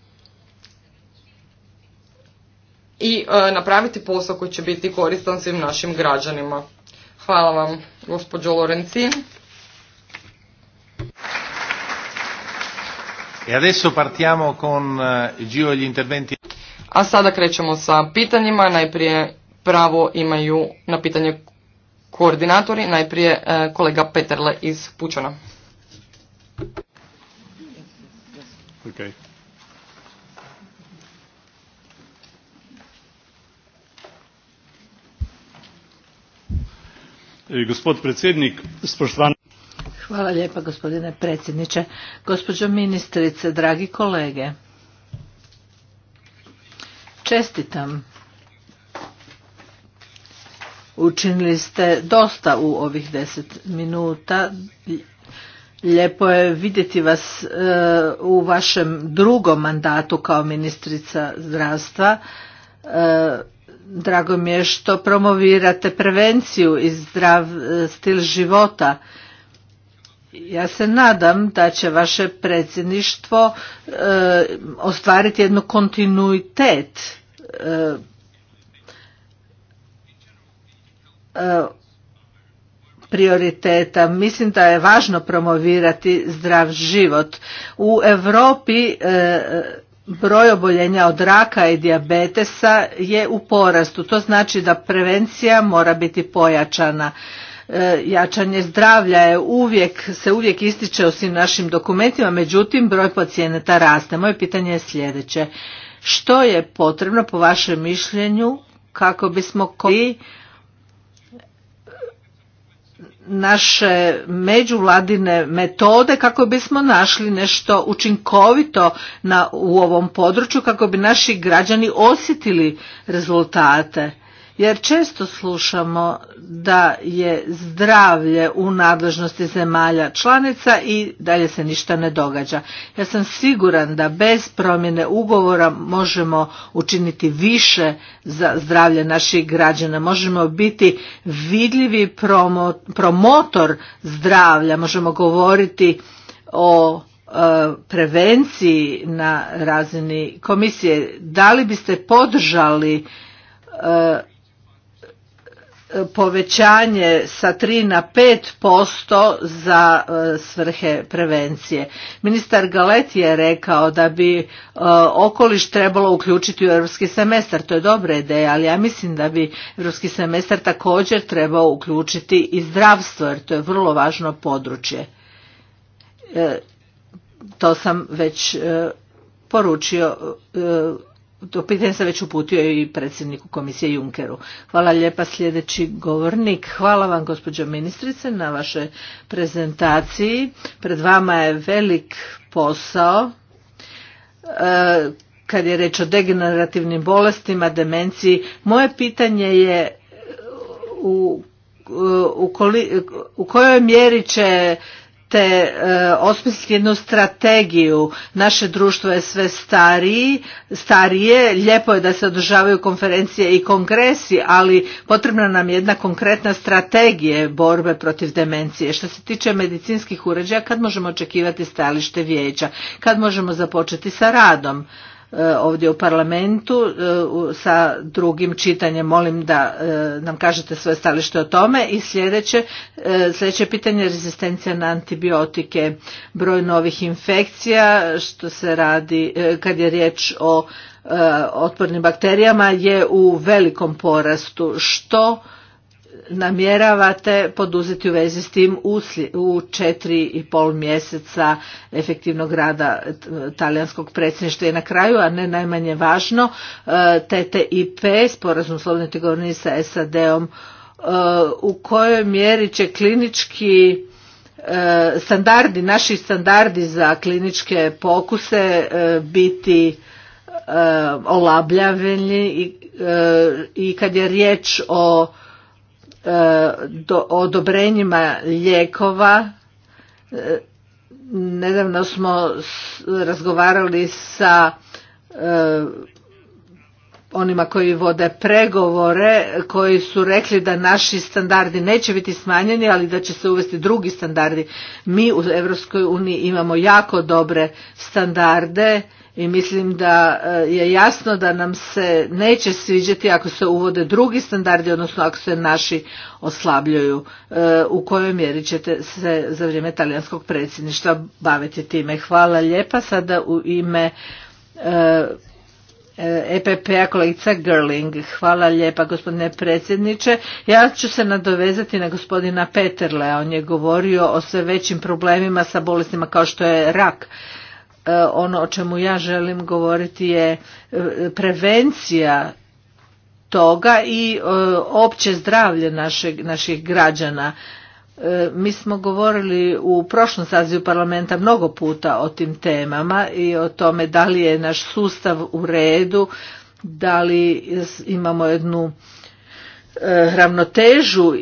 i e, napraviti posao koji će biti koristan svim našim građanima. Hvala vam, gospođo Lorencin. E eh, interventi. A sada krećemo sa pitanjima. Najprije pravo imaju na pitanje koordinatori. Najprije eh, kolega Peterle iz Pučana. Okay. E, gospod predsjednik, spoštovane Hvala lijepa gospodine predsjedniče. Gospođo ministrice, dragi kolege, čestitam. Učinili ste dosta u ovih deset minuta. Lijepo je vidjeti vas e, u vašem drugom mandatu kao ministrica zdravstva. E, drago mi je što promovirate prevenciju i zdrav e, stil života ja se nadam da će vaše predsjedništvo e, ostvariti jednu kontinuitet e, e, prioriteta mislim da je važno promovirati zdrav život u Europi broj oboljenja od raka i dijabetesa je u porastu to znači da prevencija mora biti pojačana E, jačanje zdravlja je uvijek, se uvijek ističe u svim našim dokumentima, međutim broj pacijenata raste. Moje pitanje je sljedeće. Što je potrebno po vašem mišljenju kako bismo koji naše međuvladine metode kako bismo našli nešto učinkovito na, u ovom području kako bi naši građani osjetili rezultate jer često slušamo da je zdravlje u nadležnosti zemalja članica i dalje se ništa ne događa. Ja sam siguran da bez promjene ugovora možemo učiniti više za zdravlje naših građana, možemo biti vidljivi promotor zdravlja, možemo govoriti o e, prevenciji na razini komisije da li biste podržali e, E, povećanje sa 3 na 5% za e, svrhe prevencije. Ministar Galet je rekao da bi e, okoliš trebalo uključiti u europski semestar. To je dobra ideja, ali ja mislim da bi europski semestar također trebao uključiti i zdravstvo, jer to je vrlo važno područje. To sam već poručio to pitanje sam već uputio i predsjedniku komisije Junkeru. Hvala lijepa sljedeći govornik. Hvala vam gospođo ministrice na vašoj prezentaciji. Pred vama je velik posao e, kad je reč o degenerativnim bolestima, demenciji. Moje pitanje je e, u, u kojoj mjeri će te e, osmisliti jednu strategiju. Naše društvo je sve stariji, starije, lijepo je da se održavaju konferencije i kongresi, ali potrebna nam je jedna konkretna strategija borbe protiv demencije. Što se tiče medicinskih uređaja, kad možemo očekivati stajalište vijeća, kad možemo započeti sa radom? E, ovdje u parlamentu e, sa drugim čitanjem. Molim da e, nam kažete svoje stalište o tome. I sljedeće, sljedeće pitanje je rezistencija na antibiotike, broj novih infekcija, što se radi kad je riječ o otpornim bakterijama je u velikom porastu. Što namjeravate poduzeti u vezi s tim u četiri i pol mjeseca efektivnog rada e, talijanskog predsjedništva i na kraju, a ne najmanje važno, e, TTIP, sporazum slobodne trgovine sa SAD-om, e, u kojoj mjeri će klinički standardi, naši standardi za kliničke pokuse biti olabljavljeni i kad je riječ o E, do odobrenjima lijekova e, nedavno smo razgovarali sa e, onima koji vode pregovore koji su rekli da naši standardi neće biti smanjeni ali da će se uvesti drugi standardi mi u Europskoj uniji imamo jako dobre standarde i mislim da e, je jasno da nam se neće sviđati ako se uvode drugi standardi, odnosno ako se naši oslabljuju. E, u kojoj mjeri ćete se za vrijeme talijanskog predsjedništva baviti time? Hvala lijepa. Sada u ime EPP-a e, kolegica Gerling. Hvala lijepa gospodine predsjedniče. Ja ću se nadovezati na gospodina Peterle. On je govorio o sve većim problemima sa bolestima kao što je rak E, ono o čemu ja želim govoriti je e, prevencija toga i e, opće zdravlje našeg, naših građana. Mi smo govorili u prošlom sazivu parlamenta mnogo puta o tim temama i o tome da li je naš sustav u redu, da li imamo jednu ravnotežu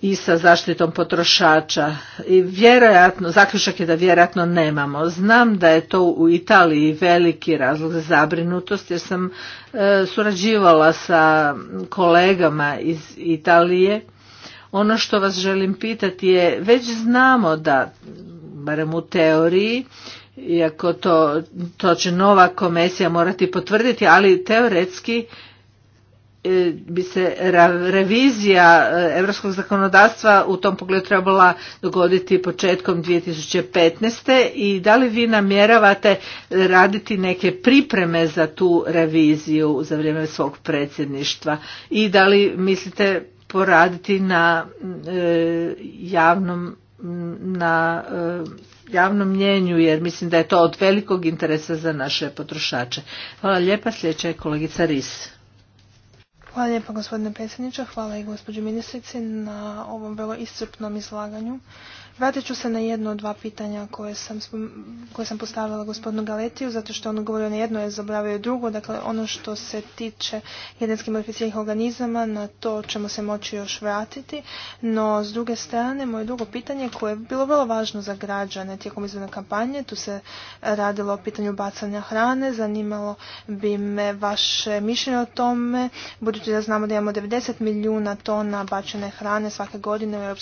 i sa zaštitom potrošača. I vjerojatno, zaključak je da vjerojatno nemamo. Znam da je to u Italiji veliki razlog za zabrinutost jer sam e, surađivala sa kolegama iz Italije. Ono što vas želim pitati je, već znamo da, barem u teoriji, iako to, to će nova komisija morati potvrditi, ali teoretski E, bi se revizija europskog zakonodavstva u tom pogledu trebala dogoditi početkom 2015. i da li vi namjeravate raditi neke pripreme za tu reviziju za vrijeme svog predsjedništva i da li mislite poraditi na e, javnom na e, javnom mnjenju jer mislim da je to od velikog interesa za naše potrošače. Hvala lijepa, sljedeća je kolegica Ris. Hvala lijepa gospodine predsjedniče, hvala i gospođi ministrici na ovom vrlo iscrpnom izlaganju. Vratit ću se na jedno od dva pitanja koje sam, koje sam postavila gospodinu Galetiju, zato što on govorio na jedno, je zaboravio drugo. Dakle, ono što se tiče jedinskih modificiranih organizama, na to ćemo se moći još vratiti. No, s druge strane, moje drugo pitanje koje je bilo vrlo važno za građane tijekom izvedne kampanje, tu se radilo o pitanju bacanja hrane, zanimalo bi me vaše mišljenje o tome, budući da znamo da imamo 90 milijuna tona bačene hrane svake godine u EU,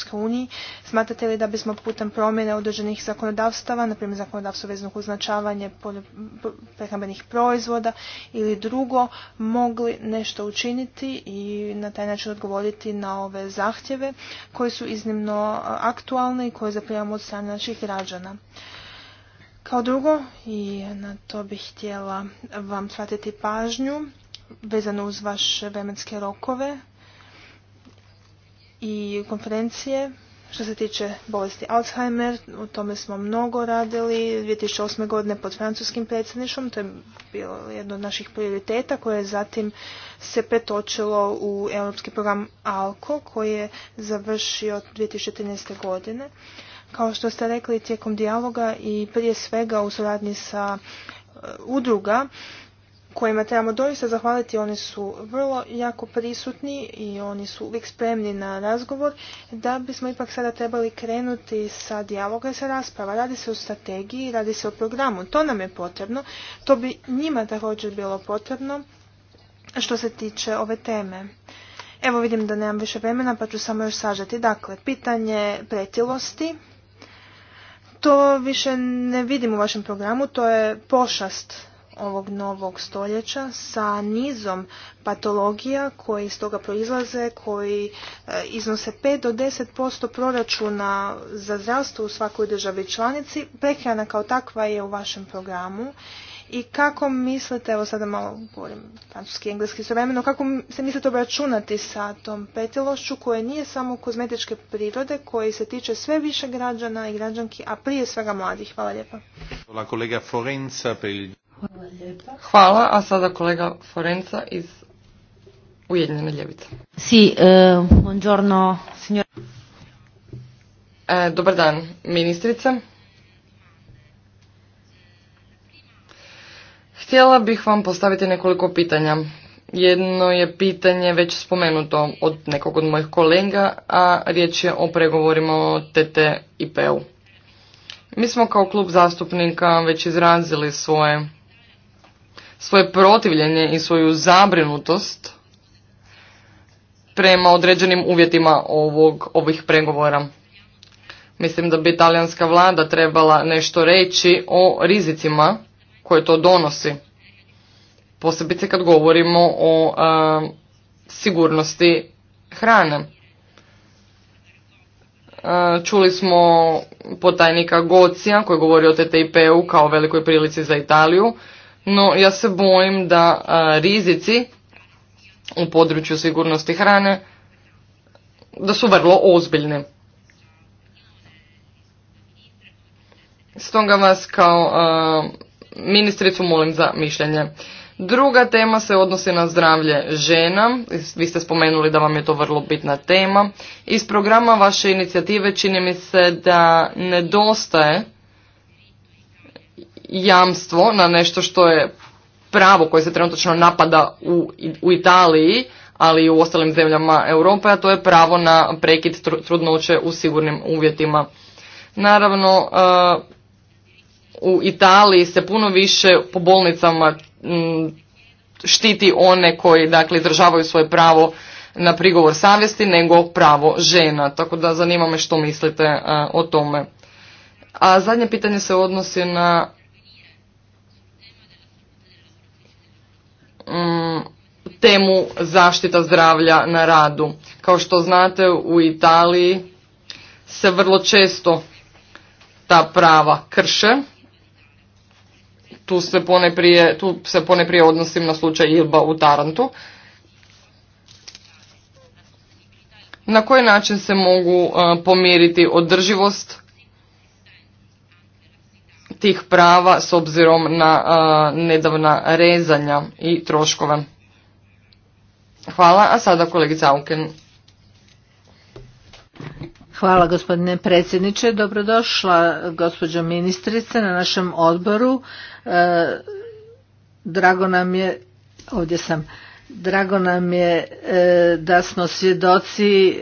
smatrate li da bismo smo putem promjene određenih zakonodavstava, na primjer zakonodavstvo vezano uz označavanje prehrambenih proizvoda ili drugo, mogli nešto učiniti i na taj način odgovoriti na ove zahtjeve koje su iznimno aktualne i koje zaprimamo od strane naših građana. Kao drugo, i na to bih htjela vam shvatiti pažnju, vezano uz vaše vremenske rokove i konferencije što se tiče bolesti Alzheimer, u tome smo mnogo radili 2008. godine pod francuskim predsjedništvom, to je bilo jedno od naših prioriteta koje je zatim se pretočilo u europski program ALKO koji je završio 2013. godine. Kao što ste rekli tijekom dijaloga i prije svega u suradnji sa e, udruga kojima trebamo doista zahvaliti, oni su vrlo jako prisutni i oni su uvijek spremni na razgovor, da bismo ipak sada trebali krenuti sa dijaloga i sa rasprava. Radi se o strategiji, radi se o programu, to nam je potrebno, to bi njima također bilo potrebno što se tiče ove teme. Evo vidim da nemam više vremena pa ću samo još sažeti. Dakle, pitanje pretilosti. To više ne vidim u vašem programu, to je pošast ovog novog stoljeća sa nizom patologija koji iz toga proizlaze, koji e, iznose 5 do 10% proračuna za zdravstvo u svakoj državi članici. Prehrana kao takva je u vašem programu. I kako mislite, evo sada malo govorim francuski i engleski vremeno, kako se mislite obračunati sa tom petilošću koja nije samo kozmetičke prirode, koji se tiče sve više građana i građanki, a prije svega mladih? Hvala lijepa. kolega Hvala a sada kolega Forenca iz Ujedinjene ljevice. Si, eh, buongiorno, e, dobar dan, ministrice. Htjela bih vam postaviti nekoliko pitanja. Jedno je pitanje već spomenuto od nekog od mojih kolega, a riječ je o pregovorima o TTIP-u. Mi smo kao klub zastupnika već izrazili svoje svoje protivljenje i svoju zabrinutost prema određenim uvjetima ovog, ovih pregovora. Mislim da bi italijanska vlada trebala nešto reći o rizicima koje to donosi. Posebice kad govorimo o sigurnosti hrane. čuli smo potajnika Gocija koji govori o TTIP-u kao velikoj prilici za Italiju no ja se bojim da rizici u području sigurnosti hrane da su vrlo ozbiljni. Stoga vas kao ministricu molim za mišljenje. Druga tema se odnosi na zdravlje žena. Vi ste spomenuli da vam je to vrlo bitna tema. Iz programa vaše inicijative čini mi se da nedostaje jamstvo na nešto što je pravo koje se trenutno napada u, u Italiji, ali i u ostalim zemljama Europe, a to je pravo na prekid trudnoće u sigurnim uvjetima. Naravno, e, u Italiji se puno više po bolnicama štiti one koji dakle, izražavaju svoje pravo na prigovor savjesti nego pravo žena. Tako da zanima me što mislite e, o tome. A zadnje pitanje se odnosi na temu zaštita zdravlja na radu. Kao što znate u Italiji se vrlo često ta prava krše. Tu se pone prije, odnosim na slučaj Ilba u Tarantu. Na koji način se mogu e, pomiriti održivost tih prava s obzirom na e, nedavna rezanja i troškova? Hvala, a sada kolegica Auken. Hvala gospodine predsjedniče. Dobrodošla gospođo ministrice na našem odboru. E, drago nam je, ovdje sam, drago nam je e, da smo svjedoci e,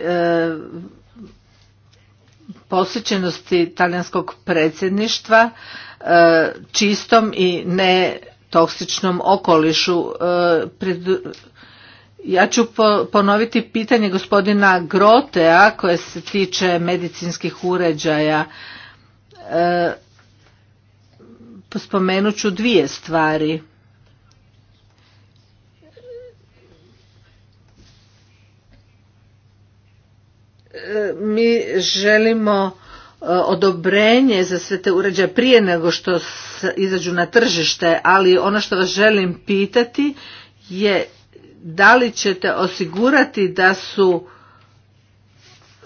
posjećenosti talijanskog predsjedništva čistom i ne toksičnom okolišu. Pred, ja ću ponoviti pitanje gospodina Grotea koje se tiče medicinskih uređaja. E, spomenut ću dvije stvari. E, mi želimo e, odobrenje za sve te uređaje prije nego što izađu na tržište, ali ono što vas želim pitati je da li ćete osigurati da su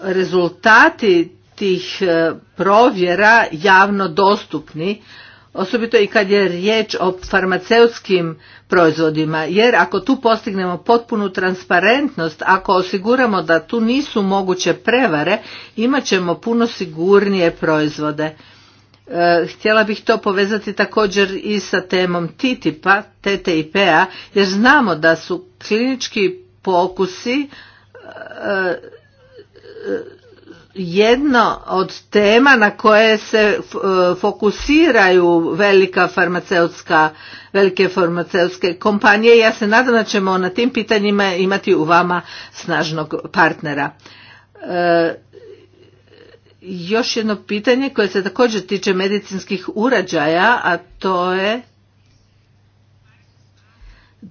rezultati tih e, provjera javno dostupni, osobito i kad je riječ o farmaceutskim proizvodima, jer ako tu postignemo potpunu transparentnost, ako osiguramo da tu nisu moguće prevare, imat ćemo puno sigurnije proizvode. E, htjela bih to povezati također i sa temom TTIP-a, TTIP-a, jer znamo da su klinički pokusi e, e, jedno od tema na koje se fokusiraju velika farmaceutska, velike farmaceutske kompanije. Ja se nadam da ćemo na tim pitanjima imati u vama snažnog partnera još jedno pitanje koje se također tiče medicinskih uređaja, a to je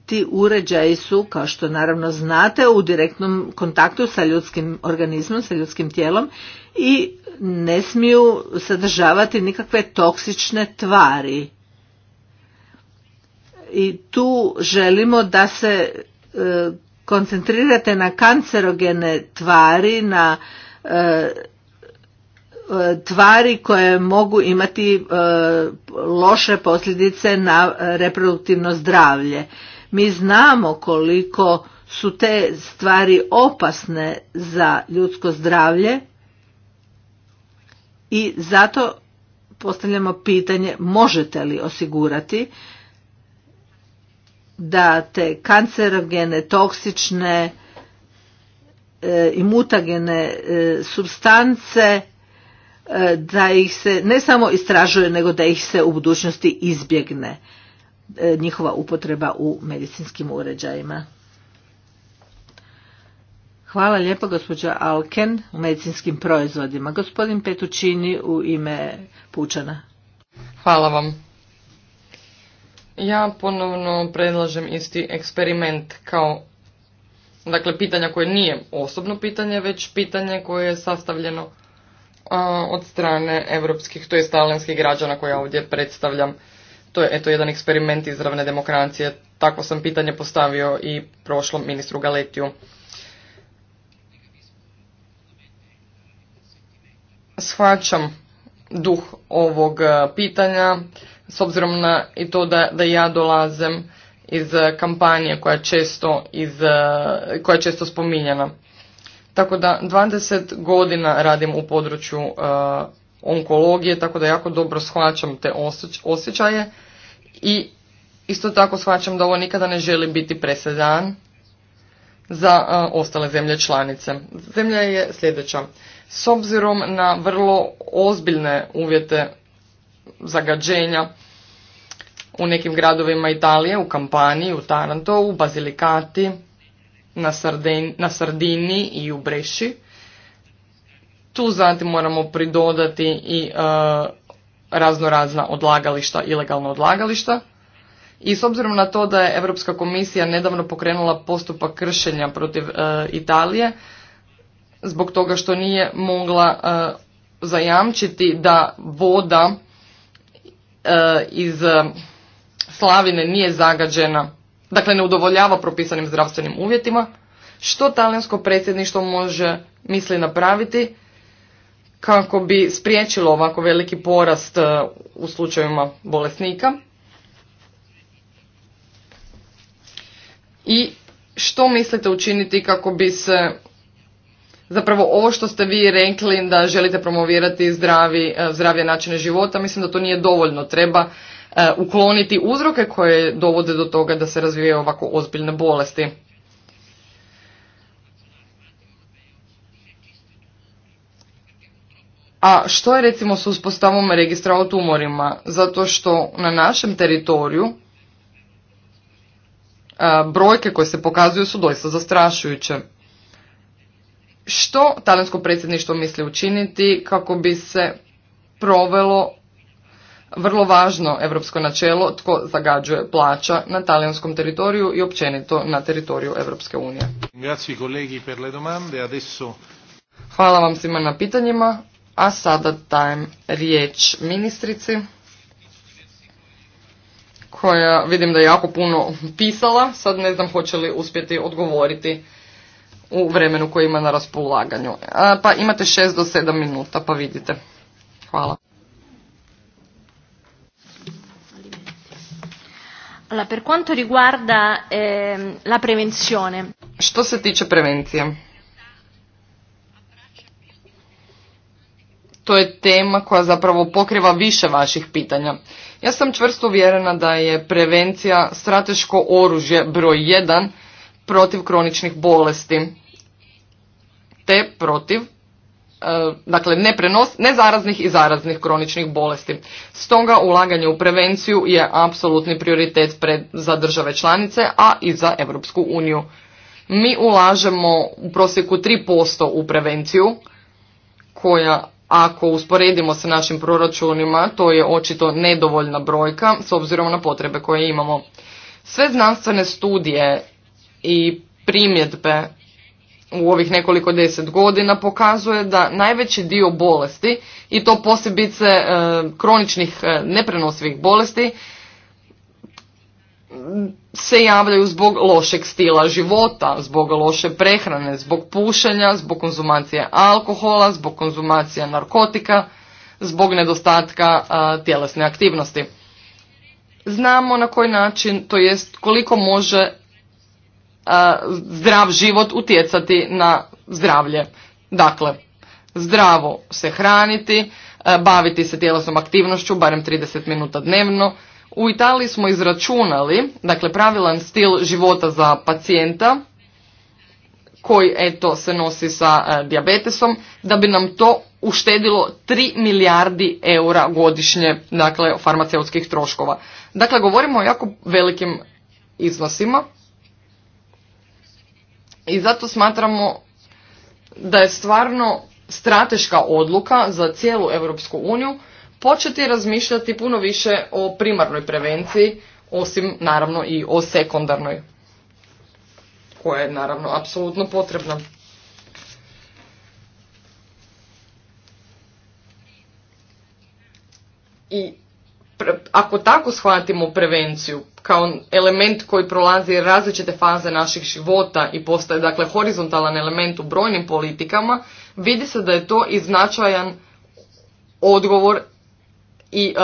ti uređaji su, kao što naravno znate, u direktnom kontaktu sa ljudskim organizmom, sa ljudskim tijelom i ne smiju sadržavati nikakve toksične tvari. I tu želimo da se e, koncentrirate na kancerogene tvari, na e, tvari koje mogu imati e, loše posljedice na reproduktivno zdravlje. Mi znamo koliko su te stvari opasne za ljudsko zdravlje i zato postavljamo pitanje možete li osigurati da te kancerogene, toksične e, i mutagene e, substance da ih se ne samo istražuje, nego da ih se u budućnosti izbjegne e, njihova upotreba u medicinskim uređajima. Hvala lijepo gospođa Alken u medicinskim proizvodima. Gospodin Petučini u ime Pučana. Hvala vam. Ja ponovno predlažem isti eksperiment kao dakle pitanja koje nije osobno pitanje, već pitanje koje je sastavljeno od strane europskih, to je talijanskih građana koje ja ovdje predstavljam. To je eto jedan eksperiment izravne demokracije. Tako sam pitanje postavio i prošlom ministru Galetiju. Shvaćam duh ovog pitanja, s obzirom na i to da, da ja dolazem iz kampanje koja često, iz, koja je često spominjana. Tako da 20 godina radim u području e, onkologije, tako da jako dobro shvaćam te osjećaje i isto tako shvaćam da ovo nikada ne želi biti presedan za e, ostale zemlje članice. Zemlja je sljedeća. S obzirom na vrlo ozbiljne uvjete zagađenja u nekim gradovima Italije, u Kampaniji, u Taranto, u Bazilikati, na, Sarden, na Sardini i u Breši. Tu zatim moramo pridodati i e, razno razna odlagališta, ilegalna odlagališta. I s obzirom na to da je Europska komisija nedavno pokrenula postupak kršenja protiv e, Italije zbog toga što nije mogla e, zajamčiti da voda iz slavine nije zagađena dakle ne udovoljava propisanim zdravstvenim uvjetima, što talijansko predsjedništvo može misli napraviti kako bi spriječilo ovako veliki porast e, u slučajevima bolesnika i što mislite učiniti kako bi se zapravo ovo što ste vi rekli da želite promovirati zdravi, e, zdravije načine života, mislim da to nije dovoljno. Treba E, ukloniti uzroke koje dovode do toga da se razvijaju ovako ozbiljne bolesti. A što je recimo s uspostavom registra o tumorima? Zato što na našem teritoriju e, brojke koje se pokazuju su doista zastrašujuće. Što talijansko predsjedništvo misli učiniti kako bi se provelo vrlo važno europsko načelo tko zagađuje plaća na talijanskom teritoriju i općenito na teritoriju Europske unije. Hvala vam svima na pitanjima, a sada dajem riječ ministrici koja vidim da je jako puno pisala, sad ne znam hoće li uspjeti odgovoriti u vremenu koje ima na raspolaganju. Pa imate 6 do 7 minuta, pa vidite. Hvala. Allora, per quanto riguarda ehm, la prevenzione. Što se tiče prevencije? To je tema koja zapravo pokriva više vaših pitanja. Ja sam čvrsto uvjerena da je prevencija strateško oružje broj 1 protiv kroničnih bolesti te protiv E, dakle neprenos, nezaraznih i zaraznih kroničnih bolesti. Stoga ulaganje u prevenciju je apsolutni prioritet pred, za države članice, a i za Europsku uniju. Mi ulažemo u prosjeku 3% u prevenciju, koja ako usporedimo sa našim proračunima, to je očito nedovoljna brojka s obzirom na potrebe koje imamo. Sve znanstvene studije i primjedbe u ovih nekoliko deset godina pokazuje da najveći dio bolesti i to posebice e, kroničnih e, neprenosivih bolesti se javljaju zbog lošeg stila života, zbog loše prehrane, zbog pušenja, zbog konzumacije alkohola, zbog konzumacije narkotika, zbog nedostatka e, tjelesne aktivnosti. Znamo na koji način, to jest koliko može zdrav život utjecati na zdravlje. Dakle, zdravo se hraniti, baviti se tjelesnom aktivnošću barem 30 minuta dnevno. U Italiji smo izračunali, dakle pravilan stil života za pacijenta koji eto se nosi sa dijabetesom, da bi nam to uštedilo 3 milijardi eura godišnje, dakle farmaceutskih troškova. Dakle govorimo o jako velikim iznosima i zato smatramo da je stvarno strateška odluka za cijelu Europsku uniju početi razmišljati puno više o primarnoj prevenciji, osim naravno i o sekundarnoj, koja je naravno apsolutno potrebna. I ako tako shvatimo prevenciju kao element koji prolazi različite faze naših života i postaje dakle horizontalan element u brojnim politikama, vidi se da je to i značajan odgovor i e,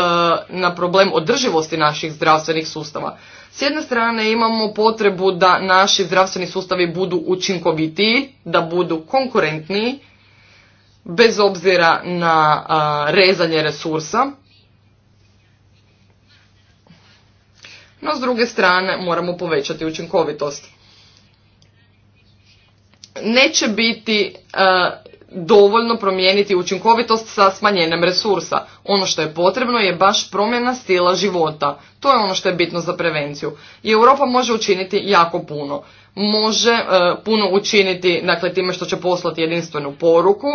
na problem održivosti naših zdravstvenih sustava. S jedne strane imamo potrebu da naši zdravstveni sustavi budu učinkovitiji, da budu konkurentniji, bez obzira na e, rezanje resursa, no s druge strane moramo povećati učinkovitost. Neće biti e, dovoljno promijeniti učinkovitost sa smanjenjem resursa. Ono što je potrebno je baš promjena stila života. To je ono što je bitno za prevenciju. I Europa može učiniti jako puno. Može e, puno učiniti dakle, time što će poslati jedinstvenu poruku,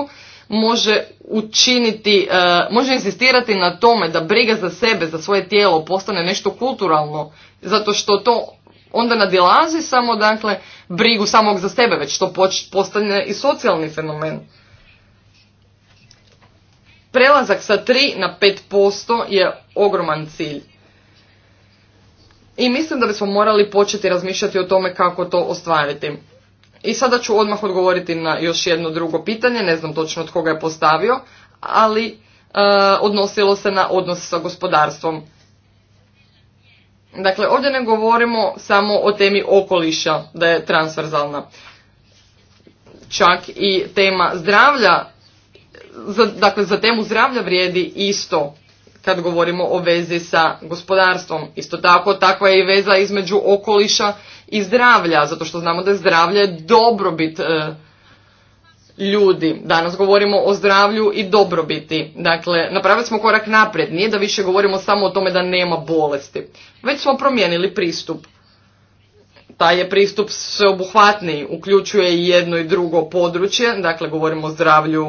može učiniti, e, može insistirati na tome da briga za sebe, za svoje tijelo postane nešto kulturalno, zato što to onda nadilazi samo dakle brigu samog za sebe, već što postane i socijalni fenomen. Prelazak sa 3 na 5% je ogroman cilj. I mislim da bismo morali početi razmišljati o tome kako to ostvariti. I sada ću odmah odgovoriti na još jedno drugo pitanje, ne znam točno od koga je postavio, ali e, odnosilo se na odnos sa gospodarstvom. Dakle, ovdje ne govorimo samo o temi okoliša, da je transverzalna. Čak i tema zdravlja, dakle za temu zdravlja vrijedi isto kad govorimo o vezi sa gospodarstvom. Isto tako, takva je i veza između okoliša i zdravlja, zato što znamo da je zdravlje dobrobit e, ljudi. Danas govorimo o zdravlju i dobrobiti. Dakle, napravili smo korak naprijed, nije da više govorimo samo o tome da nema bolesti. Već smo promijenili pristup. Taj je pristup sveobuhvatniji, uključuje i jedno i drugo područje, dakle govorimo o zdravlju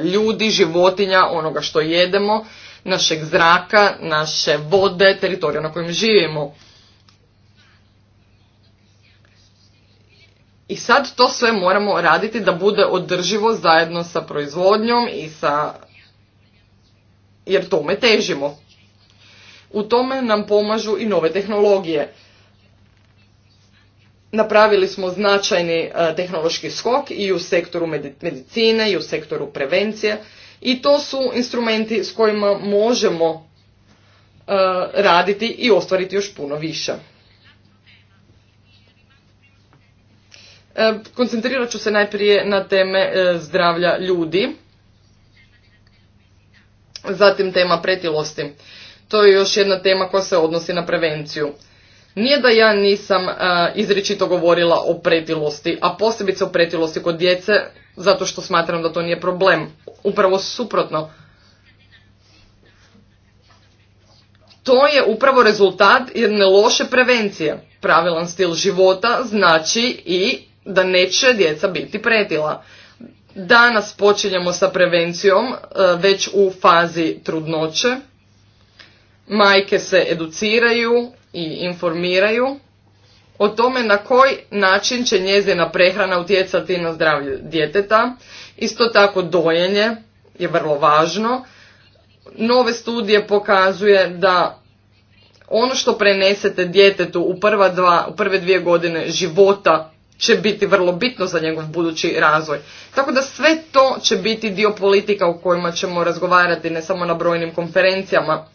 e, ljudi, životinja, onoga što jedemo, našeg zraka, naše vode, teritorija na kojem živimo. I sad to sve moramo raditi da bude održivo zajedno sa proizvodnjom i sa... jer tome težimo. U tome nam pomažu i nove tehnologije. Napravili smo značajni e, tehnološki skok i u sektoru medicine i u sektoru prevencije i to su instrumenti s kojima možemo e, raditi i ostvariti još puno više. E, koncentrirat ću se najprije na teme e, zdravlja ljudi, zatim tema pretilosti. To je još jedna tema koja se odnosi na prevenciju. Nije da ja nisam e, izričito govorila o pretilosti, a posebice o pretilosti kod djece, zato što smatram da to nije problem. Upravo suprotno. To je upravo rezultat jedne loše prevencije. Pravilan stil života znači i da neće djeca biti pretila. Danas počinjemo sa prevencijom e, već u fazi trudnoće. Majke se educiraju i informiraju o tome na koji način će njezina prehrana utjecati na zdravlje djeteta. Isto tako dojenje je vrlo važno. Nove studije pokazuje da ono što prenesete djetetu u, prva dva, u prve dvije godine života će biti vrlo bitno za njegov budući razvoj. Tako da sve to će biti dio politika u kojima ćemo razgovarati ne samo na brojnim konferencijama,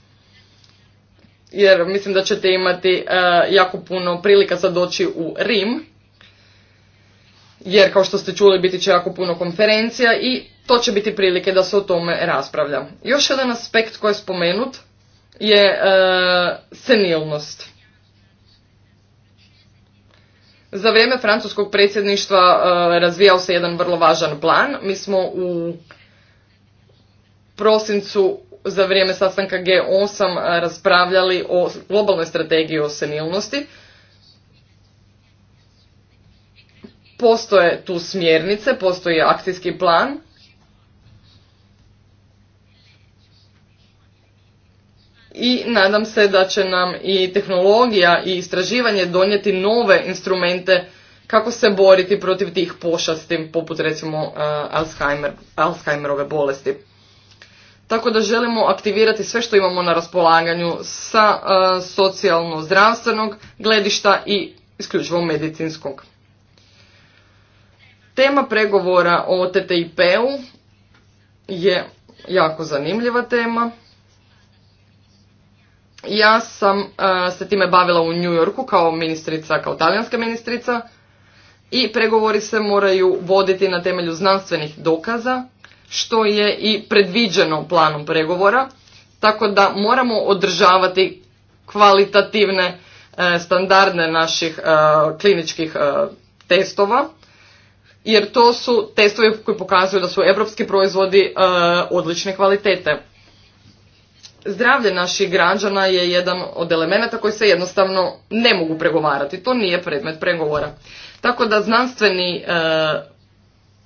jer mislim da ćete imati e, jako puno prilika za doći u Rim, jer kao što ste čuli biti će jako puno konferencija i to će biti prilike da se o tome raspravlja. Još jedan aspekt koji je spomenut je e, senilnost. Za vrijeme francuskog predsjedništva e, razvijao se jedan vrlo važan plan. Mi smo u prosincu za vrijeme sastanka G8 e, raspravljali o globalnoj strategiji o senilnosti. Postoje tu smjernice, postoji akcijski plan i nadam se da će nam i tehnologija i istraživanje donijeti nove instrumente kako se boriti protiv tih pošasti poput recimo e, Alzheimer, Alzheimerove bolesti. Tako da želimo aktivirati sve što imamo na raspolaganju sa e, socijalno-zdravstvenog gledišta i isključivo medicinskog. Tema pregovora o TTIP-u je jako zanimljiva tema. Ja sam e, se time bavila u New Yorku kao ministrica, kao talijanska ministrica i pregovori se moraju voditi na temelju znanstvenih dokaza što je i predviđeno planom pregovora, tako da moramo održavati kvalitativne e, standarde naših e, kliničkih e, testova, jer to su testovi koji pokazuju da su evropski proizvodi odlične kvalitete zdravlje naših građana je jedan od elemenata koji se jednostavno ne mogu pregovarati. To nije predmet pregovora. Tako da znanstveni, e,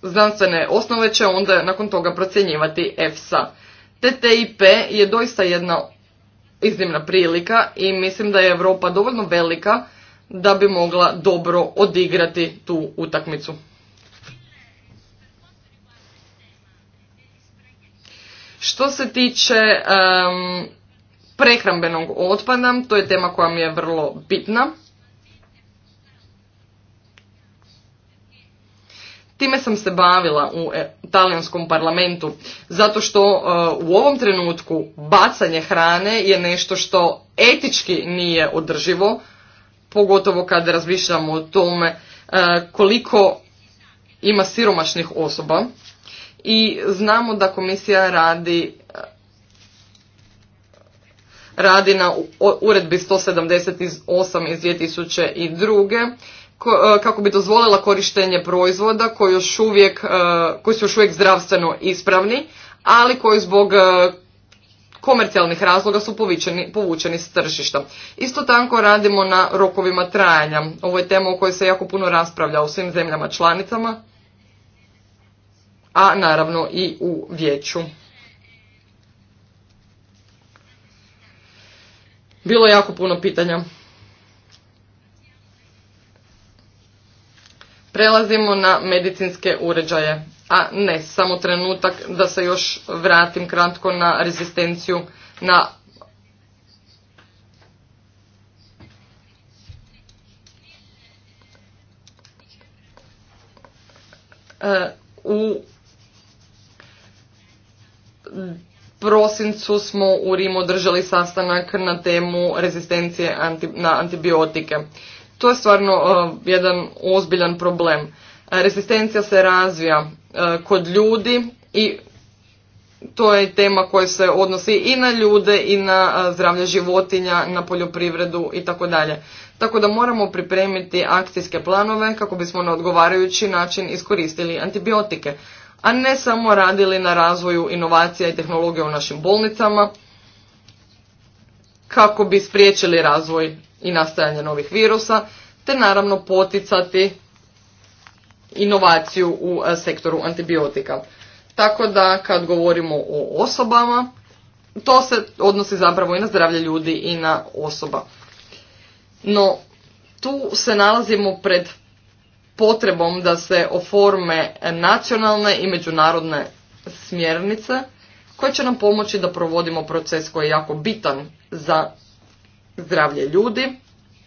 znanstvene osnove će onda nakon toga procjenjivati EFSA. TTIP je doista jedna iznimna prilika i mislim da je Europa dovoljno velika da bi mogla dobro odigrati tu utakmicu. Što se tiče prehrambenog otpada, to je tema koja mi je vrlo bitna. Time sam se bavila u e, talijanskom parlamentu, zato što e, u ovom trenutku bacanje hrane je nešto što etički nije održivo, pogotovo kada razmišljamo o tome e, koliko ima siromašnih osoba i znamo da komisija radi radi na uredbi 178 iz 2002. E, kako bi dozvolila korištenje proizvoda koji, još uvijek, e, koji su još uvijek zdravstveno ispravni, ali koji zbog e, komercijalnih razloga su povučeni, povučeni s tržišta. Isto tako radimo na rokovima trajanja. Ovo je tema o kojoj se jako puno raspravlja u svim zemljama članicama a naravno i u vijeću. Bilo je jako puno pitanja. Prelazimo na medicinske uređaje, a ne samo trenutak da se još vratim kratko na rezistenciju na e, u prosincu smo u Rimu držali sastanak na temu rezistencije anti, na antibiotike. To je stvarno e, jedan ozbiljan problem. Rezistencija se razvija e, kod ljudi i to je tema koja se odnosi i na ljude i na e, zdravlje životinja, na poljoprivredu i tako dalje. Tako da moramo pripremiti akcijske planove kako bismo na odgovarajući način iskoristili antibiotike a ne samo radili na razvoju inovacija i tehnologije u našim bolnicama kako bi spriječili razvoj i nastajanje novih virusa, te naravno poticati inovaciju u e, sektoru antibiotika. Tako da kad govorimo o osobama, to se odnosi zapravo i na zdravlje ljudi i na osoba. No, tu se nalazimo pred potrebom da se oforme nacionalne i međunarodne smjernice koje će nam pomoći da provodimo proces koji je jako bitan za zdravlje ljudi,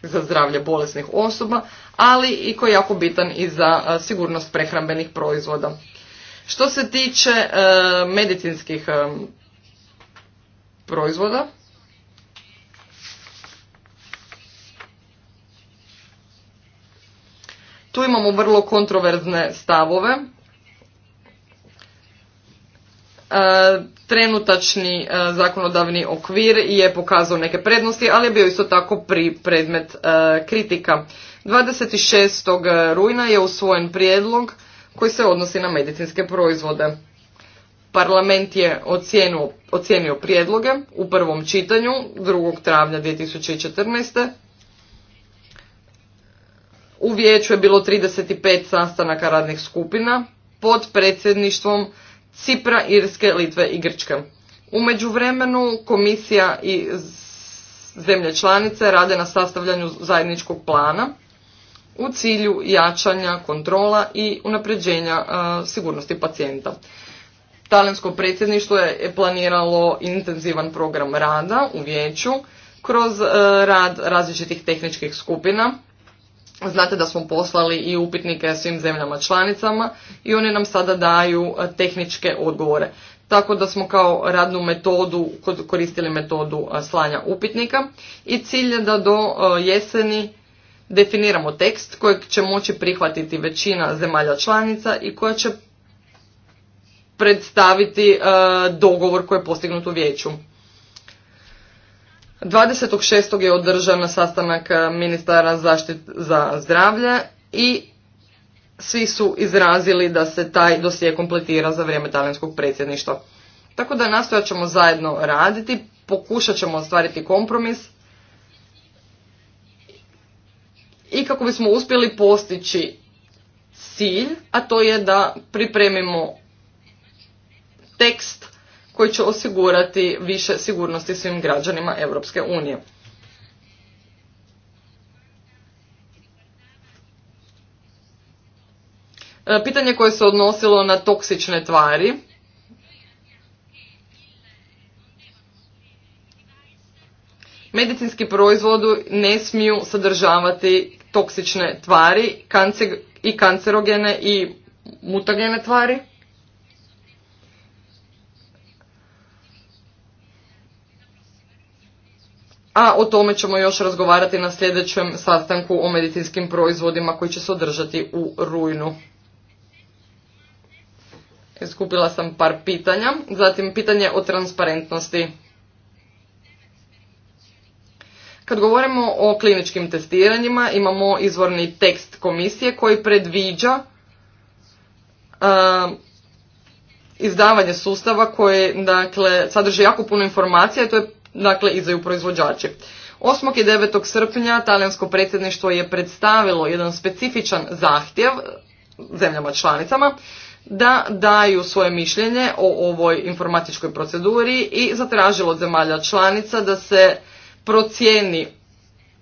za zdravlje bolesnih osoba, ali i koji je jako bitan i za e, sigurnost prehrambenih proizvoda. Što se tiče e, medicinskih e, proizvoda, Tu imamo vrlo kontroverzne stavove. E, trenutačni e, zakonodavni okvir je pokazao neke prednosti, ali je bio isto tako pri predmet e, kritika. 26. rujna je usvojen prijedlog koji se odnosi na medicinske proizvode. Parlament je ocijenio prijedloge u prvom čitanju 2. travnja 2014. U vijeću je bilo 35 sastanaka radnih skupina pod predsjedništvom Cipra, Irske, Litve i Grčke. U međuvremenu komisija i zemlje članice rade na sastavljanju zajedničkog plana u cilju jačanja kontrola i unapređenja sigurnosti pacijenta. Talensko predsjedništvo je planiralo intenzivan program rada u vijeću kroz rad različitih tehničkih skupina Znate da smo poslali i upitnike svim zemljama članicama i oni nam sada daju e, tehničke odgovore. Tako da smo kao radnu metodu koristili metodu e, slanja upitnika i cilj je da do e, jeseni definiramo tekst kojeg će moći prihvatiti većina zemalja članica i koja će predstaviti dogovor koji je postignut u vijeću. 26. je održan sastanak eh, ministara zaštit za zdravlje i svi su izrazili da se taj dosije kompletira za vrijeme talijanskog predsjedništva. Tako da nastojat ćemo zajedno raditi, pokušat ćemo ostvariti kompromis i kako bismo uspjeli postići cilj, a to je da pripremimo tekst koji će osigurati više sigurnosti svim građanima Europske unije. E, pitanje koje se odnosilo na toksične tvari. Medicinski proizvodu ne smiju sadržavati toksične tvari i kancerogene i mutagene tvari. a o tome ćemo još razgovarati na sljedećem sastanku o medicinskim proizvodima koji će se održati u rujnu. Skupila sam par pitanja, zatim pitanje o transparentnosti. Kad govorimo o kliničkim testiranjima, imamo izvorni tekst komisije koji predviđa uh, izdavanje sustava koje dakle, sadrži jako puno informacija, to je dakle izaju proizvođači. 8. i 9. srpnja talijansko predsjedništvo je predstavilo jedan specifičan zahtjev zemljama članicama da daju svoje mišljenje o ovoj informatičkoj proceduri i zatražilo od zemalja članica da se procijeni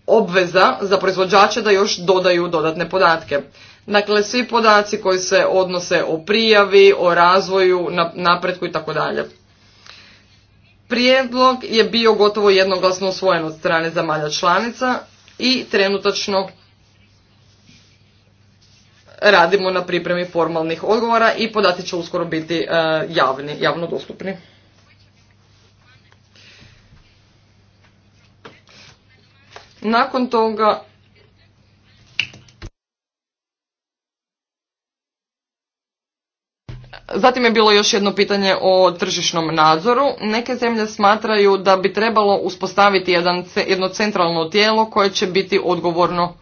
obveza za proizvođače da još dodaju dodatne podatke. Dakle, svi podaci koji se odnose o prijavi, o razvoju, napretku i tako dalje. Prijedlog je bio gotovo jednoglasno usvojen od strane zamalja članica i trenutačno radimo na pripremi formalnih odgovora i podati će uskoro biti e, javni, javno dostupni. Nakon toga Zatim je bilo još jedno pitanje o tržišnom nadzoru. Neke zemlje smatraju da bi trebalo uspostaviti jedan, jedno centralno tijelo koje će biti odgovorno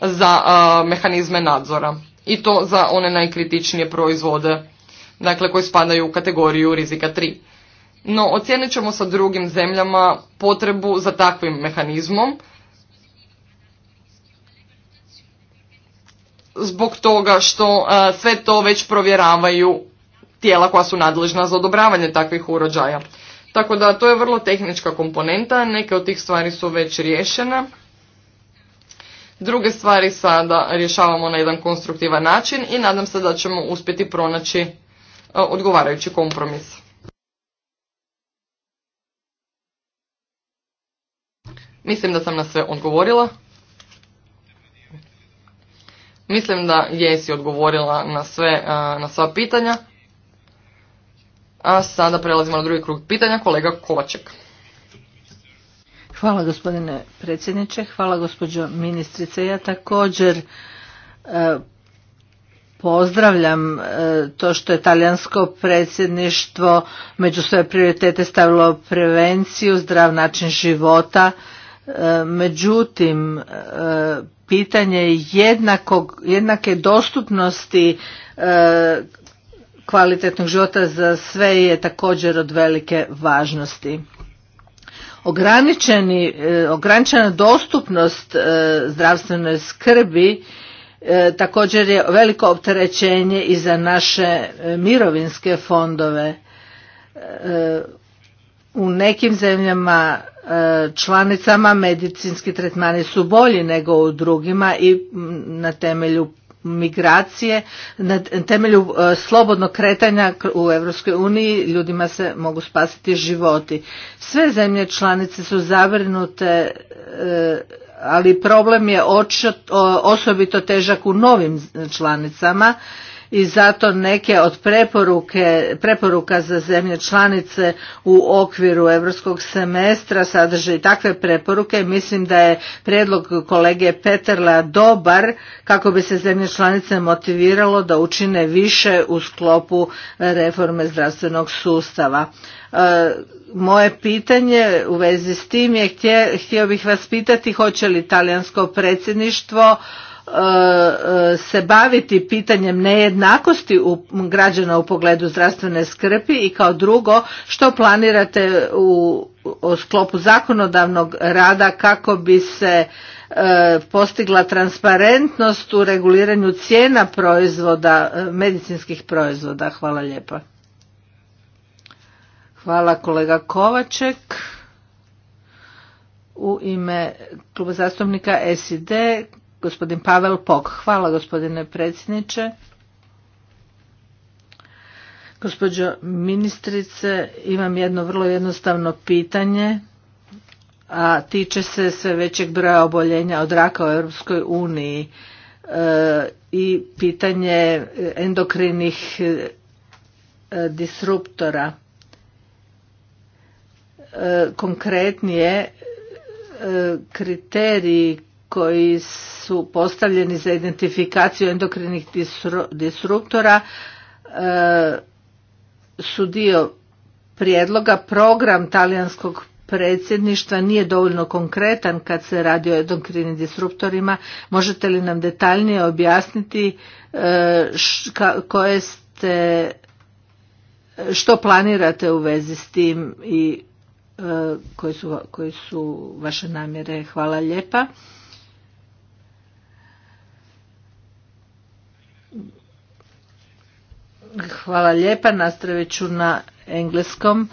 za mehanizme nadzora. I to za one najkritičnije proizvode, dakle koji spadaju u kategoriju rizika 3. No, ocijenit ćemo sa drugim zemljama potrebu za takvim mehanizmom zbog toga što e, sve to već provjeravaju tijela koja su nadležna za odobravanje takvih urođaja. Tako da to je vrlo tehnička komponenta, neke od tih stvari su već riješene. Druge stvari sada rješavamo na jedan konstruktivan način i nadam se da ćemo uspjeti pronaći e, odgovarajući kompromis. Mislim da sam na sve odgovorila. Mislim da jesi odgovorila na, sve, eh, na sva pitanja. A sada prelazimo na drugi krug pitanja, kolega Kovaček. Hvala gospodine predsjedniče, hvala gospođo ministrice. Ja također eh, pozdravljam eh, to što je talijansko predsjedništvo među svoje prioritete stavilo prevenciju, zdrav način života. Međutim, pitanje jednakog, jednake dostupnosti e, kvalitetnog života za sve je također od velike važnosti. Ograničeni, e, ograničena dostupnost e, zdravstvenoj skrbi također je veliko opterećenje i za naše mirovinske fondove. U nekim zemljama E, članicama medicinski tretmani su bolji nego u drugima i na temelju migracije, na temelju e, slobodnog kretanja u Europskoj uniji ljudima se mogu spasiti životi. Sve zemlje članice su zabrinute, e, ali problem je osobito težak u novim članicama i zato neke od preporuke, preporuka za zemlje članice u okviru europskog semestra sadrže i takve preporuke. Mislim da je prijedlog kolege Peterla dobar kako bi se zemlje članice motiviralo da učine više u sklopu reforme zdravstvenog sustava. E, moje pitanje u vezi s tim je htio bih vas pitati hoće li talijansko predsjedništvo E, e, se baviti pitanjem nejednakosti u građana u pogledu zdravstvene skrbi i kao drugo što planirate u, sklopu zakonodavnog rada kako bi se e, postigla transparentnost u reguliranju cijena proizvoda medicinskih proizvoda hvala lijepa hvala kolega Kovaček u ime kluba zastupnika SID gospodin Pavel Pok. Hvala gospodine predsjedniče. Gospođo ministrice, imam jedno vrlo jednostavno pitanje, a tiče se sve većeg broja oboljenja od raka u Europskoj uniji e, i pitanje endokrinih e, disruptora. E, konkretnije, kriteriji koji su postavljeni za identifikaciju endokrinih disruptora e, su dio prijedloga. Program talijanskog predsjedništva nije dovoljno konkretan kad se radi o endokrinim disruptorima. Možete li nam detaljnije objasniti e, koje ste, što planirate u vezi s tim i e, koji su, koji su vaše namjere? Hvala lijepa. Hvala lijepa, nastavit ću na engleskom.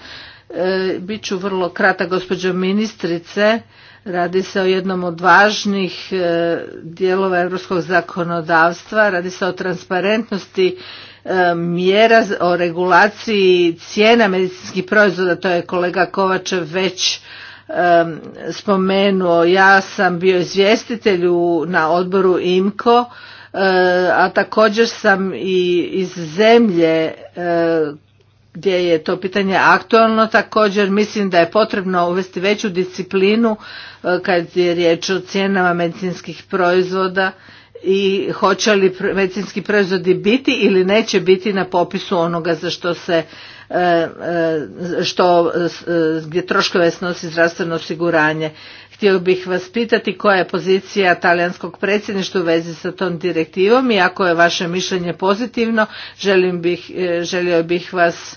E, Biću vrlo krata, gospođo ministrice. Radi se o jednom od važnih e, dijelova europskog zakonodavstva. Radi se o transparentnosti e, mjera, o regulaciji cijena medicinskih proizvoda. To je kolega Kovačev već spomenuo. Ja sam bio izvjestitelj na odboru IMKO a također sam i iz zemlje e, gdje je to pitanje aktualno također mislim da je potrebno uvesti veću disciplinu e, kad je riječ o cijenama medicinskih proizvoda i hoće li medicinski proizvodi biti ili neće biti na popisu onoga za što se e, što, gdje troškove snosi zdravstveno osiguranje. Htio bih vas pitati koja je pozicija talijanskog predsjedništva u vezi sa tom direktivom i ako je vaše mišljenje pozitivno, želim bih, e, želio bih vas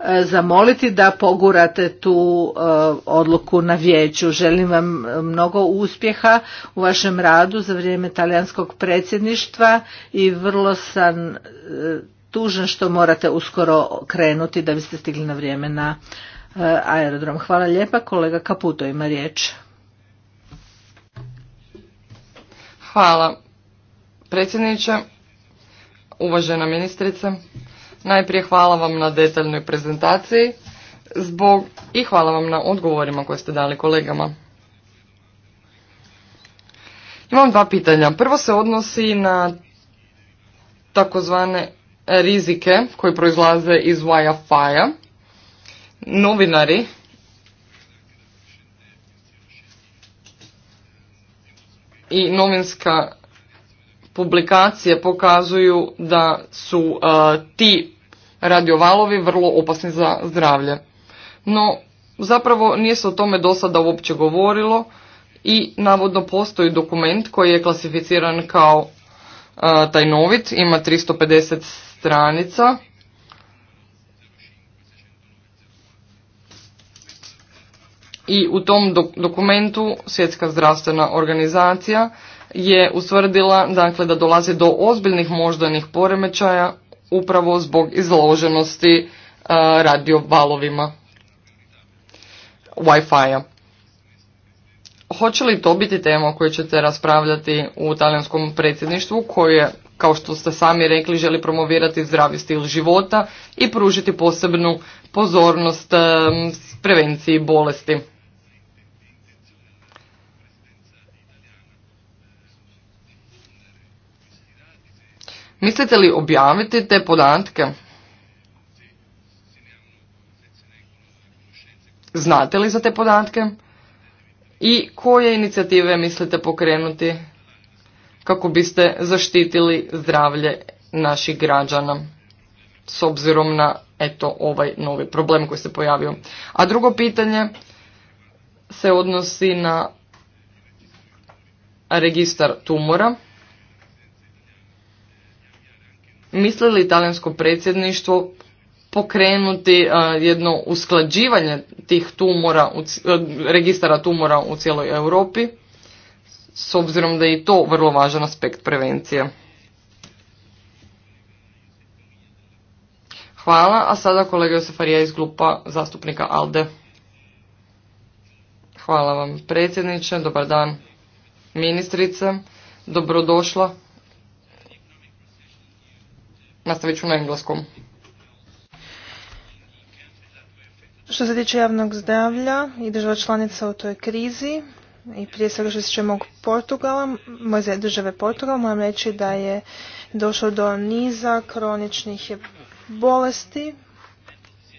e, zamoliti da pogurate tu e, odluku na vijeću. Želim vam mnogo uspjeha u vašem radu za vrijeme talijanskog predsjedništva i vrlo sam tužan što morate uskoro krenuti da biste stigli na vrijeme na aerodrom. Hvala lijepa. Kolega Kaputo ima riječ. Hvala predsjedniče, uvažena ministrice. Najprije hvala vam na detaljnoj prezentaciji zbog i hvala vam na odgovorima koje ste dali kolegama. Imam dva pitanja. Prvo se odnosi na takozvane rizike koji proizlaze iz wi a Novinari i novinska publikacije pokazuju da su uh, ti radiovalovi vrlo opasni za zdravlje. No, zapravo nije se o tome do sada uopće govorilo i navodno postoji dokument koji je klasificiran kao uh, taj tajnovit, ima 350 stranica i u tom dokumentu Svjetska zdravstvena organizacija je ustvrdila dakle, da dolazi do ozbiljnih moždanih poremećaja upravo zbog izloženosti e, radiovalovima Wi-Fi-a. Hoće li to biti tema koju ćete raspravljati u talijanskom predsjedništvu koje, kao što ste sami rekli, želi promovirati zdravi stil života i pružiti posebnu pozornost e, prevenciji bolesti? Mislite li objaviti te podatke? Znate li za te podatke? I koje inicijative mislite pokrenuti kako biste zaštitili zdravlje naših građana s obzirom na eto ovaj novi problem koji se pojavio. A drugo pitanje se odnosi na registar tumora misli li talijansko predsjedništvo pokrenuti jedno usklađivanje tih tumora, registara tumora u cijeloj Europi, s obzirom da je i to vrlo važan aspekt prevencije. Hvala, a sada kolega Josefarija iz glupa zastupnika ALDE. Hvala vam predsjedniče, dobar dan ministrice, dobrodošla Nastavit ću na engleskom. Što se tiče javnog zdravlja i država članica u toj krizi, i prije svega što se tiče mog Portugala, moje države Portugal, moram reći da je došlo do niza kroničnih bolesti,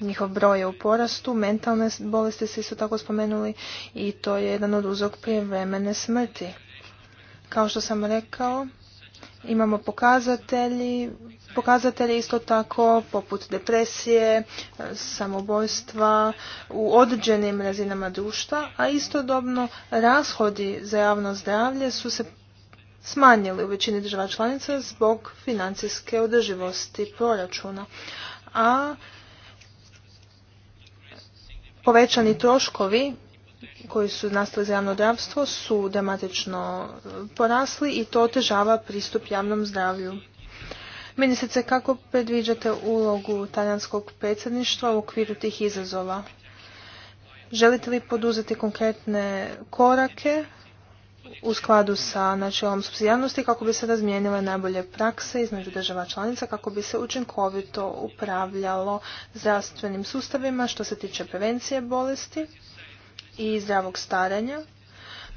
njihov broj je u porastu, mentalne bolesti se isto tako spomenuli i to je jedan od uzrok prijevremene smrti. Kao što sam rekao, imamo pokazatelji, pokazatelji isto tako poput depresije, e, samobojstva u određenim razinama društva, a istodobno rashodi za javno zdravlje su se smanjili u većini država članica zbog financijske održivosti proračuna. A povećani troškovi koji su nastali za javno zdravstvo su dramatično e, porasli i to otežava pristup javnom zdravlju. Ministrice, kako predviđate ulogu talijanskog predsjedništva u okviru tih izazova? Želite li poduzeti konkretne korake u skladu sa načelom subsidijarnosti kako bi se razmijenile najbolje prakse između država članica kako bi se učinkovito upravljalo zdravstvenim sustavima što se tiče prevencije bolesti? i zdravog staranja.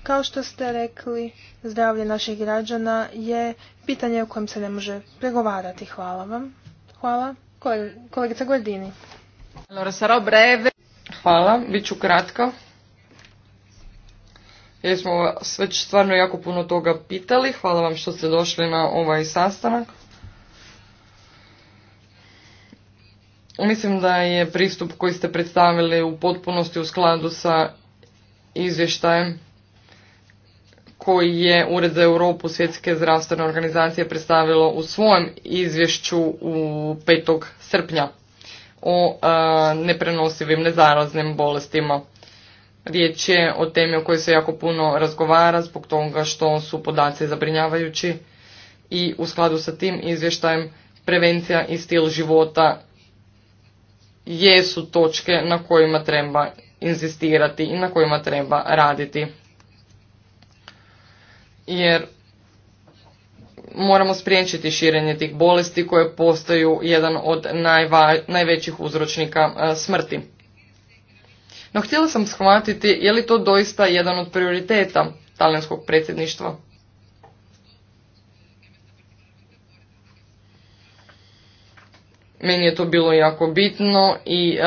Kao što ste rekli, zdravlje naših građana je pitanje o kojem se ne može pregovarati. Hvala vam. Hvala. Kolegica Gordini. Hvala, bit ću kratka. Jer smo vas već stvarno jako puno toga pitali. Hvala vam što ste došli na ovaj sastanak. Mislim da je pristup koji ste predstavili u potpunosti u skladu sa izvještajem koji je Ured za Europu Svjetske zdravstvene organizacije predstavilo u svojem izvješću u 5. srpnja o e, neprenosivim nezaraznim bolestima. Riječ je o temi o kojoj se jako puno razgovara zbog toga što su podaci zabrinjavajući i u skladu sa tim izvještajem prevencija i stil života jesu točke na kojima treba inzistirati i na kojima treba raditi. Jer moramo spriječiti širenje tih bolesti koje postaju jedan od najvećih uzročnika e, smrti. No htjela sam shvatiti je li to doista jedan od prioriteta talijanskog predsjedništva. meni je to bilo jako bitno i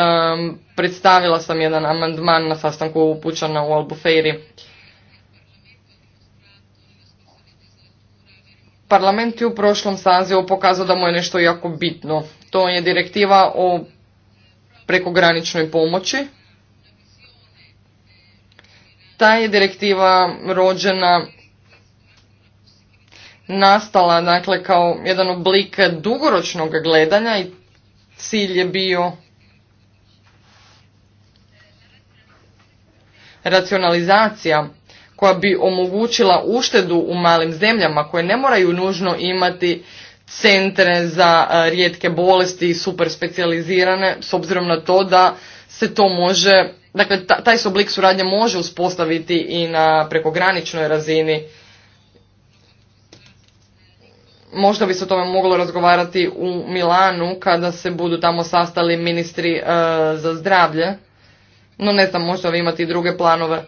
predstavila sam jedan amandman na sastanku upućana u Albufeiri. Parlament je u prošlom sazivu pokazao da mu je nešto jako bitno. To je direktiva o prekograničnoj pomoći. Ta je direktiva rođena nastala dakle kao jedan oblik dugoročnog gledanja i Cilj je bio racionalizacija koja bi omogućila uštedu u malim zemljama koje ne moraju nužno imati centre za e, rijetke bolesti super specijalizirane s obzirom na to da se to može, dakle taj oblik suradnje može uspostaviti i na prekograničnoj razini možda bi se o tome moglo razgovarati u Milanu kada se budu tamo sastali ministri e, za zdravlje. No ne znam, možda vi imati druge planove.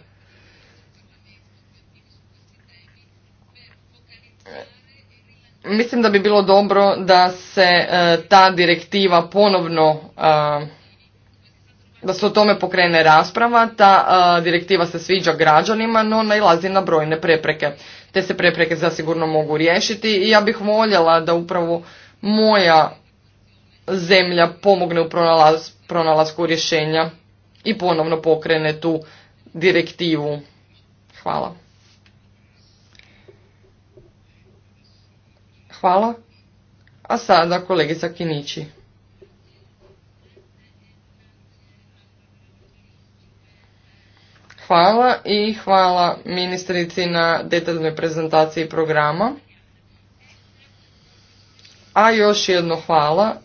Mislim da bi bilo dobro da se e, ta direktiva ponovno, e, da se o tome pokrene rasprava. Ta direktiva se sviđa građanima, no nailazi na brojne prepreke. Te se prepreke zasigurno mogu riješiti i ja bih voljela da upravo moja zemlja pomogne u pronalasku rješenja i ponovno pokrene tu direktivu. Hvala. Hvala. A sada kolegica Kinići. hvala i hvala ministrici na detaljnoj prezentaciji programa. A još jedno hvala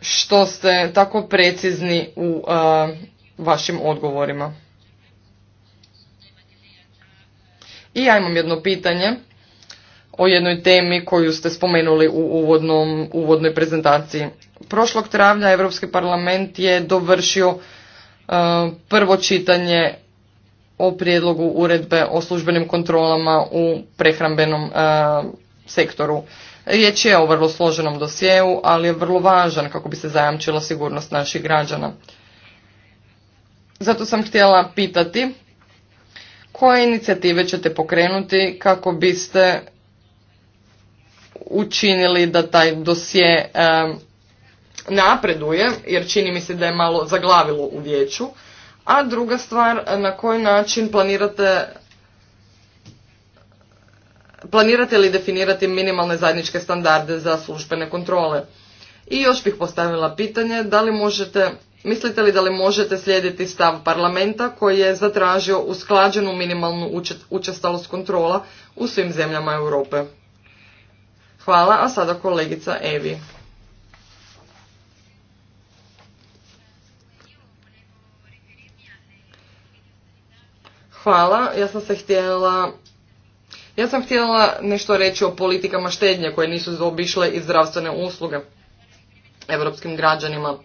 što ste tako precizni u e, vašim odgovorima. I ja imam jedno pitanje o jednoj temi koju ste spomenuli u uvodnoj prezentaciji. Prošlog travnja Europski parlament je dovršio E, prvo čitanje o prijedlogu uredbe o službenim kontrolama u prehrambenom e, sektoru. Riječ je o vrlo složenom dosjeu, ali je vrlo važan kako bi se zajamčila sigurnost naših građana. Zato sam htjela pitati koje inicijative ćete pokrenuti kako biste učinili da taj dosje e, napreduje, jer čini mi se da je malo zaglavilo u vijeću. A druga stvar, na koji način planirate planirate li definirati minimalne zajedničke standarde za službene kontrole? I još bih postavila pitanje, da li možete, mislite li da li možete slijediti stav parlamenta koji je zatražio usklađenu minimalnu učestalost kontrola u svim zemljama Europe? Hvala, a sada kolegica Evi. Hvala. Ja sam se htjela... Ja sam htjela nešto reći o politikama štednje koje nisu zaobišle i zdravstvene usluge europskim građanima.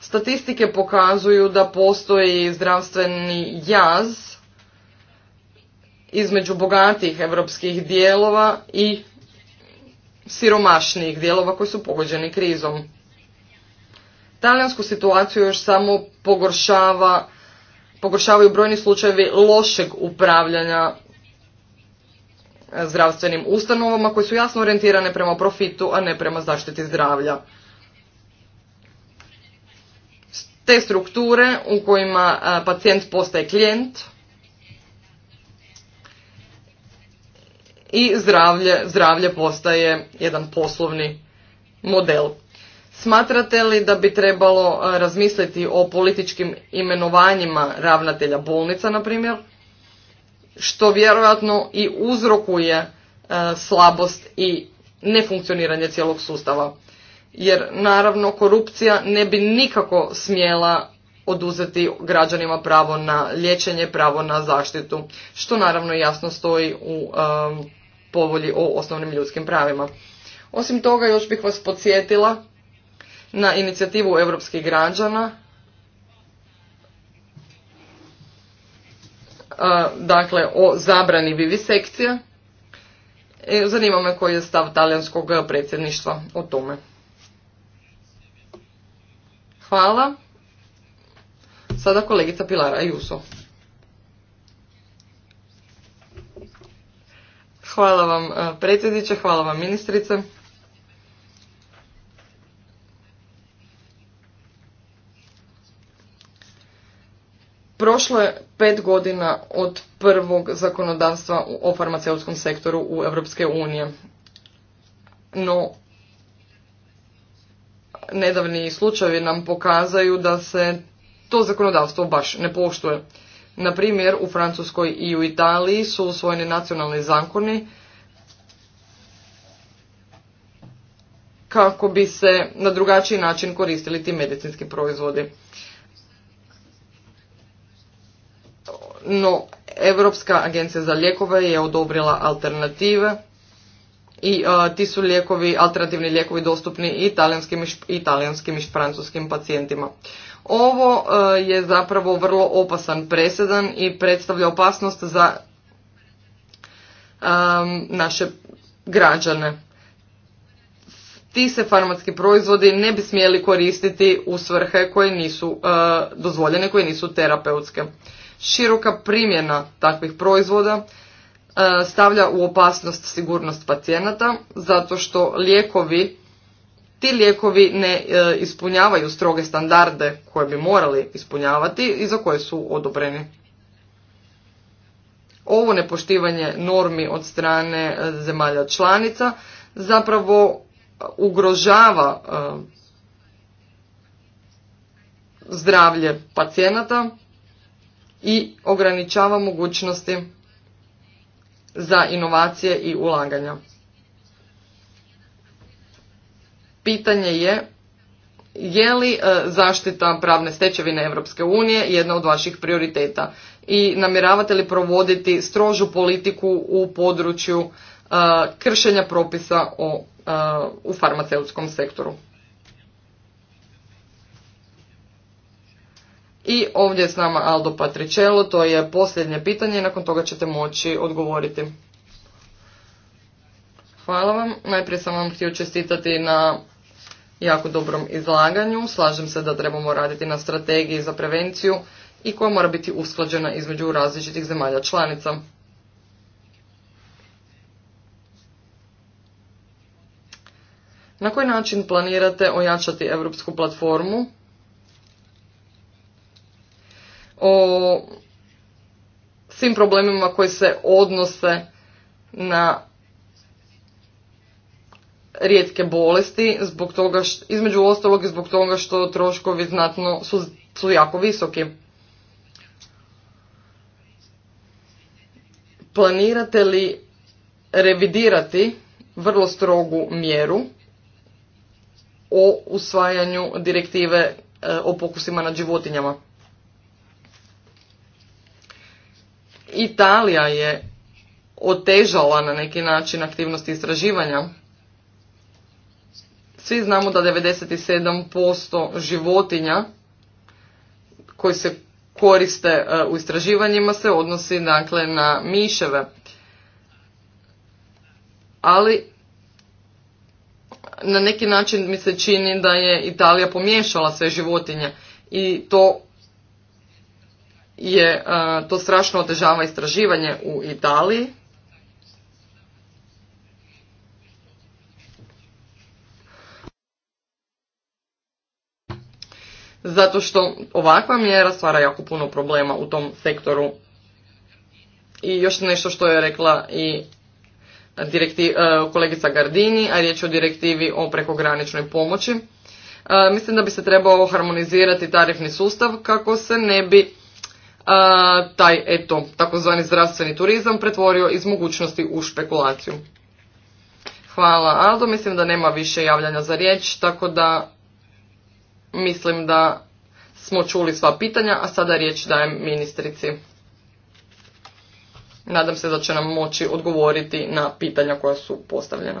Statistike pokazuju da postoji zdravstveni jaz između bogatih europskih dijelova i siromašnijih dijelova koji su pogođeni krizom. Talijansku situaciju još samo pogoršava pogoršavaju brojni slučajevi lošeg upravljanja zdravstvenim ustanovama koje su jasno orijentirane prema profitu, a ne prema zaštiti zdravlja. Te strukture u kojima pacijent postaje klijent i zdravlje, zdravlje postaje jedan poslovni model. Smatrate li da bi trebalo e, razmisliti o političkim imenovanjima ravnatelja bolnica, na primjer, što vjerojatno i uzrokuje e, slabost i nefunkcioniranje cijelog sustava? Jer naravno korupcija ne bi nikako smjela oduzeti građanima pravo na liječenje, pravo na zaštitu, što naravno jasno stoji u e, povolji o osnovnim ljudskim pravima. Osim toga još bih vas podsjetila na inicijativu europskih građana e, dakle o zabrani vivisekcija. E, zanima me koji je stav talijanskog predsjedništva o tome. Hvala. Sada kolegica Pilara Juso. Hvala vam e, predsjedniče, hvala vam ministrice. Prošlo je pet godina od prvog zakonodavstva o farmaceutskom sektoru u Europske unije. No, nedavni slučajevi nam pokazaju da se to zakonodavstvo baš ne poštuje. Na primjer, u Francuskoj i u Italiji su usvojeni nacionalni zakoni kako bi se na drugačiji način koristili ti medicinski proizvodi. no Europska agencija za lijekove je odobrila alternative i ti su lijekovi, alternativni lijekovi dostupni i talijanskim i, i francuskim pacijentima. Ovo je zapravo vrlo opasan presedan i predstavlja opasnost za naše građane. Ti se farmatski proizvodi ne bi smjeli koristiti u svrhe koje nisu dozvoljene, koje nisu terapeutske široka primjena takvih proizvoda e, stavlja u opasnost sigurnost pacijenata zato što lijekovi ti lijekovi ne e, ispunjavaju stroge standarde koje bi morali ispunjavati i za koje su odobreni. Ovo nepoštivanje normi od strane e, zemalja članica zapravo ugrožava zdravlje pacijenata i ograničava mogućnosti za inovacije i ulaganja. Pitanje je je li e, zaštita pravne stečevine Europske unije jedna od vaših prioriteta i namjeravate li provoditi strožu politiku u području e, kršenja propisa o, e, u farmaceutskom sektoru? I ovdje je s nama Aldo Patričelo, to je posljednje pitanje i nakon toga ćete moći odgovoriti. Hvala vam. Najprije sam vam htio čestitati na jako dobrom izlaganju. Slažem se da trebamo raditi na strategiji za prevenciju i koja mora biti usklađena između različitih zemalja članica. Na koji način planirate ojačati europsku platformu o svim problemima koji se odnose na rijetke bolesti zbog toga između ostalog i zbog toga što troškovi znatno su, su jako visoki. Planirate li revidirati vrlo strogu mjeru o usvajanju direktive e, o pokusima nad životinjama? Italija je otežala na neki način aktivnosti istraživanja. Svi znamo da 97% životinja koji se koriste e, u istraživanjima se odnosi dakle na miševe. Ali na neki način mi se čini da je Italija pomiješala sve životinje i to je e, to strašno otežava istraživanje u Italiji. Zato što ovakva mjera stvara jako puno problema u tom sektoru. I još nešto što je rekla i e, kolegica Gardini, a riječ je o direktivi o prekograničnoj pomoći. E, mislim da bi se trebao harmonizirati tarifni sustav kako se ne bi taj eto takozvani zdravstveni turizam pretvorio iz mogućnosti u špekulaciju. Hvala Aldo, mislim da nema više javljanja za riječ, tako da mislim da smo čuli sva pitanja, a sada riječ dajem ministrici. Nadam se da će nam moći odgovoriti na pitanja koja su postavljena.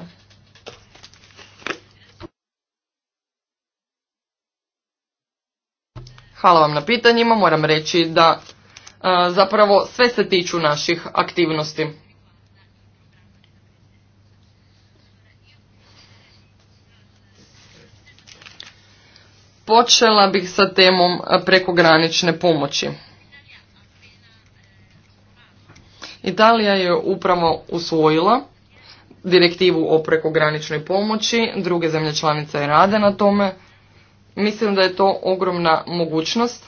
Hvala vam na pitanjima. Moram reći da zapravo sve se tiču naših aktivnosti. Počela bih sa temom prekogranične pomoći. Italija je upravo usvojila direktivu o prekograničnoj pomoći, druge zemlje članice rade na tome. Mislim da je to ogromna mogućnost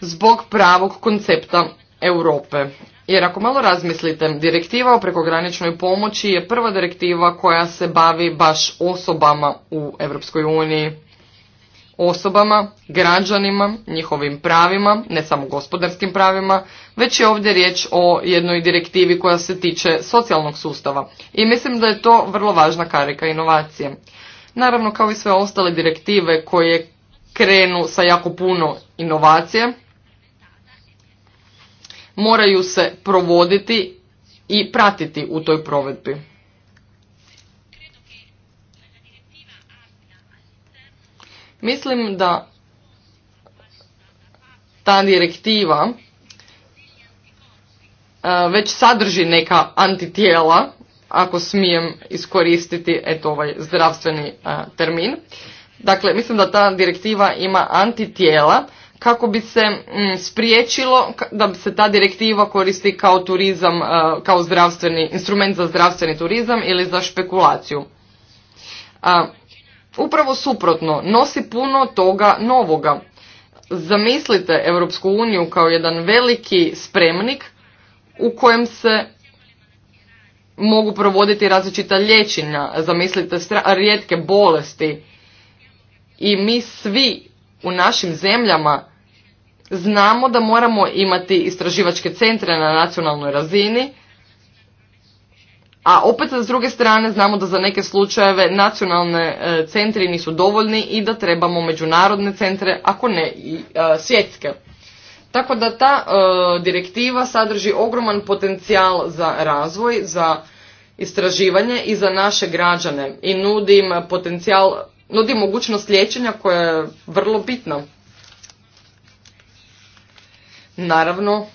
zbog pravog koncepta Europe. Jer ako malo razmislite, direktiva o prekograničnoj pomoći je prva direktiva koja se bavi baš osobama u Europskoj uniji. Osobama, građanima, njihovim pravima, ne samo gospodarskim pravima, već je ovdje riječ o jednoj direktivi koja se tiče socijalnog sustava. I mislim da je to vrlo važna karika inovacije. Naravno, kao i sve ostale direktive koje krenu sa jako puno inovacije, moraju se provoditi i pratiti u toj provedbi. Mislim da ta direktiva e, već sadrži neka antitijela, ako smijem iskoristiti eto ovaj zdravstveni e, termin. Dakle, mislim da ta direktiva ima antitijela kako bi se mm, spriječilo da bi se ta direktiva koristi kao turizam, e, kao zdravstveni, instrument za zdravstveni turizam ili za špekulaciju. Upravo suprotno, nosi puno toga novoga. Zamislite Europsku uniju kao jedan veliki spremnik u kojem se mogu provoditi različita liječenja, zamislite rijetke bolesti i mi svi u našim zemljama Znamo da moramo imati istraživačke centre na nacionalnoj razini, a opet s druge strane znamo da za neke slučajeve nacionalne e, centri nisu dovoljni i da trebamo međunarodne centre, ako ne i e, svjetske. Tako da ta e, direktiva sadrži ogroman potencijal za razvoj, za istraživanje i za naše građane i nudi im potencijal, nudi mogućnost liječenja koja je vrlo bitna. Naravno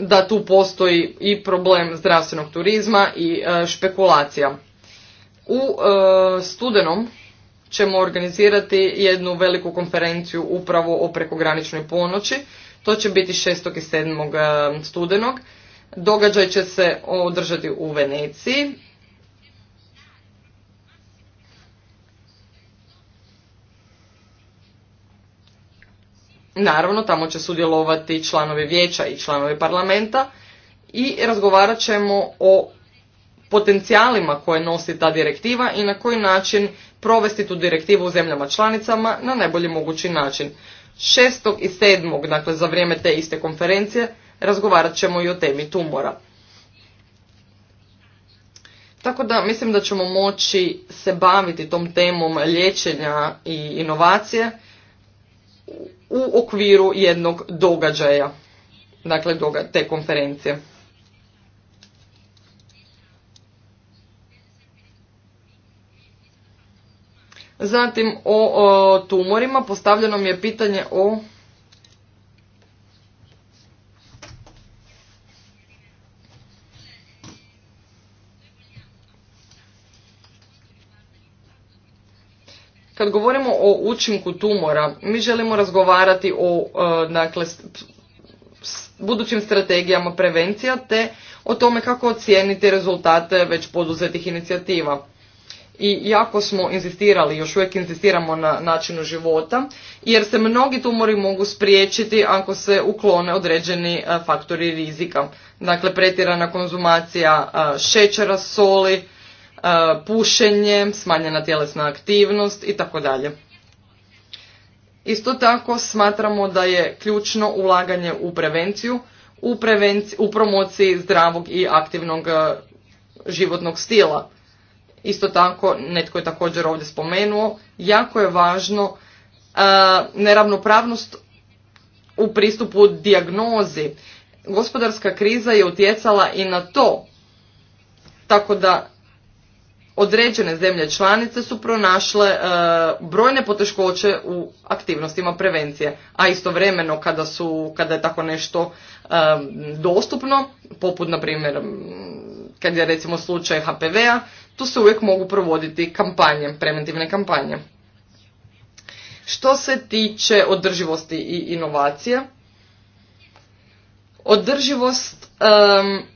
da tu postoji i problem zdravstvenog turizma i e, špekulacija. U e, studenom ćemo organizirati jednu veliku konferenciju upravo o prekograničnoj ponoći. To će biti 6. i 7. E, studenog. Događaj će se održati u Veneciji Naravno, tamo će sudjelovati članovi vijeća i članovi parlamenta i razgovarat ćemo o potencijalima koje nosi ta direktiva i na koji način provesti tu direktivu u zemljama članicama na najbolji mogući način. 6. i 7. dakle za vrijeme te iste konferencije razgovarat ćemo i o temi tumora. Tako da mislim da ćemo moći se baviti tom temom liječenja i inovacije u okviru jednog događaja, dakle te konferencije. Zatim o, tumorima postavljeno mi je pitanje o Kad govorimo o učinku tumora, mi želimo razgovarati o e, dakle, budućim strategijama prevencija te o tome kako ocijeniti rezultate već poduzetih inicijativa. I jako smo inzistirali, još uvijek inzistiramo na načinu života, jer se mnogi tumori mogu spriječiti ako se uklone određeni e, faktori rizika. Dakle, pretjerana konzumacija e, šećera, soli, pušenje, smanjena tjelesna aktivnost i tako dalje. Isto tako smatramo da je ključno ulaganje u prevenciju, u, promociji zdravog i aktivnog životnog stila. Isto tako, netko je također ovdje spomenuo, jako je važno neravnopravnost u pristupu dijagnozi. Gospodarska kriza je utjecala i na to, tako da određene zemlje članice su pronašle e, brojne poteškoće u aktivnostima prevencije, a istovremeno kada, su, kada je tako nešto e, dostupno, poput na primjer kad je recimo slučaj HPV-a, tu se uvijek mogu provoditi kampanje, preventivne kampanje. Što se tiče održivosti i inovacija, održivost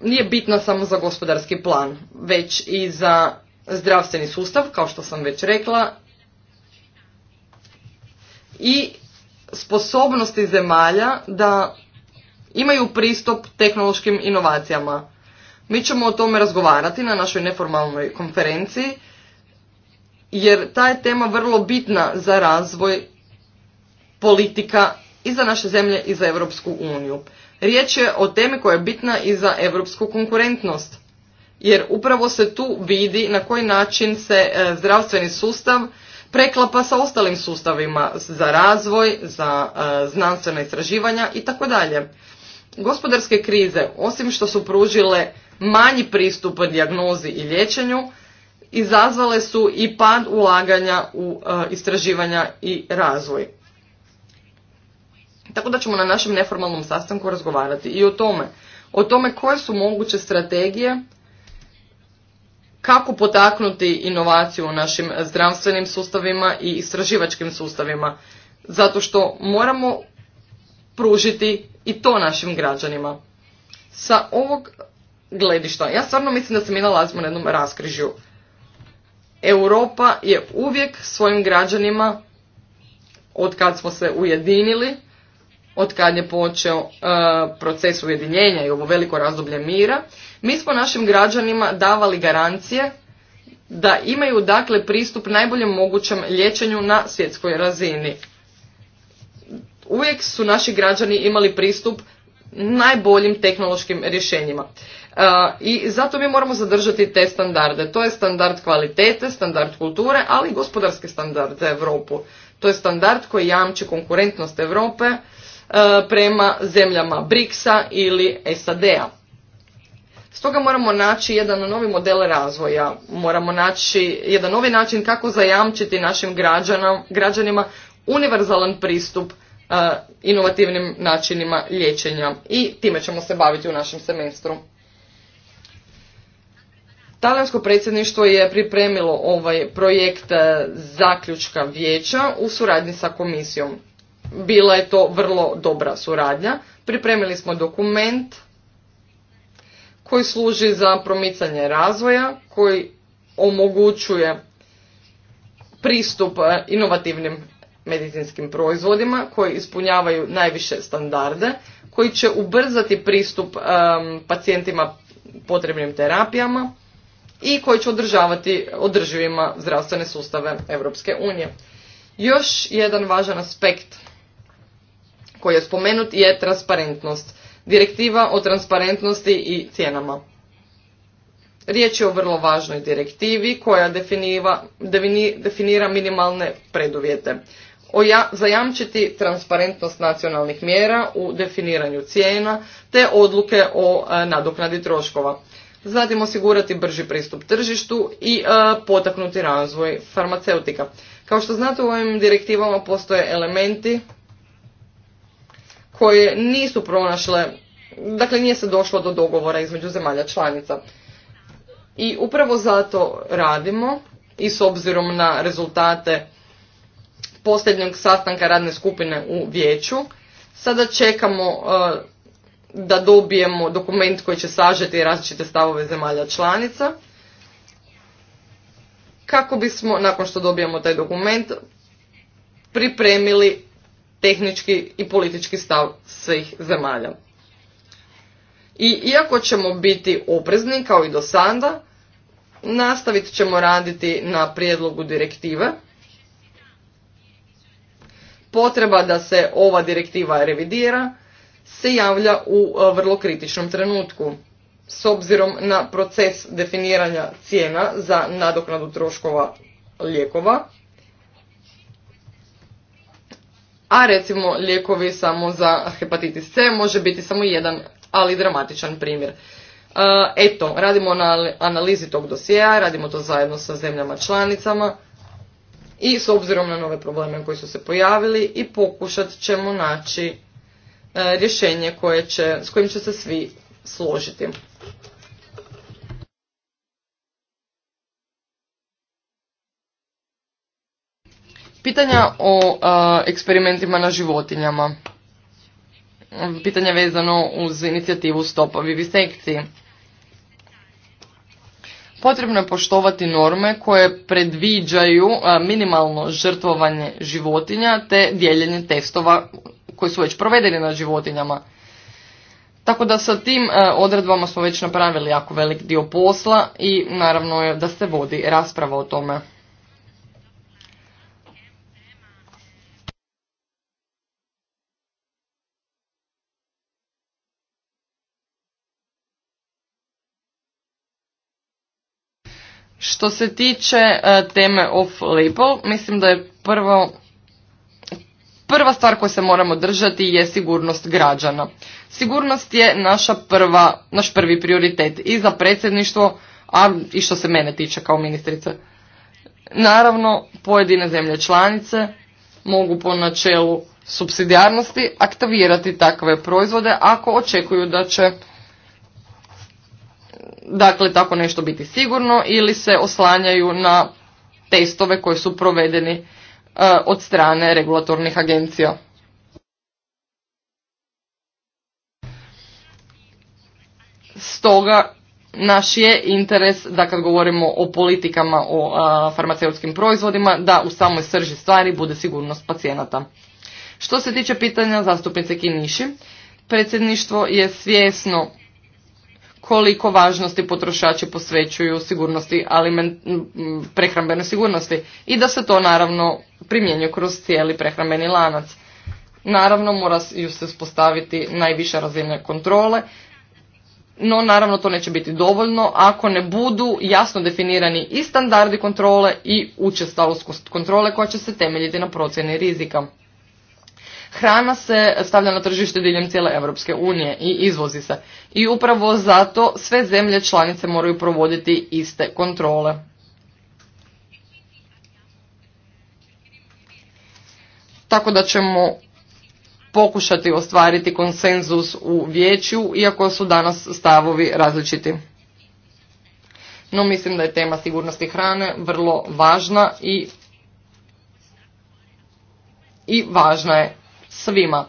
nije bitna samo za gospodarski plan, već i za zdravstveni sustav, kao što sam već rekla, i sposobnosti zemalja da imaju pristup tehnološkim inovacijama. Mi ćemo o tome razgovarati na našoj neformalnoj konferenciji, jer ta je tema vrlo bitna za razvoj politika i za naše zemlje i za Europsku uniju. Riječ je o temi koja je bitna i za europsku konkurentnost jer upravo se tu vidi na koji način se e, zdravstveni sustav preklapa sa ostalim sustavima za razvoj, za e, znanstvena istraživanja i tako dalje. Gospodarske krize, osim što su pružile manji pristup dijagnozi i liječenju, izazvale su i pad ulaganja u e, istraživanja i razvoj. Tako da ćemo na našem neformalnom sastanku razgovarati i o tome. O tome koje su moguće strategije kako potaknuti inovaciju u našim zdravstvenim sustavima i istraživačkim sustavima. Zato što moramo pružiti i to našim građanima. Sa ovog gledišta, ja stvarno mislim da se mi nalazimo na jednom raskrižju. Europa je uvijek svojim građanima, od kad smo se ujedinili, od kad je počeo e, proces ujedinjenja i ovo veliko razdoblje mira, mi smo našim građanima davali garancije da imaju dakle pristup najboljem mogućem liječenju na svjetskoj razini. Uvijek su naši građani imali pristup najboljim tehnološkim rješenjima. E, I zato mi moramo zadržati te standarde. To je standard kvalitete, standard kulture, ali i gospodarski standard za Europu. To je standard koji jamči konkurentnost Europe, E, prema zemljama BRICS-a ili SAD-a. Stoga moramo naći jedan novi model razvoja, moramo naći jedan novi način kako zajamčiti našim građanima univerzalan pristup e, inovativnim načinima liječenja i time ćemo se baviti u našem semestru. Talijansko predsjedništvo je pripremilo ovaj projekt e, zaključka vijeća u suradnji sa komisijom. Bila je to vrlo dobra suradnja. Pripremili smo dokument koji služi za promicanje razvoja, koji omogućuje pristup e, inovativnim medicinskim proizvodima koji ispunjavaju najviše standarde, koji će ubrzati pristup e, pacijentima potrebnim terapijama i koji će održavati održivima zdravstvene sustave Europske unije. Još jedan važan aspekt koji je spomenut je transparentnost. Direktiva o transparentnosti i cijenama. Riječ je o vrlo važnoj direktivi koja definira minimalne preduvjete. zajamčiti transparentnost nacionalnih mjera u definiranju cijena te odluke o e, nadoknadi troškova. Zatim osigurati brži pristup tržištu i e, potaknuti razvoj farmaceutika. Kao što znate u ovim direktivama postoje elementi koje nisu pronašle, dakle nije se došlo do dogovora između zemalja članica. I upravo zato radimo i s obzirom na rezultate posljednjeg sastanka radne skupine u vijeću, sada čekamo uh, da dobijemo dokument koji će sažeti različite stavove zemalja članica kako bismo nakon što dobijemo taj dokument pripremili tehnički i politički stav svih zemalja. I iako ćemo biti oprezni kao i do sada, nastavit ćemo raditi na prijedlogu direktive. Potreba da se ova direktiva revidira se javlja u e, vrlo kritičnom trenutku. S obzirom na proces definiranja cijena za nadoknadu troškova lijekova, a recimo lijekovi samo za hepatitis C može biti samo jedan, ali dramatičan primjer. E, eto, radimo na analizi tog dosjea, radimo to zajedno sa zemljama članicama i s obzirom na nove probleme koji su se pojavili i pokušat ćemo naći e, rješenje koje s kojim će se svi složiti. Pitanja o eksperimentima na životinjama. Pitanja vezano uz inicijativu stopovi sekciji. Potrebno je poštovati norme koje predviđaju minimalno žrtvovanje životinja te dijeljenje testova koji su već provedeni na životinjama. Tako da sa tim odredbama smo već napravili jako velik dio posla i naravno je da se vodi rasprava o tome. Što se tiče e, teme of label, mislim da je prvo, prva stvar koju se moramo držati je sigurnost građana. Sigurnost je naša prva, naš prvi prioritet i za predsjedništvo, a i što se mene tiče kao ministrice. Naravno, pojedine zemlje članice mogu po načelu subsidijarnosti aktivirati takve proizvode ako očekuju da će dakle tako nešto biti sigurno ili se oslanjaju na testove koji su provedeni e, od strane regulatornih agencija. Stoga naš je interes da kad govorimo o politikama o e, farmaceutskim proizvodima da u samoj srži stvari bude sigurnost pacijenata. Što se tiče pitanja zastupnice Kiniši, predsjedništvo je svjesno koliko važnosti potrošači posvećuju sigurnosti aliment, prehrambenoj sigurnosti i da se to naravno primjenjuje kroz cijeli prehrambeni lanac. Naravno moraju se uspostaviti najviše razine kontrole, no naravno to neće biti dovoljno ako ne budu jasno definirani i standardi kontrole i učestalost kontrole koja će se temeljiti na procjeni rizika. Hrana se stavlja na tržište diljem cijele Europske unije i izvozi se. I upravo zato sve zemlje članice moraju provoditi iste kontrole. Tako da ćemo pokušati ostvariti konsenzus u vijeću, iako su danas stavovi različiti. No mislim da je tema sigurnosti hrane vrlo važna i, i važna je svima.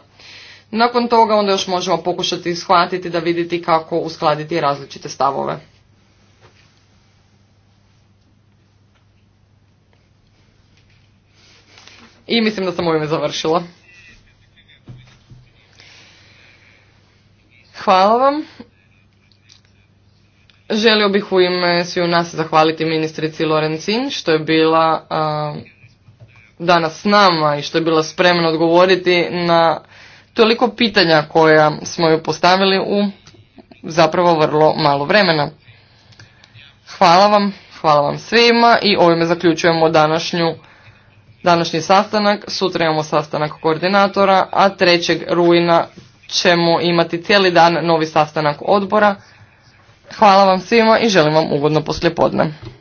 Nakon toga onda još možemo pokušati shvatiti da vidjeti kako uskladiti različite stavove. I mislim da sam ovime završila. Hvala vam. Želio bih u ime sviju nas zahvaliti ministrici Lorencin što je bila danas s nama i što je bila spremna odgovoriti na toliko pitanja koja smo ju postavili u zapravo vrlo malo vremena. Hvala vam, hvala vam svima i ovime zaključujemo današnju, današnji sastanak. Sutra imamo sastanak koordinatora, a 3. rujna ćemo imati cijeli dan novi sastanak odbora. Hvala vam svima i želim vam ugodno poslijepodne.